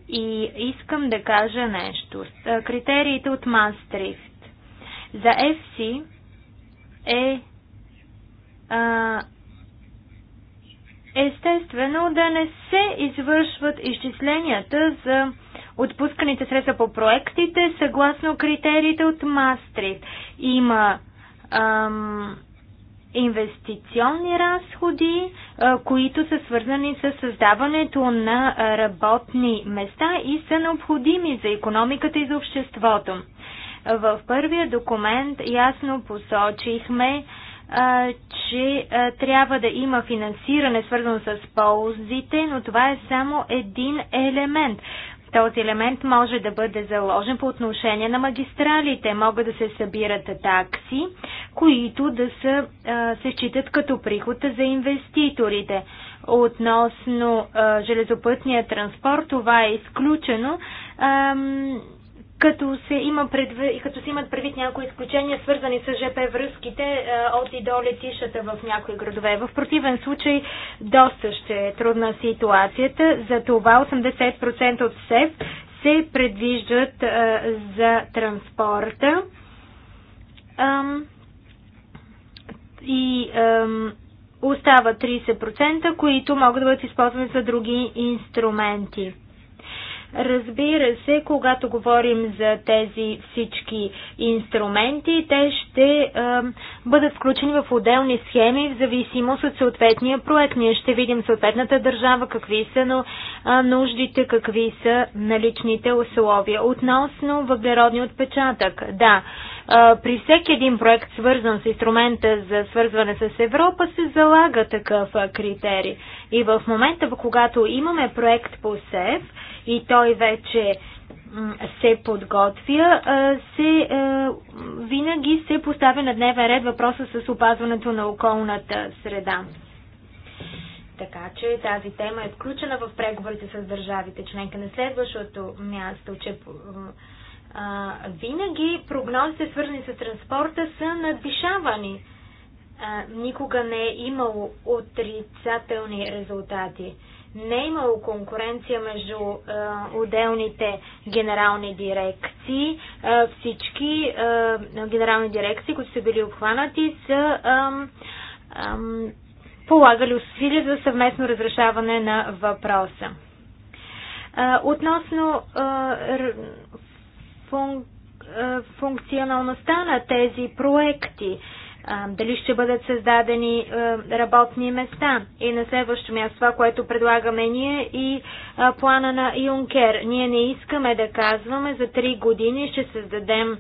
И искам да кажа нещо. Критериите от Мастрихт. За FC е а, естествено да не се извършват изчисленията за отпусканите средства по проектите съгласно критериите от Мастрит. Има ам, инвестиционни разходи, а, които са свързани с създаването на работни места и са необходими за економиката и за обществото. В първия документ ясно посочихме, а, че а, трябва да има финансиране свързано с ползите, но това е само един елемент. Този елемент може да бъде заложен по отношение на магистралите. Могат да се събират такси, които да са, се считат като приход за инвеститорите. Относно железопътния транспорт, това е изключено като се, има предвид, като се имат предвид някои изключения, свързани с ЖП връзките е, от и до летищата в някои градове. В противен случай доста ще е трудна ситуацията. За това 80% от сев се предвиждат а, е, за транспорта. Ам, и ам, остава 30%, които могат да бъдат използвани за други инструменти. Разбира се, когато говорим за тези всички инструменти, те ще е, бъдат включени в отделни схеми в зависимост от съответния проект. Ние ще видим съответната държава, какви са но, е, нуждите, какви са наличните условия. Относно въглеродни отпечатък, да, е, при всеки един проект, свързан с инструмента за свързване с Европа, се залага такъв критерий. И в момента, когато имаме проект по СЕФ, и той вече се подготвя, се, винаги се поставя на дневен ред въпроса с опазването на околната среда. Така че тази тема е включена в преговорите с държавите членка на следващото място, че винаги прогнозите, свързани с транспорта, са надвишавани. никога не е имало отрицателни резултати не е имало конкуренция между е, отделните генерални дирекции. Е, всички е, генерални дирекции, които са били обхванати, са е, е, полагали усилия за съвместно разрешаване на въпроса. Е, относно е, функ, е, функционалността на тези проекти, е, дали ще бъдат създадени работни места. И на следващо място това, което предлагаме ние и плана на Юнкер. Ние не искаме да казваме за три години ще създадем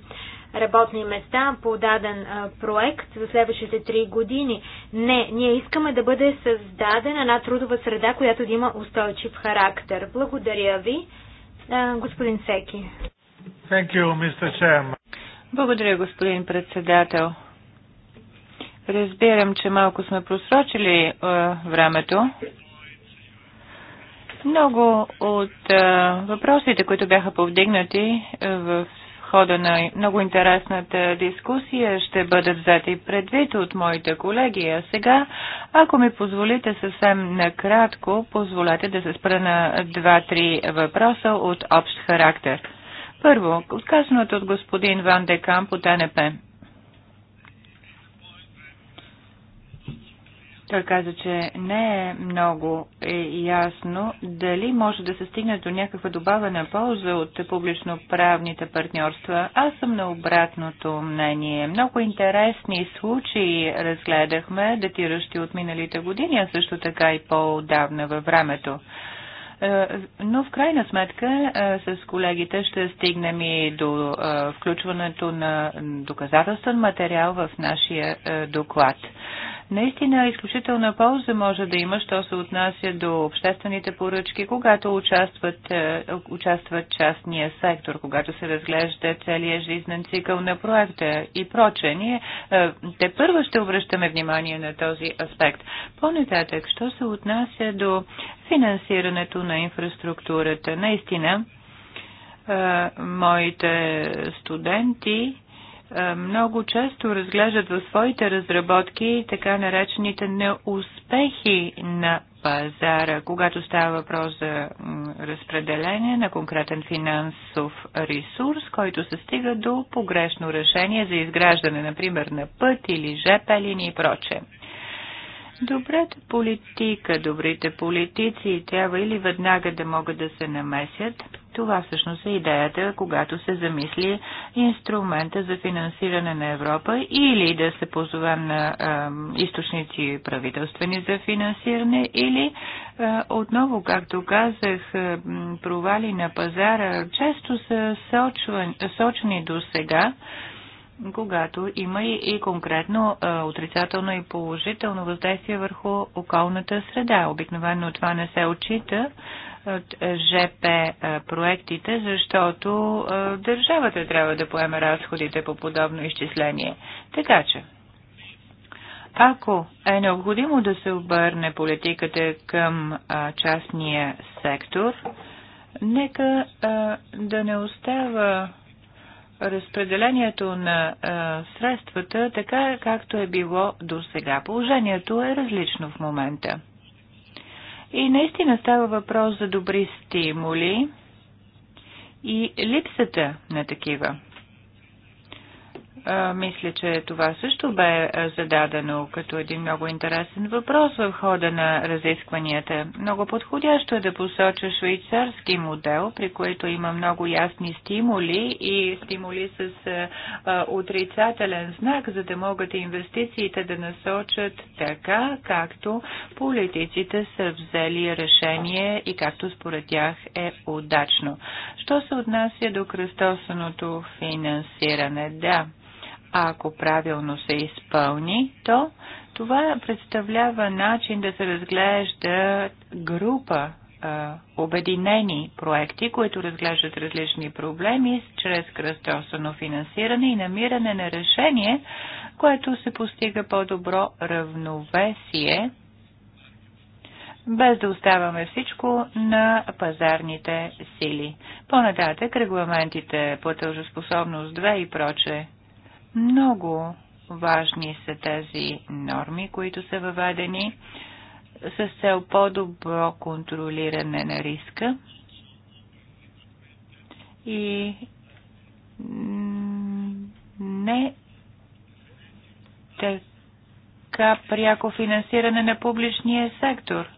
работни места по даден проект за следващите три години. Не, ние искаме да бъде създадена една трудова среда, която да има устойчив характер. Благодаря ви, господин Секи. Thank you, Mr. Chairman. Благодаря, господин председател. Разбирам, че малко сме просрочили е, времето. Много от е, въпросите, които бяха повдигнати е, в хода на много интересната дискусия, ще бъдат взети предвид от моите колеги. А сега, ако ми позволите съвсем накратко, позволете да се спра на два-три въпроса от общ характер. Първо, отказаното от господин Ван Декам от НП. Той каза, че не е много е ясно дали може да се стигне до някаква добавена полза от публично-правните партньорства. Аз съм на обратното мнение. Много интересни случаи разгледахме, датиращи от миналите години, а също така и по-давна във времето. Е, но в крайна сметка е, с колегите ще стигнем и до е, включването на доказателствен материал в нашия доклад – Наистина изключителна полза може да има, що се отнася до обществените поръчки, когато участват, е, участват частния сектор, когато се разглежда целият жизнен цикъл на проекта и проче. Ние е, те първо ще обръщаме внимание на този аспект. По-нататък, що се отнася до финансирането на инфраструктурата, наистина, е, моите студенти е, много често разглеждат в своите разработки така наречените неуспехи на пазара, когато става въпрос за разпределение на конкретен финансов ресурс, който се стига до погрешно решение за изграждане, например, на път или ЖП линии и прочее. Добрата политика, добрите политици трябва или веднага да могат да се намесят – това всъщност е идеята, когато се замисли инструмента за финансиране на Европа или да се позовем на а, източници правителствени за финансиране или а, отново, както казах, провали на пазара често са сочни сочени до сега когато има и, и конкретно а, отрицателно и положително въздействие върху околната среда. Обикновено това не се отчита от е, ЖП е, проектите, защото е, държавата трябва да поеме разходите по подобно изчисление. Така че, ако е необходимо да се обърне политиката към частния сектор, нека да не остава разпределението на средствата така, както е било до сега. Положението е различно в момента. И наистина става въпрос за добри стимули и липсата на такива мисля, че това също бе зададено като един много интересен въпрос в хода на разискванията. Много подходящо е да посоча швейцарски модел, при който има много ясни стимули и стимули с отрицателен знак, за да могат инвестициите да насочат така, както политиците са взели решение и както според тях е удачно. Що се отнася до кръстосаното финансиране? Да, ако правилно се изпълни, то това представлява начин да се разглежда група обединени проекти, които разглеждат различни проблеми чрез кръстосано финансиране и намиране на решение, което се постига по-добро равновесие, без да оставаме всичко на пазарните сили. По-нататък регламентите по тължеспособност 2 и проче много важни са тези норми, които са въведени с цел по-добро контролиране на риска и не така пряко финансиране на публичния сектор.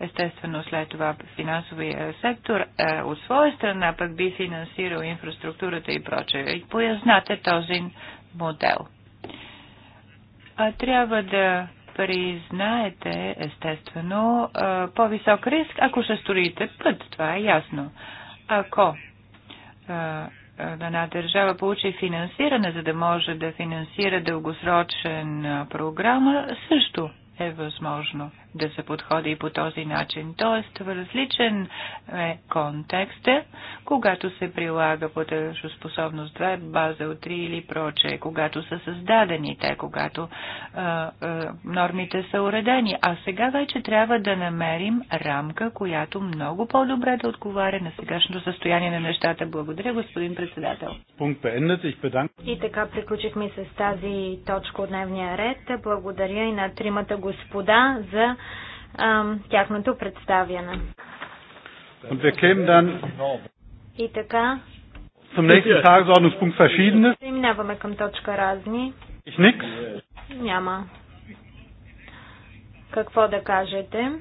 Естествено, след това финансовия сектор е, от своя страна пък би финансирал инфраструктурата и прочее. И поясната този модел. А трябва да признаете, естествено, по-висок риск, ако ще строите път. Това е ясно. Ако една държава получи финансиране, за да може да финансира дългосрочен програма, също е възможно да се подходи и по този начин. Тоест, в различен е контекст, когато се прилага способност 2, база от 3 или прочее, когато са създадени те, когато е, е, нормите са уредени. А сега вече трябва да намерим рамка, която много по-добре да отговаря на сегашното състояние на нещата. Благодаря, господин председател. Е и така приключихме с тази точка от дневния ред. Благодаря и на тримата го господа за ам, тяхното представяне. И така. Преминаваме към точка разни. Няма. Какво да кажете?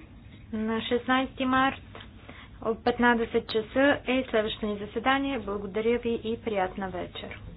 На 16 март от 15 часа е следващото ни заседание. Благодаря ви и приятна вечер.